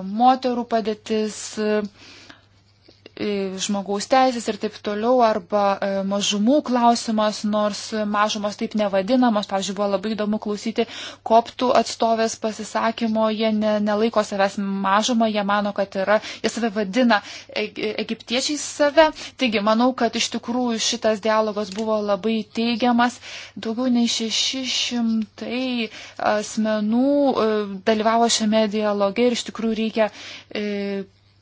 moterų padėtis. E, E, žmogaus teisės ir taip toliau, arba e, mažumų klausimas, nors mažumos taip nevadinamos. Pavyzdžiui, buvo labai įdomu klausyti koptų atstovės pasisakymo, jie ne, nelaiko savęs mažumą, jie mano, kad yra, jie save vadina e, egiptiečiai save. Taigi, manau, kad iš tikrųjų šitas dialogas buvo labai teigiamas. Daugiau nei 600 asmenų dalyvavo šiame dialoge ir iš tikrųjų reikia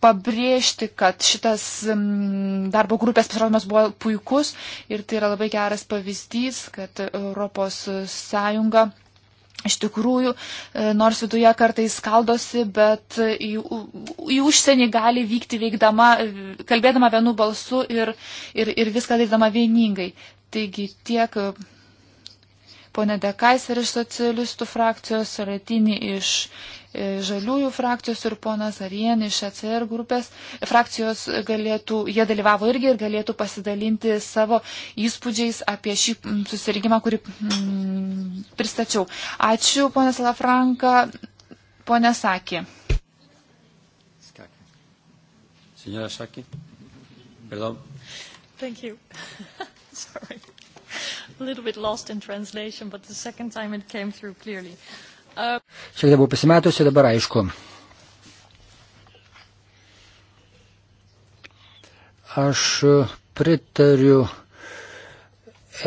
pabrėžti, kad šitas mm, darbo grupės pasirodymas buvo puikus ir tai yra labai geras pavyzdys, kad ES iš tikrųjų, e, nors viduje kartais skaldosi, bet į, į užsienį gali vykti veikdama, e, kalbėdama vienu balsu ir, ir, ir viską darydama vieningai. Taigi tiek e, ponė Dekais ir iš socialistų frakcijos, Ratinį iš E, žaliųjų frakcijos ir ponas Arien iš ECR grupės frakcijos galėtų, jie dalyvavo irgi ir galėtų pasidalinti savo įspūdžiais apie šį susirinkimą, kurį mm, pristačiau. Ačiū, ponas Lafranka, ponė Sakė. Señora Saki, perdón. Thank you. (laughs) Sorry. A little bit lost in translation, but the second time it came through clearly. Uh, Šiek tiek buvau pasimetusi, dabar aišku. Aš pritariu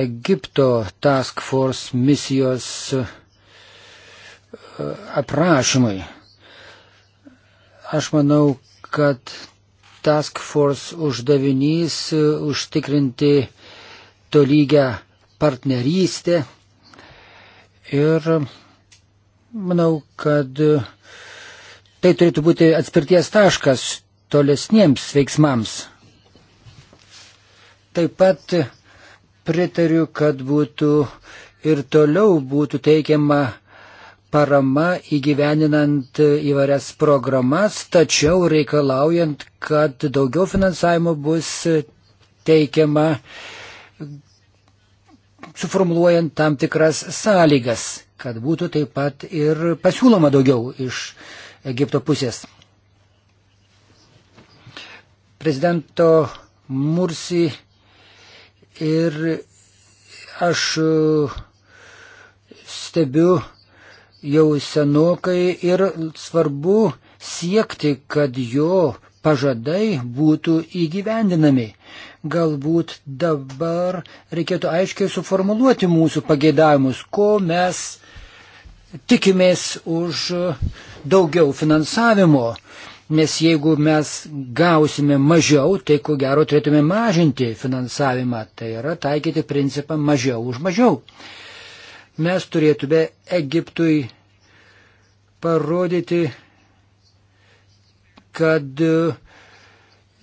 Egipto task force misijos e, aprašymui. Aš manau, kad task force uždavinys e, užtikrinti tolygę partnerystę ir Manau, kad e, tai turėtų būti atspirties taškas tolesniems veiksmams. Taip pat pritariu, kad būtų ir toliau būtų teikiama parama įgyveninant įvairias programas, tačiau reikalaujant, kad daugiau finansavimo bus teikiama suformuluojant tam tikras sąlygas kad būtų taip pat ir pasiūloma daugiau iš Egipto pusės. Prezidento Mursi ir aš e, stebiu jau senokai ir svarbu siekti, kad jo pažadai būtų įgyvendinami. Galbūt dabar reikėtų aiškiai suformuluoti mūsų pageidavimus, ko mes tikimės už daugiau finansavimo, nes jeigu mes gausime mažiau, tai ko gero turėtume mažinti finansavimą, tai yra taikyti principą mažiau už mažiau. Mes turėtume Egiptui parodyti, kad uh,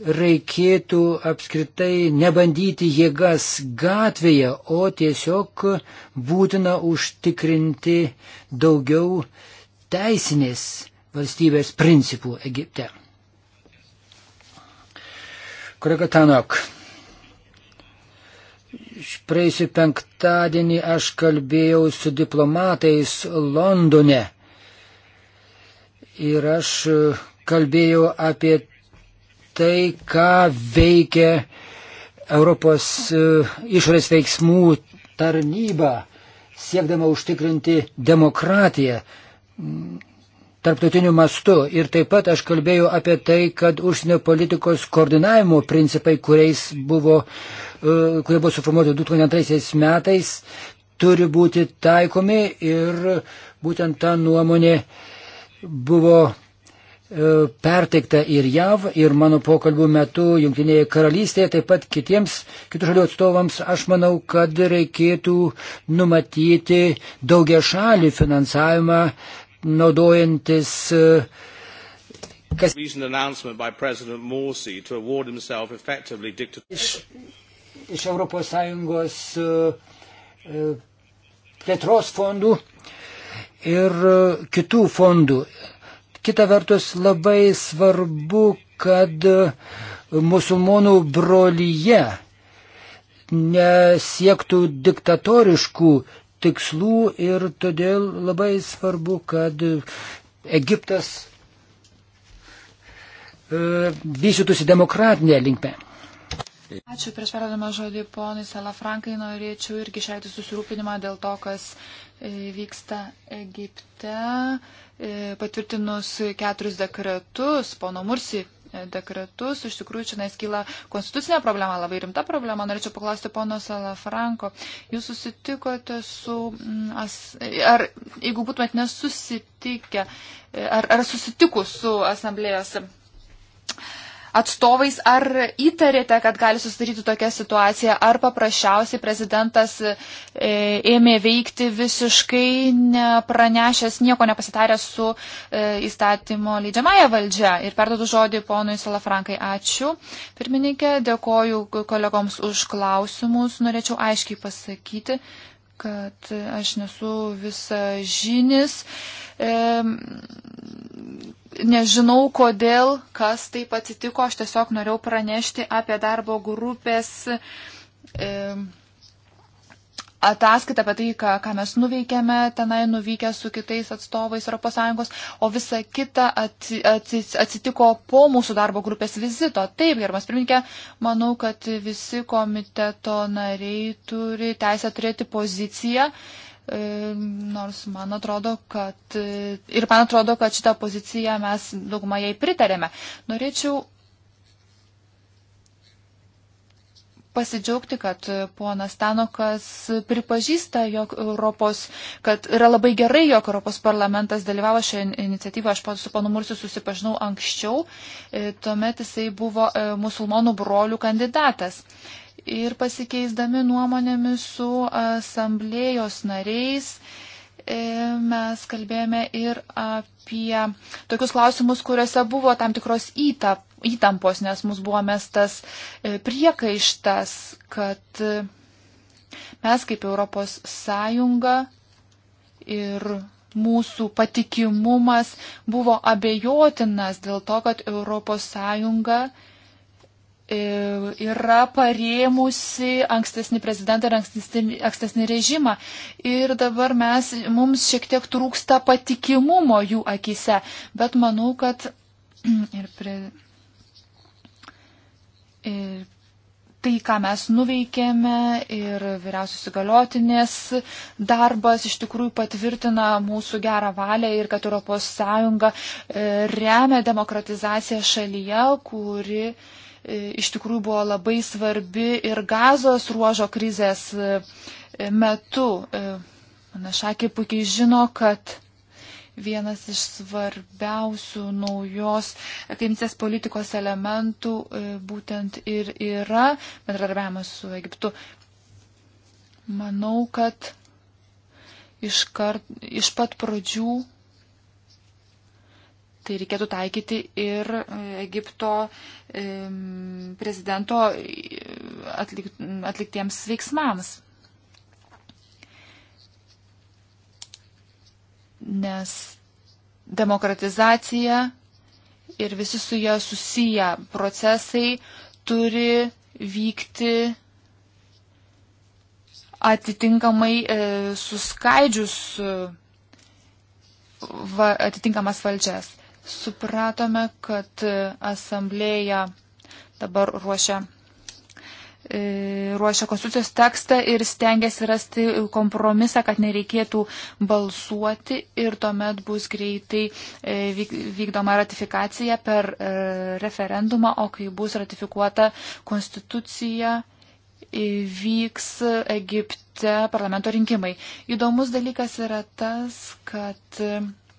reikėtų apskritai nebandyti jėgas gatvėje, o tiesiog būtina užtikrinti daugiau teisinės valstybės principų Egipte. Kolega Tanok, praėjusiu penktadienį aš kalbėjau su diplomatais Londone ir aš kalbėjau apie tai, ką veikia Europos e, išorės veiksmų tarnyba, siekdama užtikrinti demokratiją mm, tarptautiniu mastu. Ir taip pat aš kalbėjau apie tai, kad užsienio politikos koordinavimo principai, kuriais buvo, e, kurie buvo suformuoti 2002 metais, turi būti taikomi ir būtent ta nuomonė buvo E, perteikta ir JAV, ir mano pokalbių metu Junktinėje karalystėje, taip pat kitiems kitų šalių atstovams, aš manau, kad reikėtų numatyti daugia šalį finansavimą, naudojantis. E, kas... Iš, iš Europos Sąjungos e, plėtros fondų ir kitų fondų Kita vertus labai svarbu, kad musulmonų brolyje nesiektų diktatoriškų tikslų ir todėl labai svarbu, kad Egiptas e, vystytųsi demokratinė linkme. Ačiū prieš perdodamą žodį ponui Salafrankai, norėčiau irgi išreikšti susirūpinimą dėl to, kas e, vyksta Egipte. E, patvirtinus keturis dekretus, pono Mursi e, dekretus, iš tikrųjų čia neskyla konstitucinė problema, labai rimta problema. Norėčiau paklausti pono Salafranko, jūs susitikote su, mm, ar jeigu būtumėt nesusitikę, e, ar, ar susitikus su asamblėjos atstovais, ar įtarėte, kad gali susidaryti tokia situacija, ar paprasčiausiai prezidentas e, ėmė veikti visiškai nepranešęs, nieko nepasitaręs su e, įstatymo leidžiamąją valdžią. Ir perdodu žodį ponui Salafrankai. Ačiū. Pirmininkė, dėkoju kolegoms už klausimus. Norėčiau aiškiai pasakyti kad aš nesu visa žinis. E, nežinau kodėl, kas taip atsitiko, aš tiesiog norėjau pranešti apie darbo grupės e, ataskaitą apie tai, ką, ką mes nuveikėme tenai nuvykę su kitais atstovais ES, o visa kita at, at, atsitiko po mūsų darbo grupės vizito. Taip, gerbamas pirmininkė, manau, kad visi komiteto nariai turi teisę turėti poziciją. E, nors man atrodo, kad e, ir man atrodo, kad šitą poziciją mes daugumą jai pritarėme. Norėčiau pasidžiaugti, kad ponas Tanokas pripažįsta, jog Europos, kad yra labai gerai, jog Europos parlamentas dalyvavo šią iniciatyvą. Aš pats su ponu Mursiu susipažinau anksčiau, e, tuomet jisai buvo e, musulmonų brolių kandidatas ir pasikeisdami nuomonėmis su asamblėjos nariais e, mes kalbėjome ir apie tokius klausimus, kuriuose buvo tam tikros įtap, įtampos, nes mus buvo mestas e, priekaištas, kad e, mes kaip Europos Sąjunga ir mūsų patikimumas buvo abejotinas dėl to, kad Europos Sąjunga E, yra parėmusi ankstesnį prezidentą ir ankstesnį, ankstesnį režimą. Ir dabar mes, mums šiek tiek trūksta patikimumo jų akise. Bet manau, kad (clears throat) ir, pre, ir e, tai, ką mes nuveikėme ir vyriausios įgaliotinės darbas iš tikrųjų patvirtina mūsų gerą valią ir kad ES e, remia demokratizaciją šalyje, kuri E, iš tikrųjų buvo labai svarbi ir gazos ruožo krizės e, metu. E, mano šakė puikiai žino, kad vienas iš svarbiausių naujos kaimynės politikos elementų būtent ir yra bendradarbiavimas su Egiptu. Manau, kad iš, kart, iš pat pradžių tai reikėtų taikyti ir e, Egipto prezidento e, atliktiems veiksmams. Nes demokratizacija ir visi su ją susiję procesai turi vykti atitinkamai e, suskaidžius va, atitinkamas valdžias supratome, kad asamblėja dabar ruošia, e, ruošia konstitucijos tekstą ir stengiasi rasti kompromisą, kad nereikėtų balsuoti ir tuomet bus greitai e, vykdoma ratifikacija per e, referendumą, o kai bus ratifikuota konstitucija vyks Egipte parlamento rinkimai. Įdomus dalykas yra tas, kad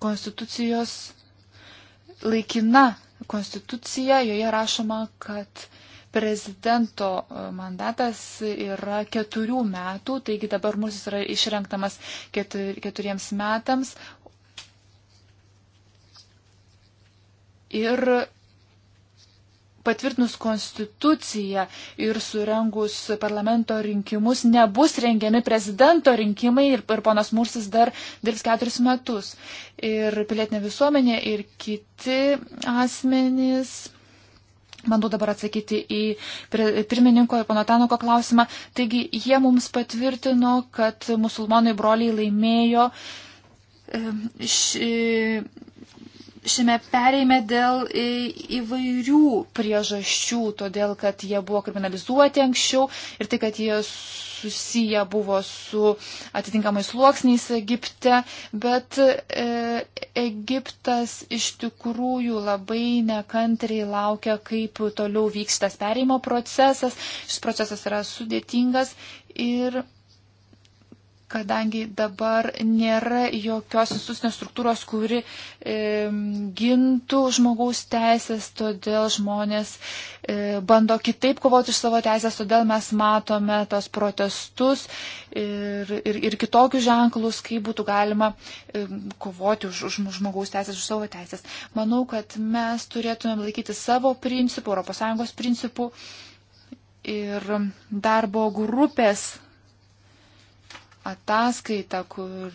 konstitucijos laikina konstitucija, joje rašoma, kad prezidento e, mandatas yra keturių metų, taigi dabar mūsų yra išrenktamas ketur, keturiems metams. Ir patvirtinus konstituciją ir surengus parlamento rinkimus nebus rengiami prezidento rinkimai ir, ir ponas Mursis dar dirbs keturis metus. Ir pilietinė visuomenė ir kiti asmenys. Bandau dabar atsakyti į pirmininko ir panotanoko klausimą. Taigi jie mums patvirtino, kad musulmonai broliai laimėjo e, ši, šiame pereime dėl įvairių priežasčių, todėl kad jie buvo kriminalizuoti anksčiau ir tai, kad jie susiję buvo su atitinkamais sluoksniais Egipte, bet e, Egiptas iš tikrųjų labai nekantriai laukia, kaip toliau vyks tas pereimo procesas. Šis procesas yra sudėtingas ir kadangi dabar nėra jokios institucinės struktūros, kuri e, gintų žmogaus teisės, todėl žmonės e, bando kitaip kovoti už savo teisės, todėl mes matome tos protestus ir, ir, ir kitokius ženklus, kaip būtų galima e, kovoti už, už žmogaus teisės, už savo teisės. Manau, kad mes turėtumėm laikyti savo principų, ES principų ir darbo grupės ataskaitą, kur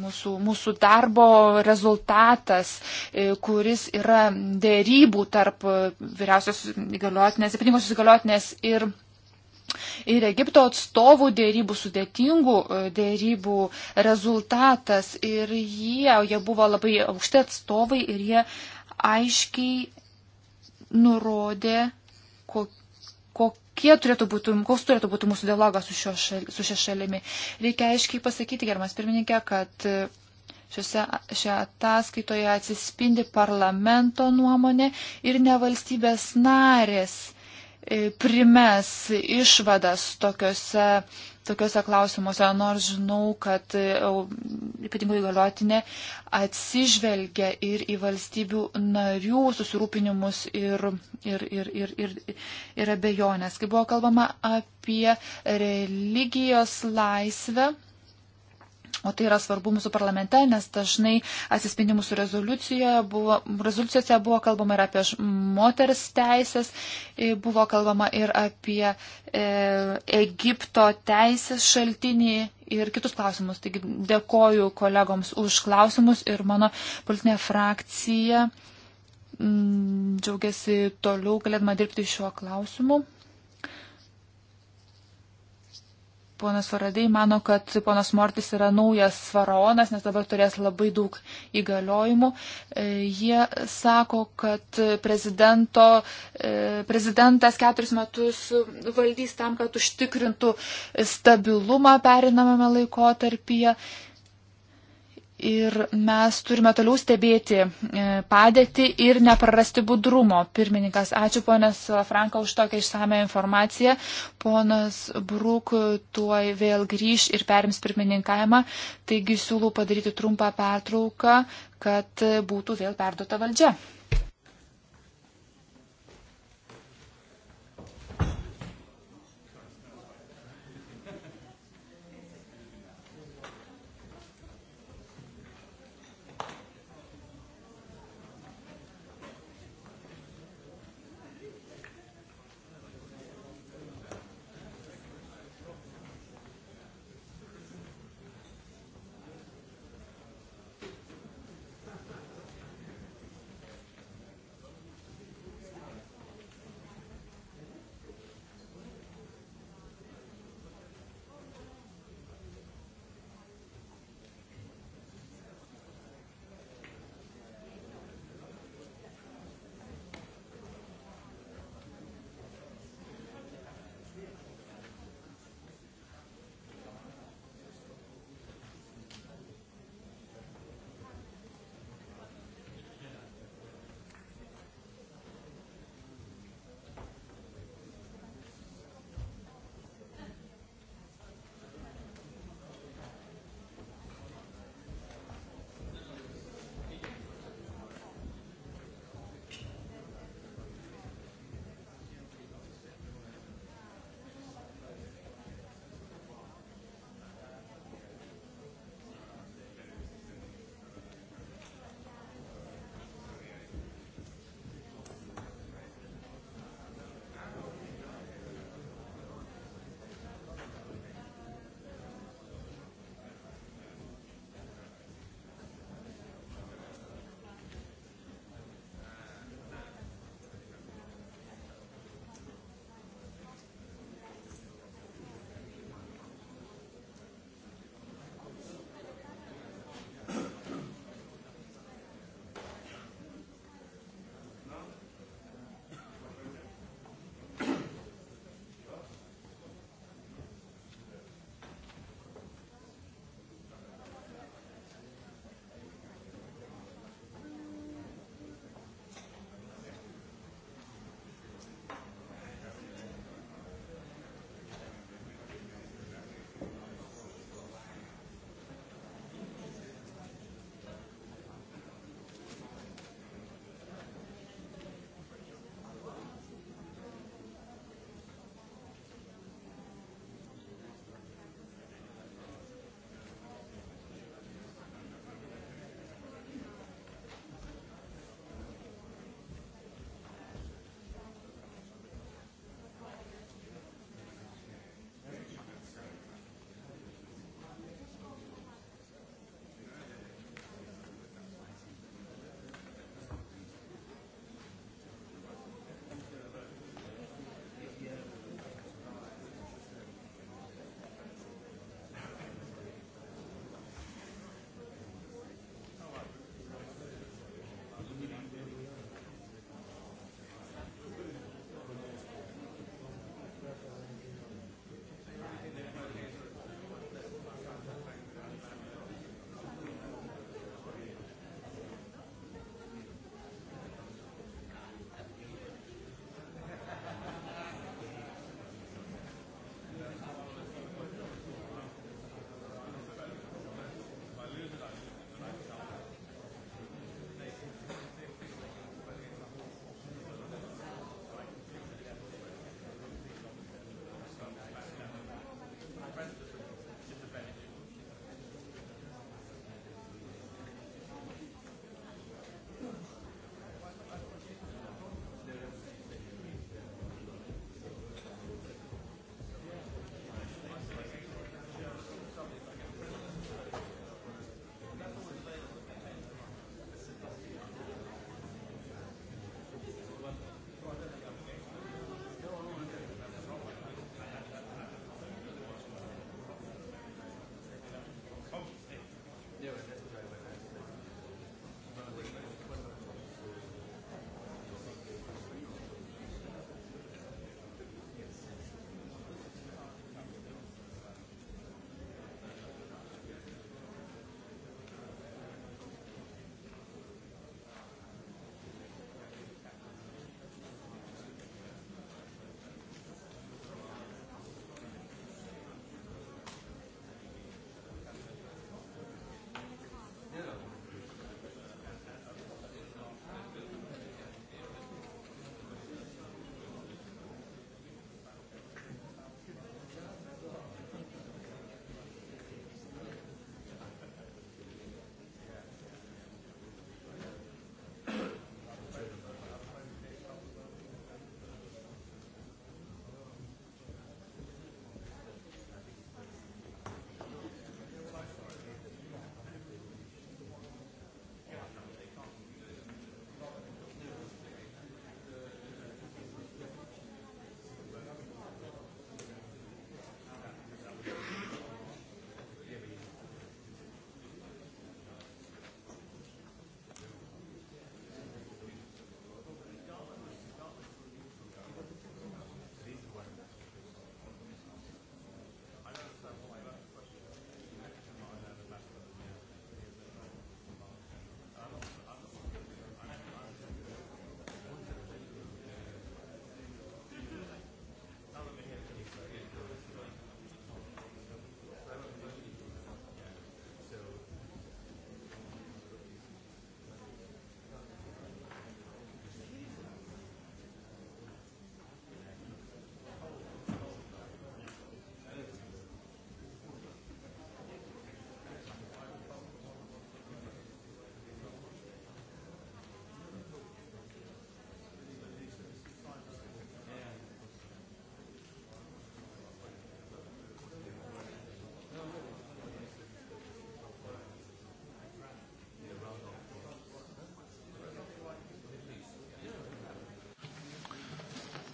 mūsų, mūsų darbo rezultatas, e, kuris yra dėrybų tarp vyriausios įgaliotinės, ypatingos įgaliotinės ir, ir Egipto atstovų dėrybų, sudėtingų e, dėrybų rezultatas. Ir jie, jie buvo labai aukšti atstovai ir jie aiškiai nurodė, kokie ko, kokie turėtų būti, koks turėtų būti mūsų dialogas su, šal, su šia šalimi. Reikia aiškiai pasakyti, germas pirmininkė, kad e, šiose, šioje ataskaitoje atsispindi parlamento nuomonė ir ne valstybės narės e, primes išvadas tokiuose tokiuose klausimuose, nors žinau, kad e, ypatingai galiotinė atsižvelgia ir į valstybių narių susirūpinimus ir, ir, ir, ir, ir, ir abejonės. Kai buvo kalbama apie religijos laisvę O tai yra svarbu mūsų parlamente, nes dažnai atsispindi mūsų buvo, rezoliucijose buvo kalbama ir apie moters teisės, buvo kalbama ir apie e, Egipto teisės šaltinį ir kitus klausimus. Taigi dėkoju kolegoms už klausimus ir mano politinė frakcija m, džiaugiasi toliau galėdama dirbti šiuo klausimu. Ponas Faradai mano, kad ponas Mortis yra naujas faraonas, nes dabar turės labai daug įgaliojimų. E, jie sako, kad e, prezidentas keturis metus valdys tam, kad užtikrintų stabilumą perinamame laikotarpyje. tarpyje Ir mes turime toliau stebėti e, padėtį ir neprarasti budrumo. Pirmininkas, ačiū ponės Franka už tokią išsame informaciją. Ponas Bruk tuoj vėl grįž ir perims pirmininkavimą. Taigi siūlau padaryti trumpą pertrauką, kad būtų vėl perduota valdžia.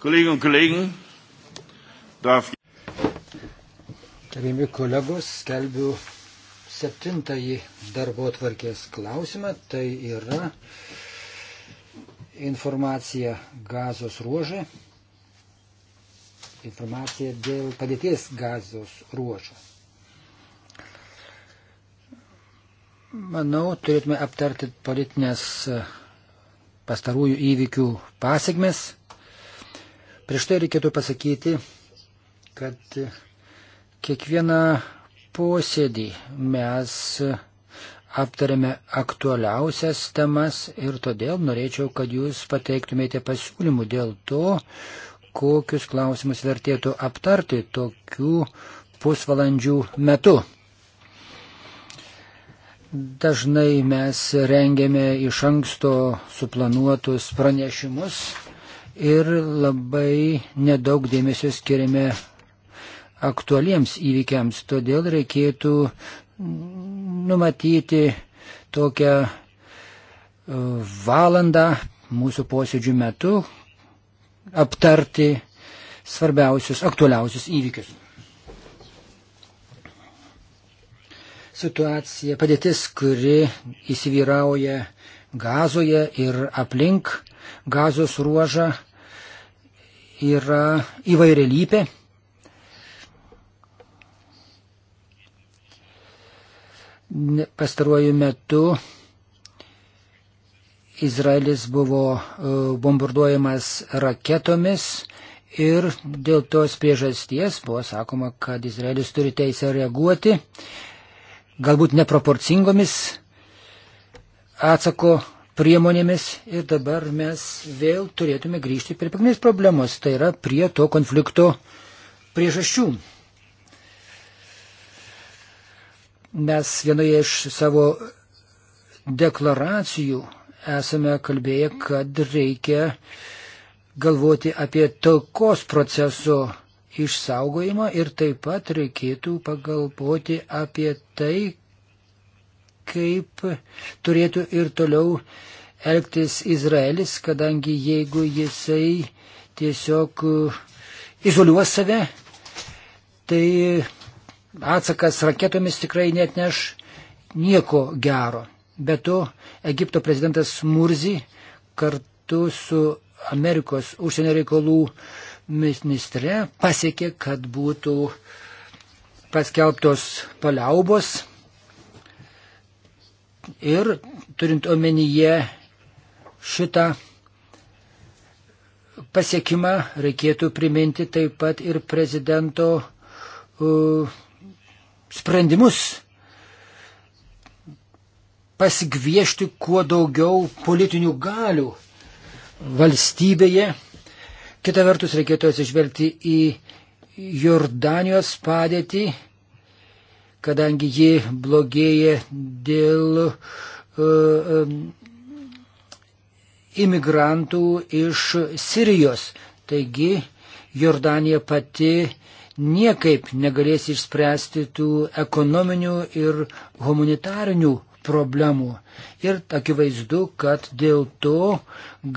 Kolleginnen und Kollegen, darf. Gerbiami kolegos, skelbiu septintąjį darbo tvarkės klausimą. Tai yra informacija gazos ruožė, informacija dėl padėties gazos ruožo. Manau, turėtume aptarti politinės pastarųjų įvykių pasiekmes. Prieš tai reikėtų pasakyti, kad kiekvieną posėdį mes aptarėme aktualiausias temas ir todėl norėčiau, kad jūs pateiktumėte pasiūlymų dėl to, kokius klausimus vertėtų aptarti tokių pusvalandžių metu. Dažnai mes rengiame iš anksto suplanuotus pranešimus ir labai nedaug dėmesio skiriame aktualiems įvykiams. Todėl reikėtų numatyti tokią e, valandą mūsų posėdžių metu aptarti svarbiausius, aktualiausius įvykius. Situacija, padėtis, kuri įsivyrauja gazoje ir aplink gazos ruožą yra įvairialypė. Pastaruoju metu Izraelis buvo e, bombarduojamas raketomis ir dėl tos priežasties buvo sakoma, kad Izraelis turi teisę reaguoti, galbūt neproporcingomis atsako priemonėmis ir dabar mes vėl turėtume grįžti prie pagrindinės problemos, tai yra prie to konflikto priežasčių. Mes vienoje iš savo deklaracijų esame kalbėję, kad reikia galvoti apie taikos proceso išsaugojimą ir taip pat reikėtų pagalvoti apie tai, kaip turėtų ir toliau elgtis Izraelis, kadangi jeigu jisai tiesiog uh, izoliuos save, tai atsakas raketomis tikrai net neš nieko gero. Be to, Egipto prezidentas Murzi kartu su Amerikos užsienio reikalų ministre pasiekė, kad būtų paskelbtos paliaubos Ir turint omenyje šitą pasiekimą reikėtų priminti taip pat ir prezidento uh, sprendimus pasigviešti kuo daugiau politinių galių valstybėje. Kita vertus reikėtų atsižvelgti į Jordanijos padėtį kadangi ji blogėja dėl uh, imigrantų iš Sirijos. Taigi Jordanija pati niekaip negalės išspręsti tų ekonominių ir humanitarinių problemų. Ir akivaizdu, kad dėl to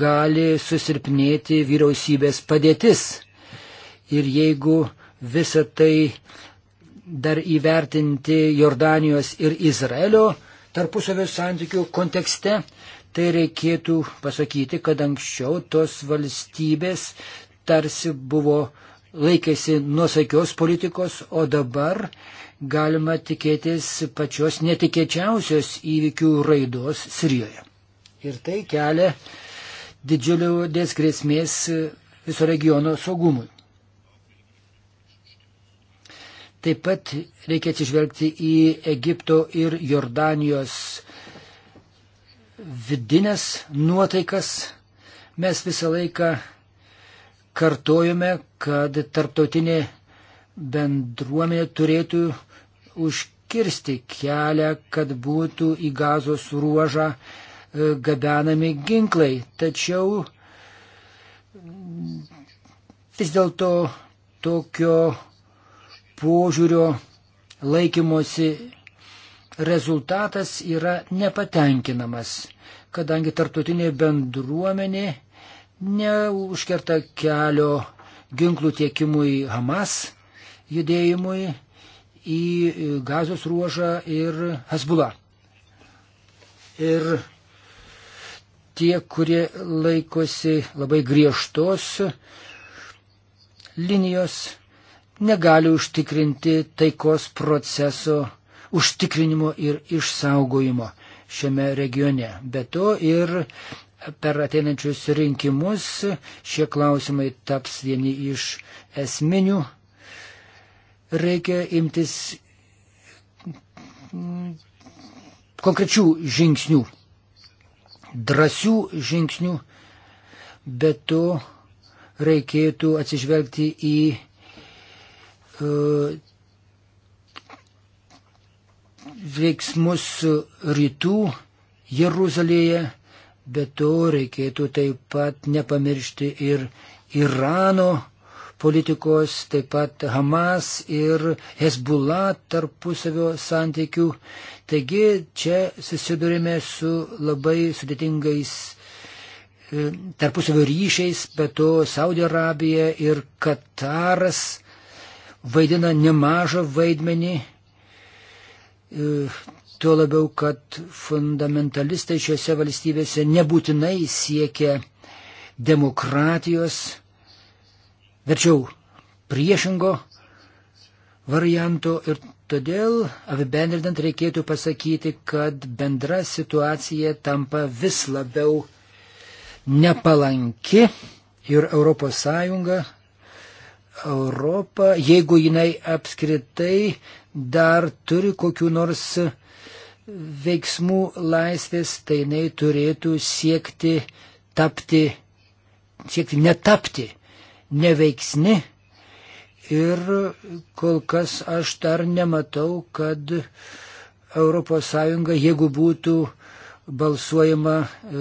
gali susilpnėti vyriausybės padėtis. Ir jeigu visa tai dar įvertinti Jordanijos ir Izraelio tarpusavio santykių kontekste, tai reikėtų pasakyti, kad anksčiau tos valstybės tarsi buvo laikėsi nuosaikios politikos, o dabar galima tikėtis pačios netikėčiausios įvykių raidos Sirijoje. Ir tai kelia didžiulio dės grėsmės viso regiono saugumui. Taip pat reikia atsižvelgti į Egipto ir Jordanijos vidinės nuotaikas. Mes visą laiką kartojame, kad tarptautinė bendruomenė turėtų užkirsti kelią, kad būtų į gazos ruožą e, gabenami ginklai. Tačiau vis dėlto tokio požiūrio laikymosi rezultatas yra nepatenkinamas, kadangi tartutinė bendruomenė neužkerta kelio ginklų tiekimui Hamas judėjimui į gazos ruožą ir Hezbollah. Ir tie, kurie laikosi labai griežtos linijos, negali užtikrinti taikos proceso užtikrinimo ir išsaugojimo šiame regione. Be to ir per ateinančius rinkimus šie klausimai taps vieni iš esminių. Reikia imtis konkrečių žingsnių, drąsių žingsnių, bet to reikėtų atsižvelgti į E, veiksmus rytų Jeruzalėje, bet to reikėtų taip pat nepamiršti ir Irano politikos, taip pat Hamas ir Hezbollah tarpusavio santykių. Taigi čia susidurime su labai sudėtingais e, tarpusavio ryšiais, bet to Saudė Arabija ir Kataras vaidina nemažą vaidmenį, e, tuo labiau, kad fundamentalistai šiuose valstybėse nebūtinai siekia demokratijos, verčiau priešingo varianto ir todėl apibendrinant reikėtų pasakyti, kad bendra situacija tampa vis labiau nepalanki ir ES Europa, jeigu jinai apskritai dar turi kokiu nors veiksmų laisvės, tai jinai turėtų siekti tapti, siekti netapti neveiksni. Ir kol kas aš dar nematau, kad ES, jeigu būtų balsuojama e,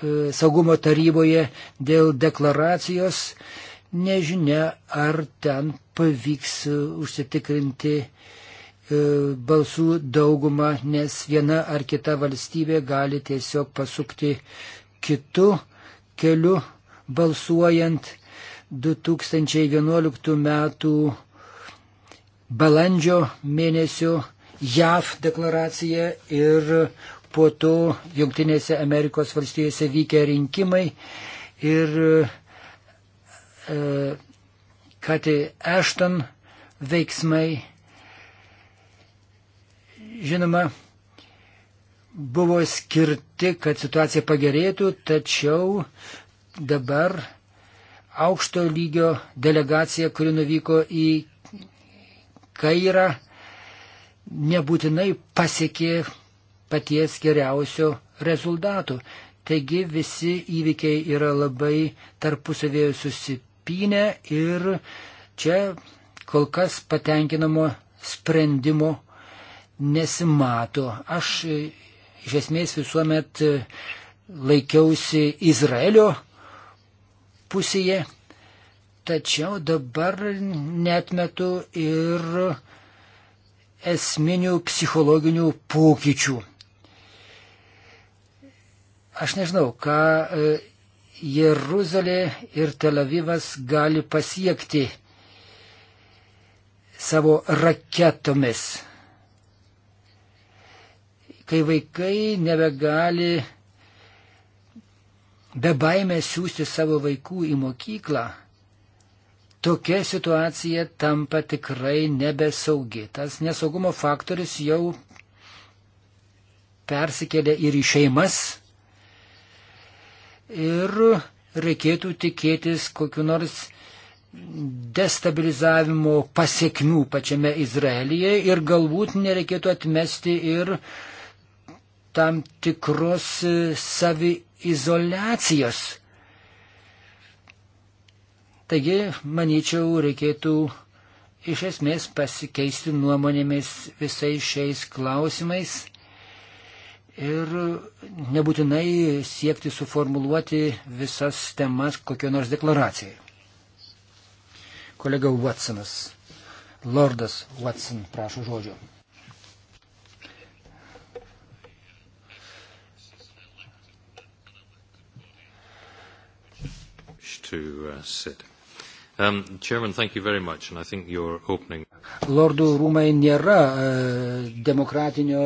E, saugumo taryboje dėl deklaracijos. Nežinia, ar ten pavyks e, užsitikrinti e, balsų daugumą, nes viena ar kita valstybė gali tiesiog pasukti kitų kelių balsuojant 2011 metų balandžio mėnesio JAV deklaracija ir po to Junktinėse Amerikos valstijose vykę rinkimai ir e, Kati Ashton veiksmai, žinoma, buvo skirti, kad situacija pagerėtų, tačiau dabar aukšto lygio delegacija, kuri nuvyko į Kairą, nebūtinai pasiekė paties geriausio rezultato. Taigi visi įvykiai yra labai tarpusavėje susipinę ir čia kol kas patenkinamo sprendimo nesimato. Aš e, iš esmės visuomet e, laikiausi Izraelio pusėje, tačiau dabar netmetu ir esminių psichologinių pokyčių Aš nežinau, ką e, Jeruzalė ir Tel Avivas gali pasiekti savo raketomis. Kai vaikai nebegali be baimės siūsti savo vaikų į mokyklą, tokia situacija tampa tikrai nebesaugi. Tas nesaugumo faktorius jau persikėlė ir į šeimas, ir reikėtų tikėtis kokiu nors destabilizavimo pasiekmių pačiame Izraelyje ir galbūt nereikėtų atmesti ir tam tikros saviizolacijos. Taigi, manyčiau, reikėtų iš esmės pasikeisti nuomonėmis visais šiais klausimais ir nebūtinai siekti suformuluoti visas temas kokio nors deklaracijai. Kolega Watsonas, Lordas Watson, prašau žodžio. To, uh, sit. Um, Chairman, thank you very much, and I think your opening. Lordų rūmai nėra uh, demokratinio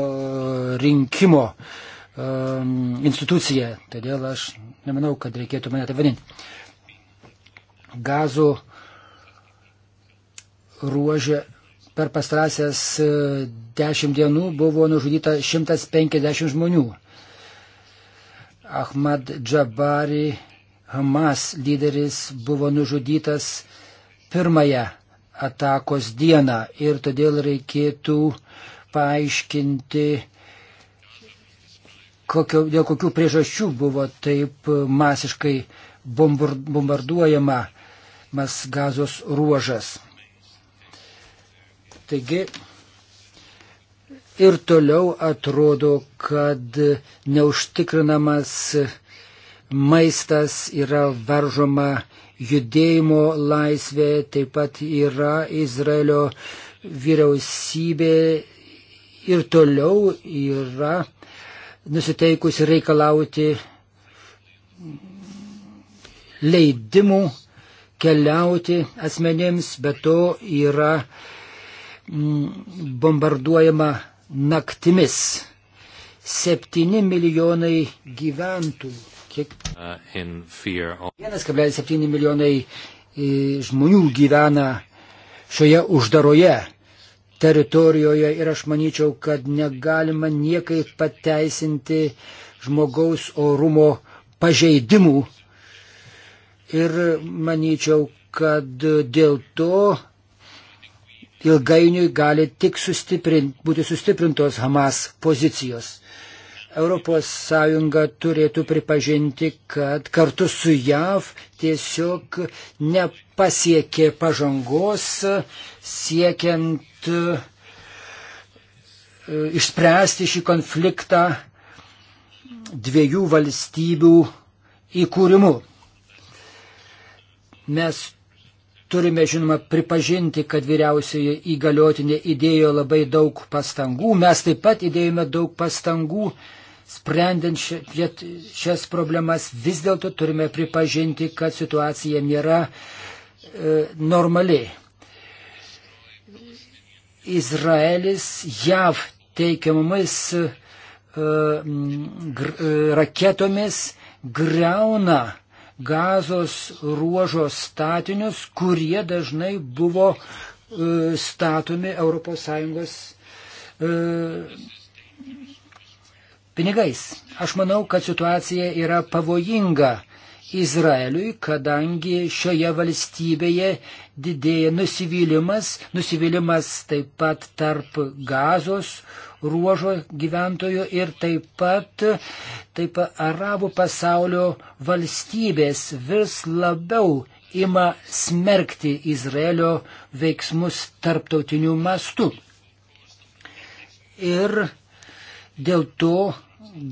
rinkimo um, institucija, todėl aš nemanau, kad reikėtų mane tai vadinti. Gazų ruožė per pastarąsias e, dešimt dienų buvo nužudyta 150 žmonių. Ahmad Džabari Hamas lyderis buvo nužudytas pirmąją atakos dieną ir todėl reikėtų paaiškinti, kokio, dėl kokių priežasčių buvo taip masiškai bombarduojama mas gazos ruožas. Taigi ir toliau atrodo, kad neužtikrinamas maistas, yra varžoma judėjimo laisvė, taip pat yra Izraelio vyriausybė ir toliau yra nusiteikusi reikalauti leidimų keliauti asmenėms, bet to yra mm, bombarduojama naktimis. 7 milijonai gyventojų Kiek... 1,7 uh, milijonai e, žmonių gyvena šioje uždaroje teritorijoje ir aš manyčiau, kad negalima niekaip pateisinti žmogaus orumo pažeidimų. Ir manyčiau, kad dėl to ilgainiui gali tik sustiprin, būti sustiprintos Hamas pozicijos. ES turėtų pripažinti, kad kartu su JAV tiesiog nepasiekė pažangos siekiant e, išspręsti šį konfliktą dviejų valstybių įkūrimu. Mes turime, žinoma, pripažinti, kad vyriausioji įgaliotinė įdėjo labai daug pastangų, mes taip pat įdėjome daug pastangų, Sprendžiant šias problemas vis dėlto turime pripažinti, kad situacija nėra e, normali. Izraelis jav teikiamomis e, gr, e, raketomis greuna gazos ruožo statinius, kurie dažnai buvo e, statomi ES e, pinigais. Aš manau, kad situacija yra pavojinga Izraeliui, kadangi šioje valstybėje didėja nusivylimas, nusivylimas taip pat tarp gazos ruožo gyventojų ir taip pat, taip pat arabų pasaulio valstybės vis labiau ima smerkti Izraelio veiksmus tarptautiniu mastu. Ir Dėl to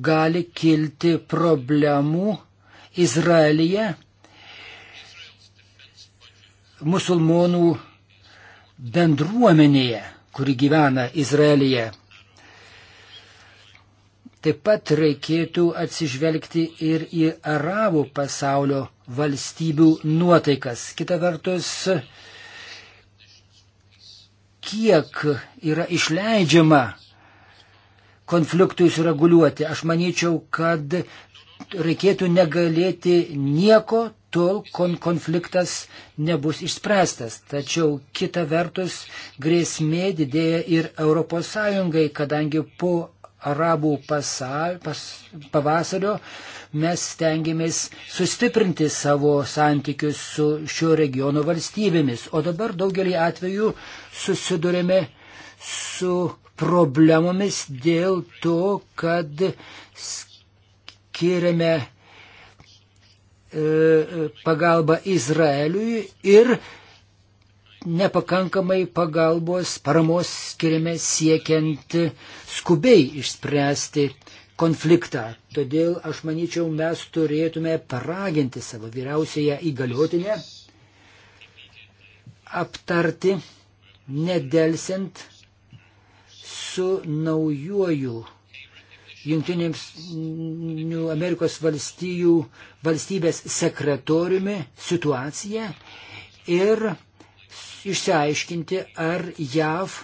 gali kilti problemų Izraelyje musulmonų bendruomenėje, kuri gyvena Izraelyje. Taip pat reikėtų atsižvelgti ir į arabų pasaulio valstybių nuotaikas. Kita vertus, kiek yra išleidžiama konfliktui sureguliuoti. Aš manyčiau, kad reikėtų negalėti nieko tol, kol konfliktas nebus išspręstas. Tačiau kita vertus grėsmė didėja ir ES, kadangi po arabų pasal, pas, pavasario mes stengiamės sustiprinti savo santykius su šio regiono valstybėmis. O dabar daugelį atvejų susidurėme su problemomis dėl to, kad skiriame e, pagalbą Izraeliui ir nepakankamai pagalbos paramos skiriame siekiant skubiai išspręsti konfliktą. Todėl aš manyčiau, mes turėtume paraginti savo vyriausiąją įgaliotinę aptarti, nedelsiant su naujuoju Junktinėms Amerikos valstijų, valstybės sekretoriumi situaciją ir išsiaiškinti, ar JAV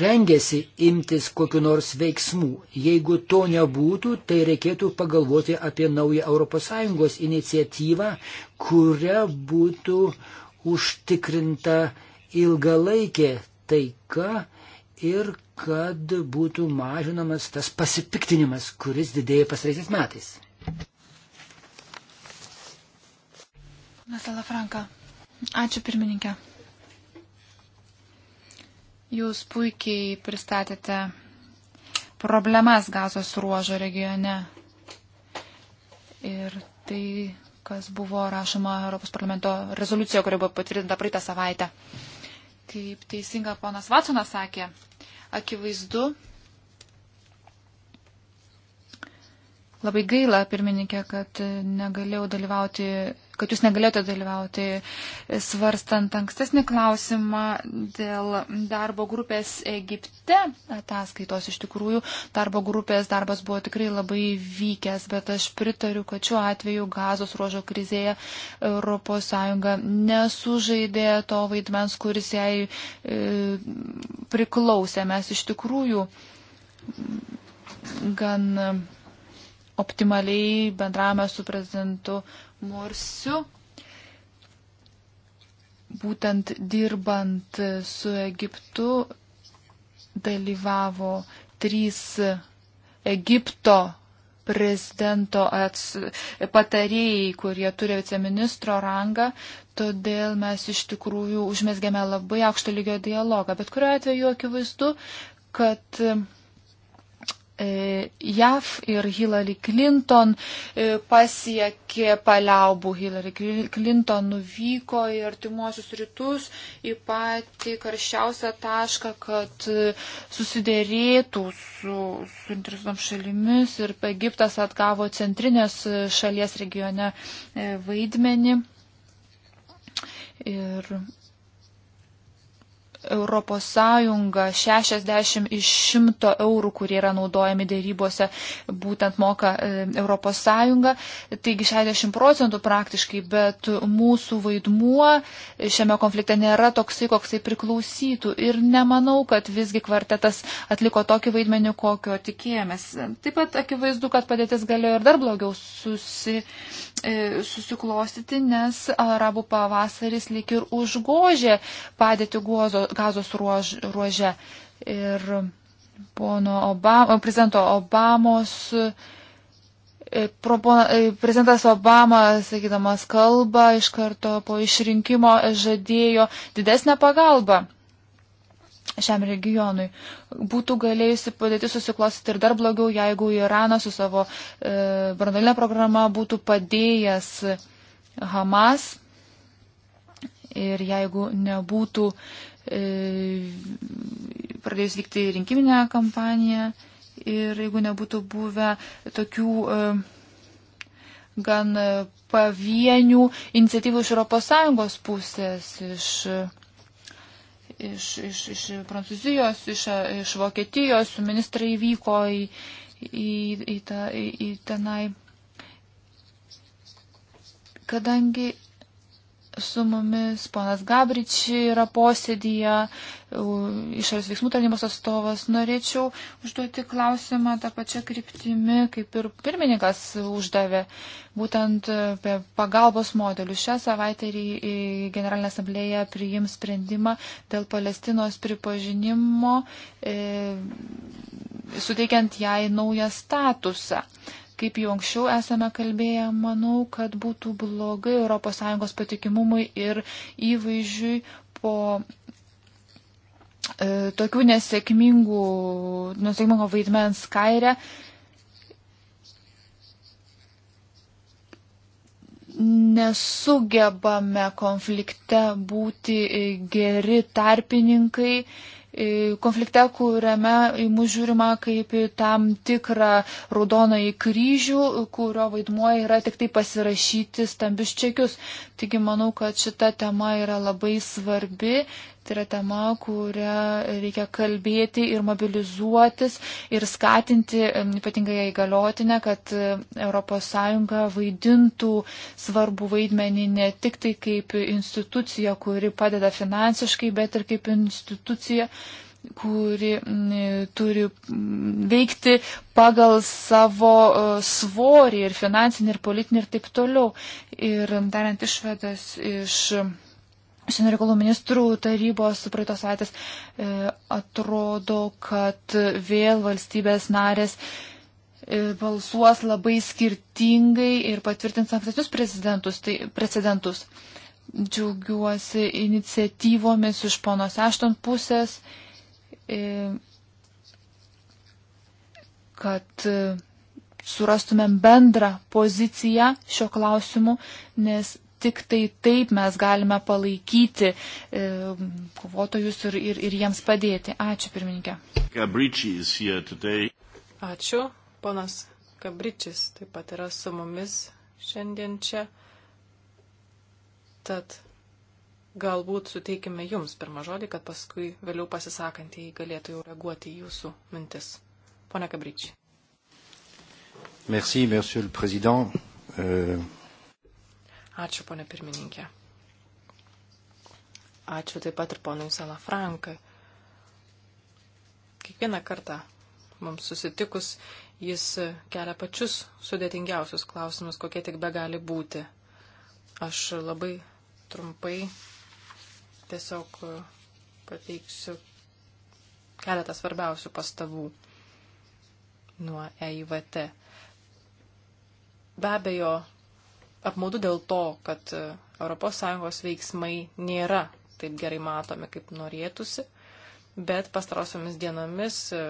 rengėsi imtis kokiu nors veiksmų. Jeigu to nebūtų, tai reikėtų pagalvoti apie naują ES iniciatyvą, kuria būtų užtikrinta ilgalaikė taika ir kad būtų mažinamas tas pasipiktinimas, kuris didėja pasraisiais metais. Nasala Franka, ačiū pirmininkė. Jūs puikiai pristatėte problemas gazos ruožo regione. Ir tai, kas buvo rašoma Europos parlamento rezoliucijoje, kuri buvo patvirtinta praeitą savaitę. Kaip teisinga ponas Vatsonas sakė, Akivaizdu, Labai gaila, pirmininkė, kad negalėjau dalyvauti, kad jūs negalėjote dalyvauti svarstant ankstesnį klausimą dėl darbo grupės Egipte ataskaitos. Iš tikrųjų, darbo grupės darbas buvo tikrai labai vykęs, bet aš pritariu, kad šiuo atveju gazos ruožo krizėje ES nesužaidė to vaidmens, kuris jai e, priklausė. Mes iš tikrųjų gan optimaliai bendravome su prezidentu Mursiu, būtent dirbant su Egiptu dalyvavo trys Egipto prezidento ats, patarėjai, kurie turi viceministro rangą, todėl mes iš tikrųjų užmesgėme labai aukšto lygio dialogą. Bet kuriuo atveju akivaizdu, kad E, JAV ir Hillary Clinton e, pasiekė paliaubų. Hillary Clinton nuvyko į artimuosius rytus, į patį karščiausią tašką, kad e, susidėrėtų su suinteresuotom šalimis ir Egiptas atgavo centrinės šalies regione vaidmenį. Ir ES 60 iš 100 eurų, kurie yra naudojami dėrybose, būtent moka ES. Taigi 60 procentų praktiškai, bet mūsų vaidmuo šiame konflikte nėra toksai, koksai priklausytų. Ir nemanau, kad visgi kvartetas atliko tokį vaidmenį, kokio tikėjomės. Taip pat akivaizdu, kad padėtis galėjo ir dar blogiau susi, e, susiklostyti, nes arabų pavasaris lik ir užgožė padėti guozo gazos ruož, ruože. Ir pono Obama, prezidento Obamos, e, e, prezidentas Obama, sakydamas kalbą iš karto po išrinkimo, žadėjo didesnę pagalbą šiam regionui. Būtų galėjusi padėti susiklostyti ir dar blogiau, jeigu Iranas su savo e, brandalinė programa būtų padėjęs Hamas ir jeigu nebūtų E, pradėjus vykti rinkiminę kampaniją ir jeigu nebūtų buvę tokių e, gan pavienių iniciatyvų iš ES pusės, iš, iš, iš, iš Prancūzijos, iš, iš Vokietijos, ministrai vyko į, į, į, tą, į, į tenai. Kadangi su mumis, ponas Gabričiai yra posėdėje, išorės veiksmų tarnybos atstovas. Norėčiau užduoti klausimą tą pačią kryptimį, kaip ir pirmininkas uždavė, būtent apie pagalbos modelius. Šią savaitę į Generalinę asamblėją priims sprendimą dėl Palestinos pripažinimo, e, suteikiant jai naują statusą. Kaip jau anksčiau esame kalbėję, manau, kad būtų blogai ES patikimumui ir įvaizdžiui po e, tokių nesėkmingų, nesėkmingo vaidmens kairę. Nesugebame konflikte būti geri tarpininkai, konflikte, kuriame į mus žiūrima kaip į tam tikrą raudonąjį kryžių, kurio vaidmuo yra tik tai pasirašyti stambius čekius. Taigi manau, kad šita tema yra labai svarbi Tai yra tema, kurią reikia kalbėti ir mobilizuotis ir skatinti ypatingai įgaliotinę, kad ES vaidintų svarbų vaidmenį ne tik tai kaip institucija, kuri padeda finansiškai, bet ir kaip institucija kuri e, turi veikti pagal savo e, svorį ir finansinį, ir politinį, ir taip toliau. Ir darant išvadas iš Užsienio reikalų ministrų tarybos praeitos savaitės e, atrodo, kad vėl valstybės narės e, balsuos labai skirtingai ir patvirtins ankstesnius prezidentus. Tai, precedentus. Džiaugiuosi iniciatyvomis iš ponos Ešton pusės, e, kad e, surastumėm bendrą poziciją šio klausimu, nes tik tai taip mes galime palaikyti e, kovotojus ir, ir, ir jiems padėti. Ačiū, pirmininkė. Ačiū, ponas Gabričis taip pat yra su mumis šiandien čia. Tad galbūt suteikime jums pirmą žodį, kad paskui vėliau pasisakantieji galėtų jau reaguoti į jūsų mintis. Pone Gabričiai. Merci, monsieur le président. Euh, Ačiū, ponė pirmininkė. Ačiū taip pat ir ponui Salafrankai. Kiekvieną kartą mums susitikus jis kelia pačius sudėtingiausius klausimus, kokie tik be gali būti. Aš labai trumpai tiesiog pateiksiu keletą svarbiausių pastabų nuo EIVT. Be abejo, apmaudu dėl to, kad ES veiksmai nėra taip gerai matomi, kaip norėtųsi, bet pastarosiomis dienomis e,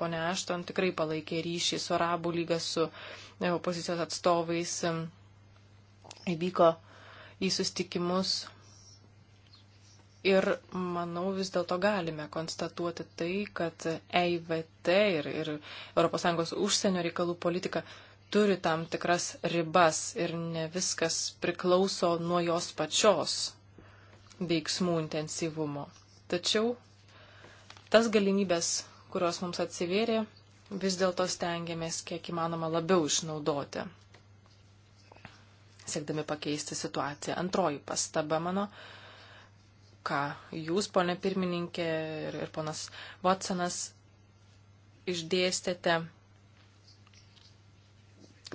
ponia Ašton tikrai palaikė ryšį su Arabų lyga, su e, opozicijos atstovais, e, įvyko į sustikimus. Ir manau vis dėlto galime konstatuoti tai, kad EIVT ir, ir ES užsienio reikalų politika turi tam tikras ribas ir ne viskas priklauso nuo jos pačios veiksmų intensyvumo. Tačiau tas galimybės, kurios mums atsivėrė, vis dėlto stengiamės kiek įmanoma labiau išnaudoti, siekdami pakeisti situaciją. Antroji pastaba mano, ką jūs, ponė pirmininkė ir, ir ponas Watsonas, išdėstėte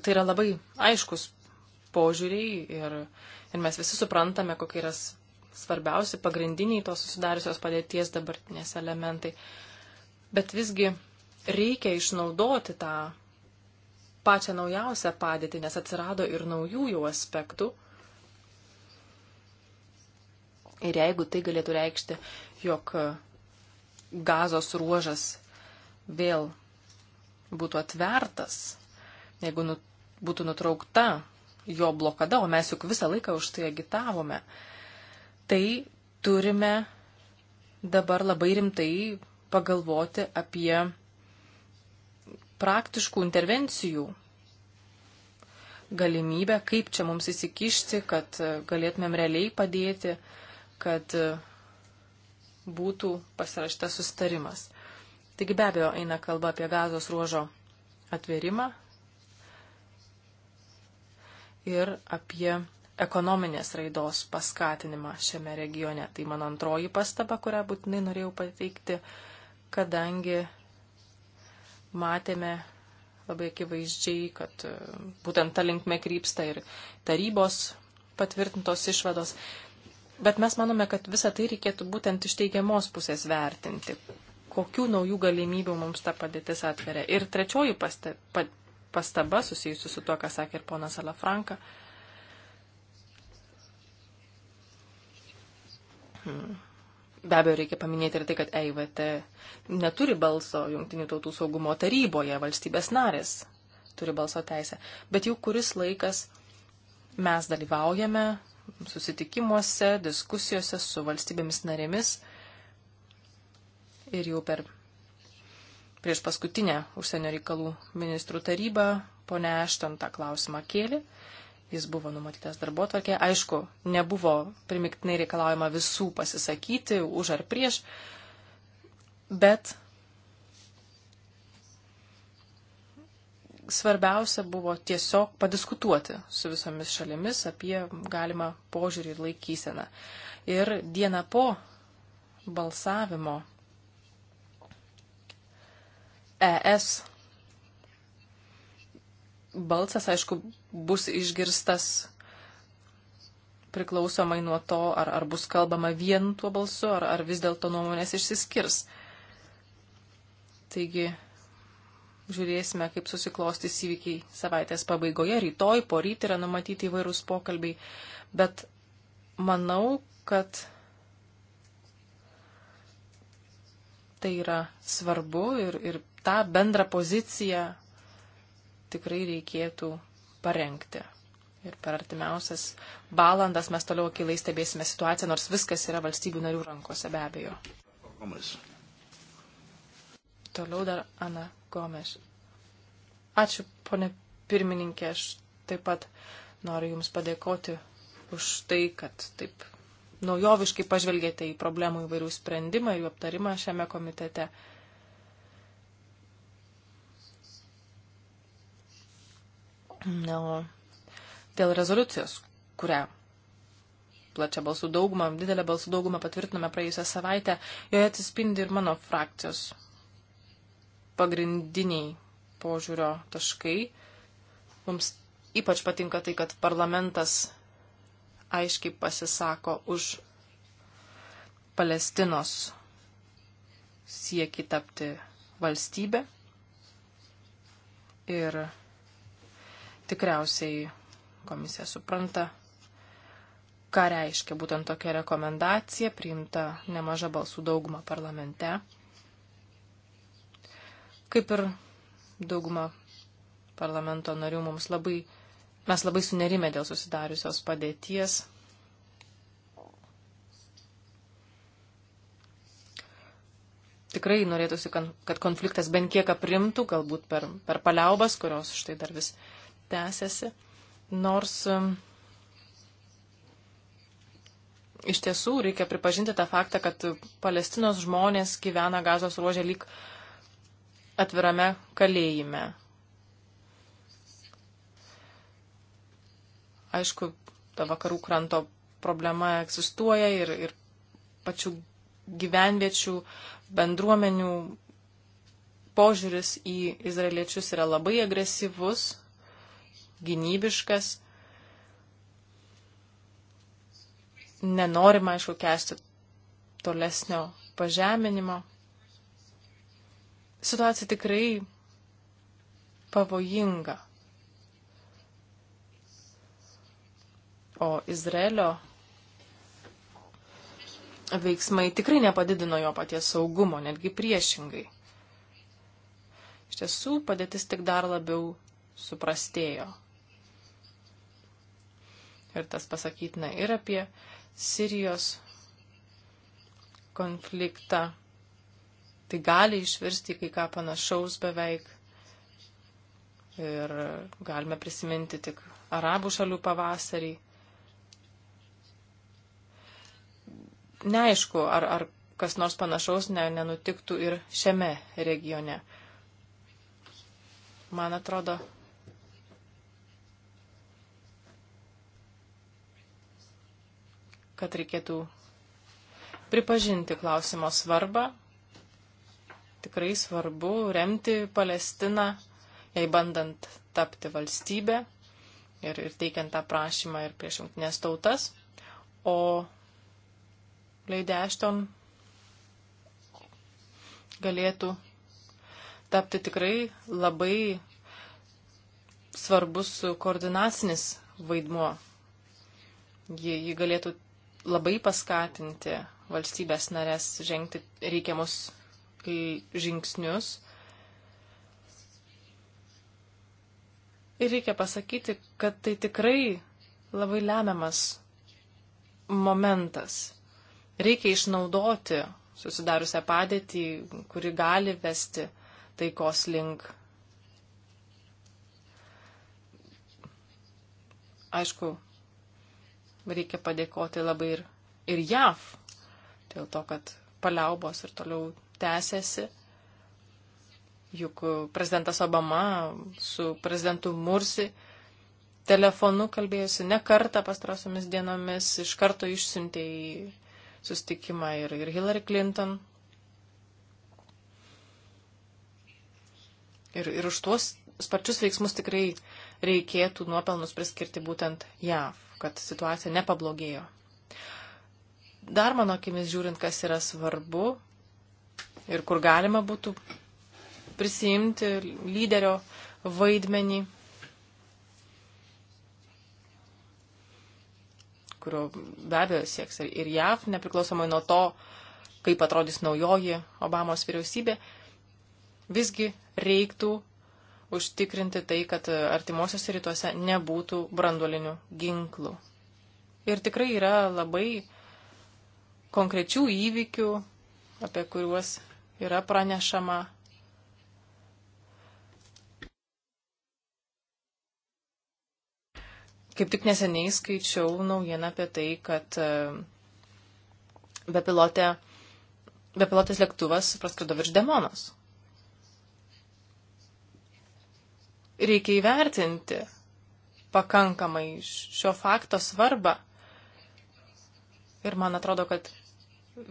tai yra labai aiškus požiūriai ir, ir mes visi suprantame, kokie yra svarbiausi pagrindiniai tos susidariusios padėties dabartinės elementai. Bet visgi reikia išnaudoti tą pačią naujausią padėtį, nes atsirado ir naujų jau aspektų. Ir jeigu tai galėtų reikšti, jog gazos ruožas vėl būtų atvertas, jeigu nu, būtų nutraukta jo blokada, o mes juk visą laiką už tai agitavome, tai turime dabar labai rimtai pagalvoti apie praktiškų intervencijų galimybę, kaip čia mums įsikišti, kad galėtumėm realiai padėti, kad būtų pasirašytas sustarimas. Taigi be abejo eina kalba apie gazos ruožo atverimą, ir apie ekonominės raidos paskatinimą šiame regione. Tai mano antroji pastaba, kurią būtinai norėjau pateikti, kadangi matėme labai akivaizdžiai, kad e, būtent ta linkme krypsta ir tarybos patvirtintos išvados. Bet mes manome, kad visą tai reikėtų būtent iš teigiamos pusės vertinti. Kokių naujų galimybių mums ta padėtis atveria. Ir trečioji pastaba, pastaba susijusi su tuo, ką sakė ir ponas Alafranka. Hmm. Be abejo, reikia paminėti ir tai, kad EIVT neturi balso Junktinių tautų saugumo taryboje, valstybės narės turi balso teisę. Bet jau kuris laikas mes dalyvaujame susitikimuose, diskusijose su valstybėmis narėmis ir jau per prieš paskutinę užsienio reikalų ministrų tarybą ponia Ešton tą klausimą kėlė. Jis buvo numatytas darbo tvarkė. Aišku, nebuvo primiktinai reikalaujama visų pasisakyti už ar prieš, bet svarbiausia buvo tiesiog padiskutuoti su visomis šalimis apie galimą požiūrį ir laikyseną. Ir dieną po balsavimo ES balsas, aišku, bus išgirstas priklausomai nuo to, ar, ar bus kalbama vien tuo balsu, ar, ar vis dėlto nuomonės išsiskirs. Taigi, žiūrėsime, kaip susiklostys įvykiai savaitės pabaigoje. Rytoj, po ryt yra numatyti įvairūs pokalbiai, bet manau, kad tai yra svarbu ir, ir tą bendrą poziciją tikrai reikėtų parengti. Ir per artimiausias valandas mes toliau akilai stebėsime situaciją, nors viskas yra valstybių narių rankose be abejo. Gomes. Toliau dar Ana Gomes. Ačiū, ponė pirmininkė, aš taip pat noriu Jums padėkoti už tai, kad taip naujoviškai pažvelgėte į problemų įvairių sprendimą ir jų aptarimą šiame komitete. Na, o dėl rezoliucijos, kurią plačia balsų daugumą, didelę balsų daugumą patvirtinome praėjusią savaitę, joje atsispindi ir mano frakcijos pagrindiniai požiūrio taškai. Mums ypač patinka tai, kad parlamentas aiškiai pasisako už Palestinos sieki tapti valstybę ir Tikriausiai komisija supranta, ką reiškia būtent tokia rekomendacija, priimta nemaža balsų dauguma parlamente. Kaip ir dauguma parlamento narių mums labai, mes labai sunerime dėl susidariusios padėties. Tikrai norėtųsi, kad konfliktas bent kiek aprimtų, galbūt per, per paliaubas, kurios štai dar vis tęsiasi, nors iš tiesų reikia pripažinti tą faktą, kad Palestinos žmonės gyvena gazos ruožė lyg atvirame kalėjime. Aišku, ta vakarų kranto problema egzistuoja ir, ir pačių gyvenviečių, bendruomenių požiūris į izraeliečius yra labai agresyvus, gynybiškas. Nenorima, aišku, kesti tolesnio pažeminimo. Situacija tikrai pavojinga. O Izraelio veiksmai tikrai nepadidino jo paties saugumo, netgi priešingai. Iš tiesų padėtis tik dar labiau suprastėjo. Ir tas pasakytina ir apie Sirijos konfliktą. Tai gali išvirsti kai ką panašaus beveik. Ir galime prisiminti tik arabų šalių pavasarį. Neaišku, ar, ar kas nors panašaus ne, nenutiktų ir šiame regione. Man atrodo, kad reikėtų pripažinti klausimo svarbą. Tikrai svarbu remti Palestiną, jai bandant tapti valstybę ir, ir teikiant tą prašymą ir prieš jungtinės tautas. O Leidė Ešton galėtų tapti tikrai labai svarbus koordinacinis vaidmuo. Ji, ji galėtų labai paskatinti valstybės narės žengti reikiamus žingsnius. Ir reikia pasakyti, kad tai tikrai labai lemiamas momentas. Reikia išnaudoti susidariusią padėtį, kuri gali vesti taikos link. Aišku, reikia padėkoti labai ir, ir JAV dėl to, kad paliaubos ir toliau tęsiasi. Juk prezidentas Obama su prezidentu Mursi telefonu kalbėjusi ne kartą pastarosiomis dienomis, iš karto išsiuntė į sustikimą ir, ir Hillary Clinton. Ir, ir už tuos sparčius veiksmus tikrai reikėtų nuopelnus priskirti būtent JAV kad situacija nepablogėjo. Dar mano akimis žiūrint, kas yra svarbu ir kur galima būtų prisijimti lyderio vaidmenį, kurio be abejo sieks ir JAV, nepriklausomai nuo to, kaip atrodys naujoji Obamos vyriausybė, visgi reiktų užtikrinti tai, kad artimuosiuose rytuose nebūtų branduolinių ginklų. Ir tikrai yra labai konkrečių įvykių, apie kuriuos yra pranešama. Kaip tik neseniai skaičiau naujieną apie tai, kad e, bepilotė, bepilotės lėktuvas praskrido virš demonos. reikia įvertinti pakankamai šio fakto svarbą. Ir man atrodo, kad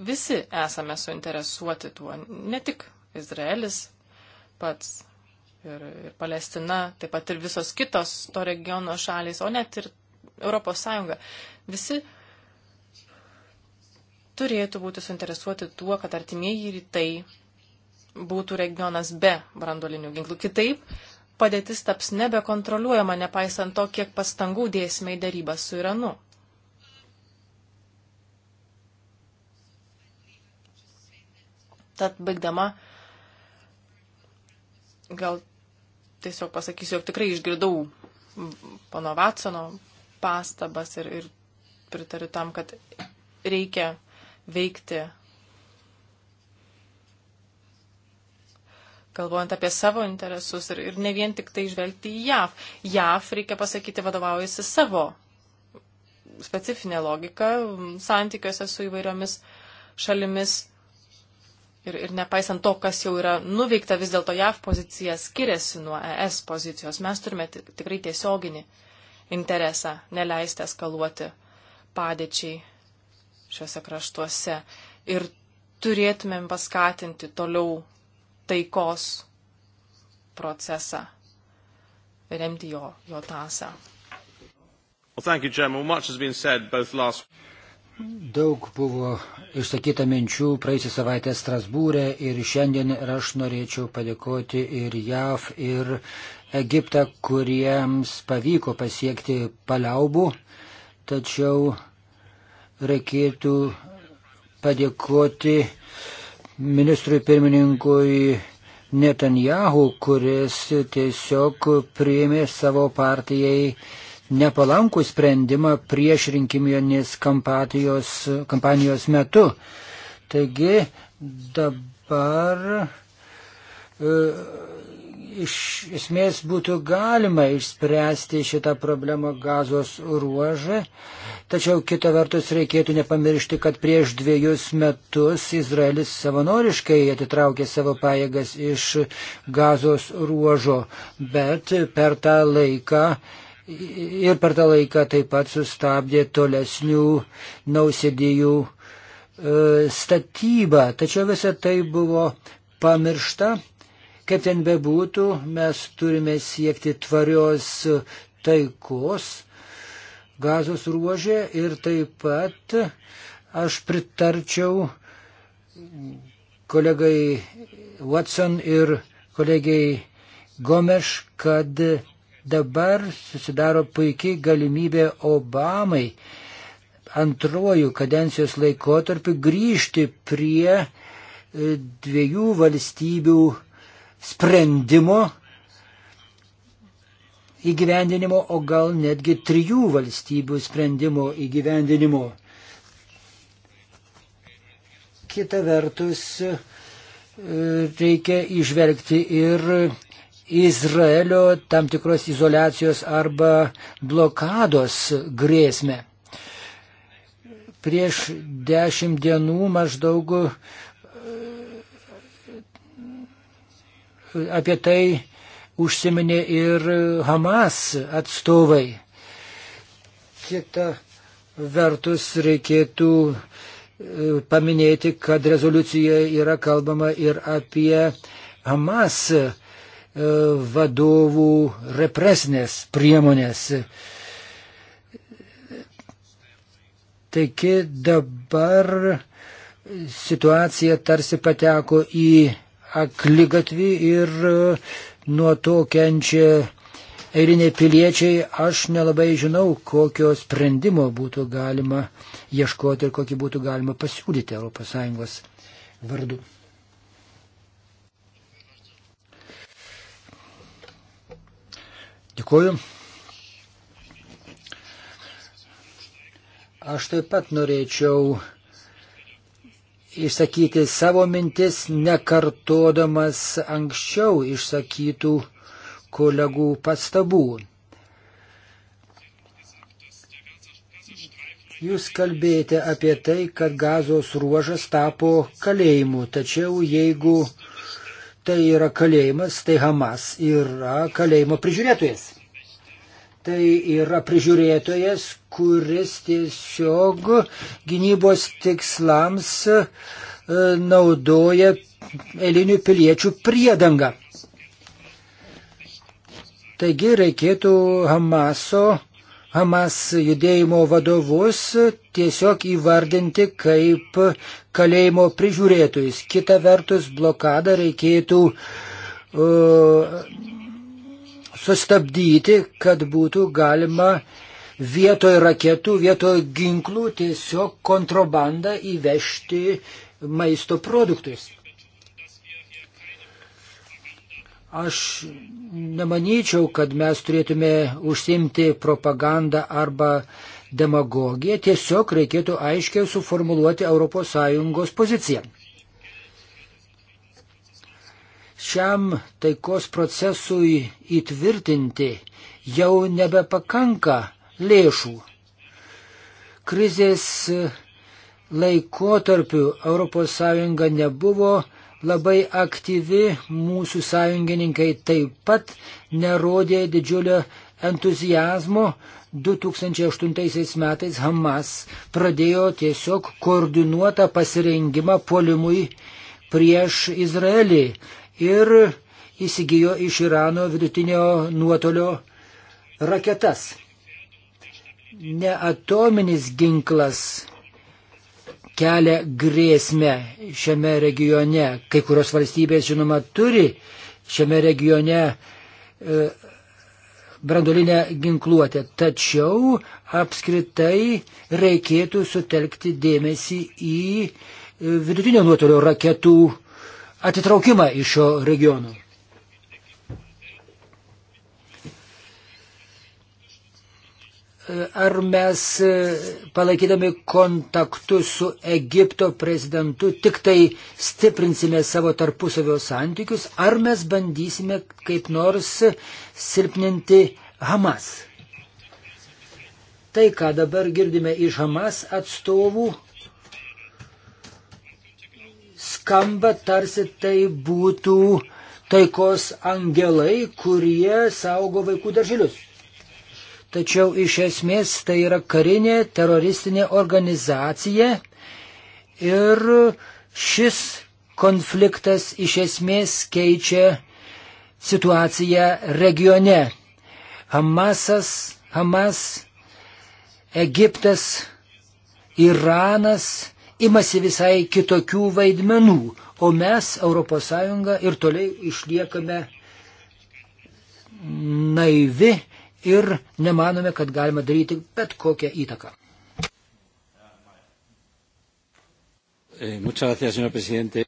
visi esame suinteresuoti tuo, ne tik Izraelis pats ir, ir Palestina, taip pat ir visos kitos to regiono šalis, o net ir Europos Sąjunga. Visi turėtų būti suinteresuoti tuo, kad artimieji rytai būtų regionas be brandolinių ginklų. Kitaip padėtis taps nebekontroliuojama, nepaisant to, kiek pastangų dėsime į darybą su Iranu. Tad baigdama, gal tiesiog pasakysiu, jog tikrai išgirdau pono Vatsono pastabas ir, ir pritariu tam, kad reikia veikti galvojant apie savo interesus ir, ir ne vien tik tai žvelgti į JAV. JAV, reikia pasakyti, vadovaujasi savo specifinė logika santykiuose su įvairiomis šalimis. Ir, ir nepaisant to, kas jau yra nuveikta, vis dėlto JAV pozicija skiriasi nuo ES pozicijos. Mes turime tikrai tiesioginį interesą neleisti eskaluoti padėčiai šiuose kraštuose. Ir turėtumėm paskatinti toliau taikos procesą, remti jo, jo tasą. Daug buvo išsakyta minčių praeisį savaitę Strasbūrė ir šiandien ir aš norėčiau padėkoti ir JAV, ir Egiptą, kuriems pavyko pasiekti paliaubų, tačiau reikėtų padėkoti uh, ministrui pirmininkui Netanjahu, kuris tiesiog priėmė savo partijai nepalankų sprendimą prieš rinkiminės kampanijos metu. Taigi dabar e, iš esmės būtų galima išspręsti šitą problemą gazos ruožą, tačiau kita vertus reikėtų nepamiršti, kad prieš dviejus metus Izraelis savanoriškai atitraukė savo pajėgas iš gazos ruožo, bet per tą laiką ir per tą laiką taip pat sustabdė tolesnių nausėdijų e, statybą, tačiau visa tai buvo pamiršta Kaip ten bebūtų, mes turime siekti tvarios taikos gazos ruožė ir taip pat aš pritarčiau kolegai Watson ir kolegiai Gomeš, kad dabar susidaro puikiai galimybė Obamai antrojų kadencijos laikotarpiu grįžti prie e, dviejų valstybių sprendimo įgyvendinimo, o gal netgi trijų valstybių sprendimo įgyvendinimo. Kita vertus, e, reikia išvelgti ir Izraelio tam tikros izolacijos arba blokados grėsmę. Prieš dešimt dienų maždaug apie tai užsiminė ir Hamas atstovai. Kita vertus reikėtų e, paminėti, kad rezoliucijoje yra kalbama ir apie Hamas e, vadovų represinės priemonės. Taigi dabar situacija tarsi pateko į aklygatvį ir e, nuo to kenčia eiliniai piliečiai. Aš nelabai žinau, kokio sprendimo būtų galima ieškoti ir kokį būtų galima pasiūlyti ES vardu. Dėkuoju. Aš taip pat norėčiau išsakyti savo mintis, nekartodamas anksčiau išsakytų kolegų pastabų. Jūs kalbėjote apie tai, kad gazos ruožas tapo kalėjimu, tačiau jeigu tai yra kalėjimas, tai Hamas yra kalėjimo prižiūrėtojas. Tai yra prižiūrėtojas, kuris tiesiog gynybos tikslams e, naudoja eilinių piliečių priedangą. Taigi reikėtų Hamaso Hamas judėjimo vadovus tiesiog įvardinti kaip kalėjimo prižiūrėtojus. Kita vertus, blokadą reikėtų uh, sustabdyti, kad būtų galima vietoj raketų, vietoj ginklų tiesiog kontrabandą įvežti maisto produktais. Aš nemanyčiau, kad mes turėtume užsimti propagandą arba demagogiją, tiesiog reikėtų aiškiai suformuluoti ES poziciją šiam taikos procesui įtvirtinti jau nebepakanka lėšų. Krizės laikotarpiu ES nebuvo labai aktyvi, mūsų sąjungininkai taip pat nerodė didžiulio entuzijazmo. 2008 metais Hamas pradėjo tiesiog koordinuotą pasirengimą polimui prieš Izraelį ir įsigijo iš Irano vidutinio nuotolio raketas. Neatominis ginklas kelia grėsmę šiame regione. Kai kurios valstybės, žinoma, turi šiame regione e, brandolinę ginkluotę. Tačiau apskritai reikėtų sutelkti dėmesį į e, vidutinio nuotolio raketų atitraukimą iš šio regiono. Ar mes e, palaikydami kontaktus su Egipto prezidentu tik tai stiprinsime savo tarpusavio santykius, ar mes bandysime kaip nors silpninti Hamas? Tai, ką dabar girdime iš Hamas atstovų, skamba tarsi tai būtų taikos angelai, kurie saugo vaikų darželius. Tačiau iš esmės tai yra karinė teroristinė organizacija ir šis konfliktas iš esmės keičia situaciją regione. Hamasas, Hamas, Egiptas, Iranas imasi visai kitokių vaidmenų, o mes, ES, ir toliau išliekame naivi ir nemanome, kad galima daryti bet kokią įtaką. Eh, muchas gracias, señor presidente.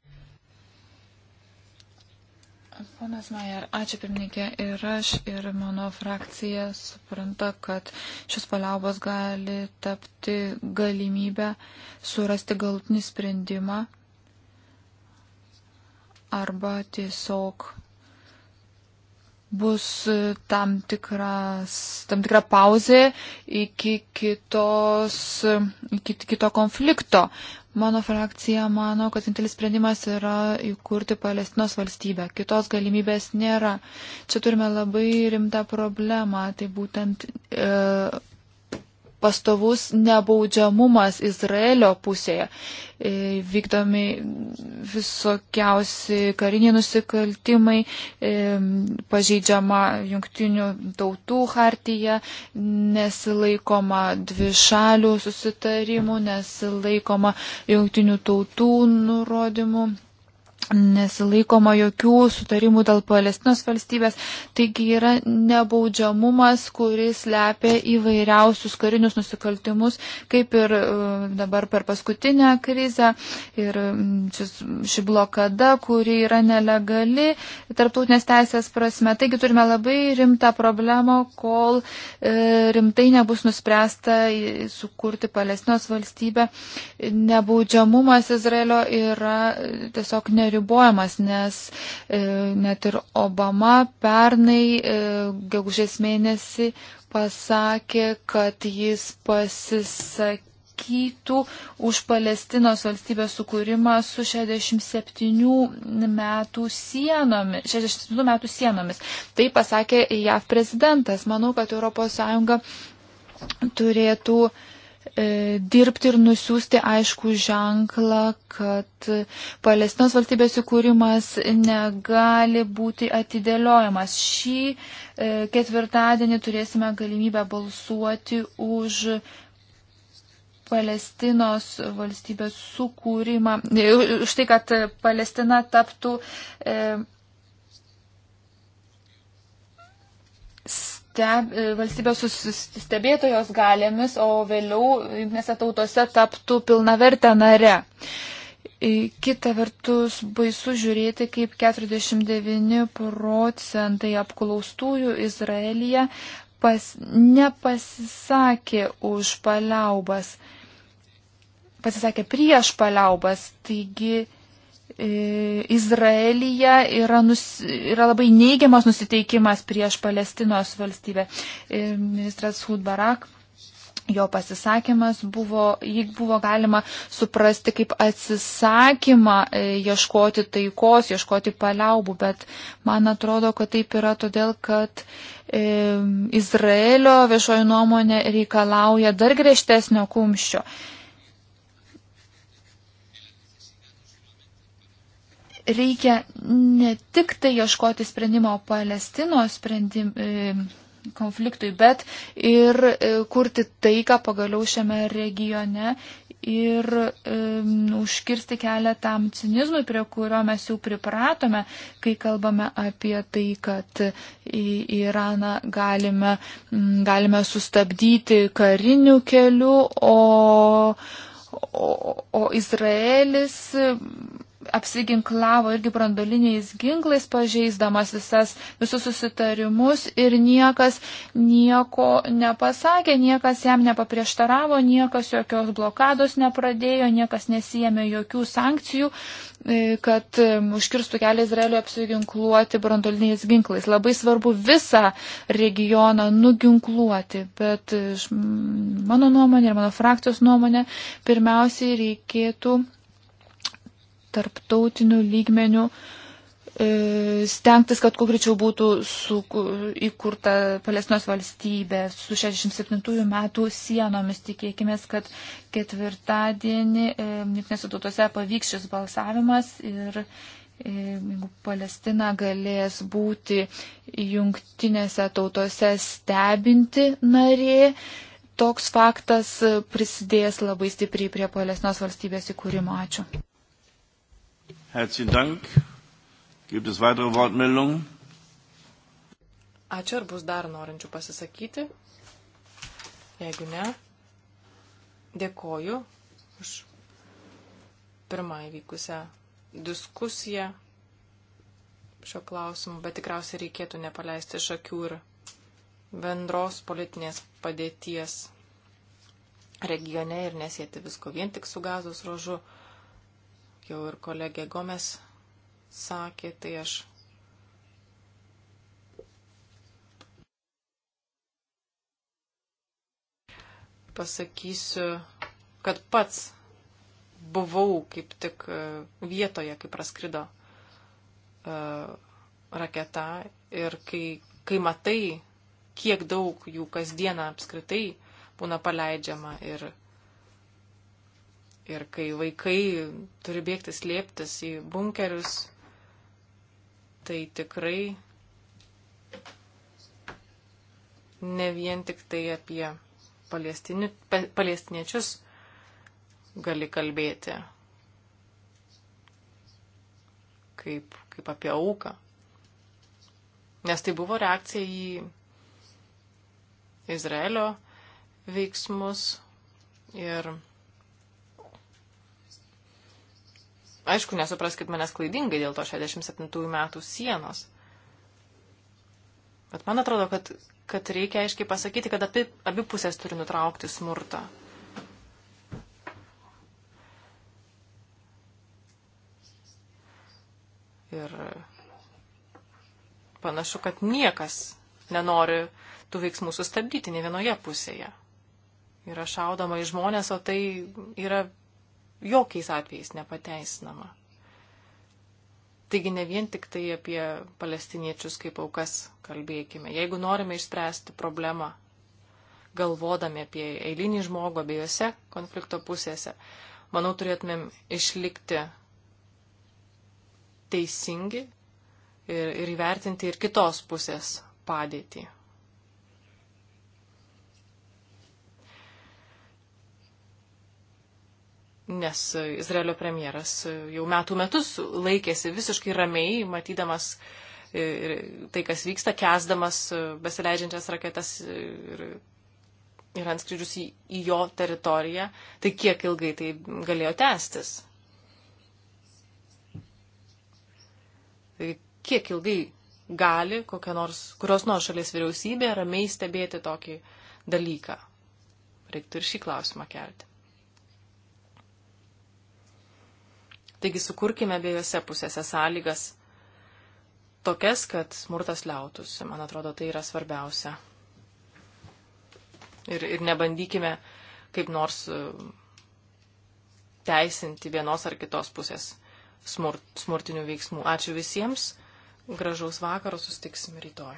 Ponas Majer, ačiū pirmininkė. Ir aš, ir mano frakcija supranta, kad šios paliaubos gali tapti galimybę surasti galutinį sprendimą arba tiesiog bus tam, tikras, tam tikra pauzė iki, kitos, iki kito konflikto. Mano frakcija mano, kad vienintelis sprendimas yra įkurti Palestinos valstybę. Kitos galimybės nėra. Čia turime labai rimtą problemą. Tai būtent e, pastovus nebaudžiamumas Izraelio pusėje. E, vykdomi visokiausi kariniai nusikaltimai, e, pažeidžiama jungtinių tautų hartyje, nesilaikoma dvišalių susitarimų, nesilaikoma jungtinių tautų nurodymų nesilaikoma jokių sutarimų dėl Palestinos valstybės, taigi yra nebaudžiamumas, kuris lepia įvairiausius karinius nusikaltimus, kaip ir e, dabar per paskutinę krizę ir šis, ši blokada, kuri yra nelegali tarptautinės teisės prasme. Taigi turime labai rimtą problemą, kol e, rimtai nebus nuspręsta sukurti Palestinos valstybę. Nebaudžiamumas Izraelio yra e, tiesiog nerimtas ribojamas, nes e, net ir Obama pernai e, gegužės mėnesį pasakė, kad jis pasisakytų už Palestinos valstybės sukūrimą su 67 metų sienomis. 67 metų sienomis. Tai pasakė JAV prezidentas. Manau, kad ES turėtų uh, E, dirbti ir nusiųsti aišku ženklą, kad Palestinos valstybės įkūrimas negali būti atidėliojamas. Šį e, ketvirtadienį turėsime galimybę balsuoti už Palestinos valstybės sukūrimą, e, už tai, kad Palestina taptų E, valstybės stebėtojos galėmis, o vėliau jungtinėse tautose taptų pilnavertę nare. E, kita vertus, baisu žiūrėti, kaip 49 procentai apklaustųjų Izraelyje pas, nepasisakė už paliaubas, pasisakė prieš paliaubas, taigi E, Izraelyje yra, nus, yra labai neigiamas nusiteikimas prieš Palestinos valstybę. E, ministras Hud Barak jo pasisakymas buvo, jį buvo galima suprasti kaip atsisakymą e, ieškoti taikos, ieškoti paliaubų, bet man atrodo, kad taip yra todėl, kad e, Izraelio viešoji nuomonė reikalauja dar griežtesnio kumščio. E, reikia ne tik tai ieškoti sprendimo Palestinos sprendim, e, konfliktui, bet ir e, kurti taiką pagaliau šiame regione ir um, užkirsti kelią tam cinizmui, prie kurio mes jau pripratome, kai kalbame apie tai, kad į Iraną galime, galime sustabdyti kariniu keliu, o, o, o Izraelis apsiginklavo irgi brandoliniais ginklais, pažeisdamas visas, visus susitarimus ir niekas nieko nepasakė, niekas jam nepaprieštaravo, niekas jokios blokados nepradėjo, niekas nesijėmė jokių sankcijų, e, kad e, užkirstų kelią Izraeliui apsiginkluoti brandoliniais ginklais. Labai svarbu visą regioną nuginkluoti, bet e, mano nuomonė ir mano frakcijos nuomonė pirmiausiai reikėtų tarptautiniu lygmeniu e, stengtis, kad kuo greičiau būtų su, įkurta Palestinos valstybė su 67 metų sienomis. Tikėkime, kad ketvirtadienį e, Junktinėse tautose pavyks šis balsavimas ir e, jeigu Palestina galės būti Junktinėse tautose stebinti narė, toks faktas prisidės labai stipriai prie Palestinos valstybės įkūrimo. Ačiū. Herzlichen Dank. Gibt es weitere Wortmeldungen? Ačiū, ar bus dar norinčių pasisakyti? Jeigu ne, dėkoju už pirmą įvykusią diskusiją šio klausimu, bet tikriausiai reikėtų nepaleisti iš akių ir bendros politinės padėties regione ir nesėti visko vien tik su gazos rožu jau ir kolegė Gomes sakė, tai aš. Pasakysiu, kad pats buvau kaip tik e, vietoje, kai praskrido uh, raketa ir kai, kai matai, kiek daug jų kasdieną apskritai būna paleidžiama ir Ir kai vaikai turi bėgti slėptis į bunkerius, tai tikrai ne vien tik tai apie palestiniečius gali kalbėti kaip, kaip apie auką. Nes tai buvo reakcija į Izraelio veiksmus ir Aišku, nesupraskit manęs klaidingai dėl to 67 metų sienos. Bet man atrodo, kad, kad reikia aiškiai pasakyti, kad abi, abi pusės turi nutraukti smurtą. Ir panašu, kad niekas nenori tų veiksmų sustabdyti ne vienoje pusėje. Yra šaudama į žmonės, o tai yra jokiais atvejais nepateisinama. Taigi ne vien tik tai apie palestiniečius kaip aukas kalbėkime. Jeigu norime išspręsti problemą, galvodami apie eilinį žmogų abiejose konflikto pusėse, manau, turėtumėm išlikti teisingi ir, ir įvertinti ir kitos pusės padėtį. nes Izraelio premjeras jau metų metus laikėsi visiškai ramiai, matydamas e, tai, kas vyksta, kesdamas e, besileidžiančias raketas e, ir, ir antskrydžius į, į jo teritoriją. Tai kiek ilgai tai galėjo tęstis? Tai kiek ilgai gali nors, kurios nors šalies vyriausybė ramiai stebėti tokį dalyką? Reiktų ir šį klausimą kelti. Taigi sukurkime abiejose pusėse sąlygas tokias, kad smurtas liautųsi. Man atrodo, tai yra svarbiausia. Ir, ir nebandykime kaip nors e, teisinti vienos ar kitos pusės smurt, smurtinių veiksmų. Ačiū visiems, gražaus vakaro, sustiksim rytoj.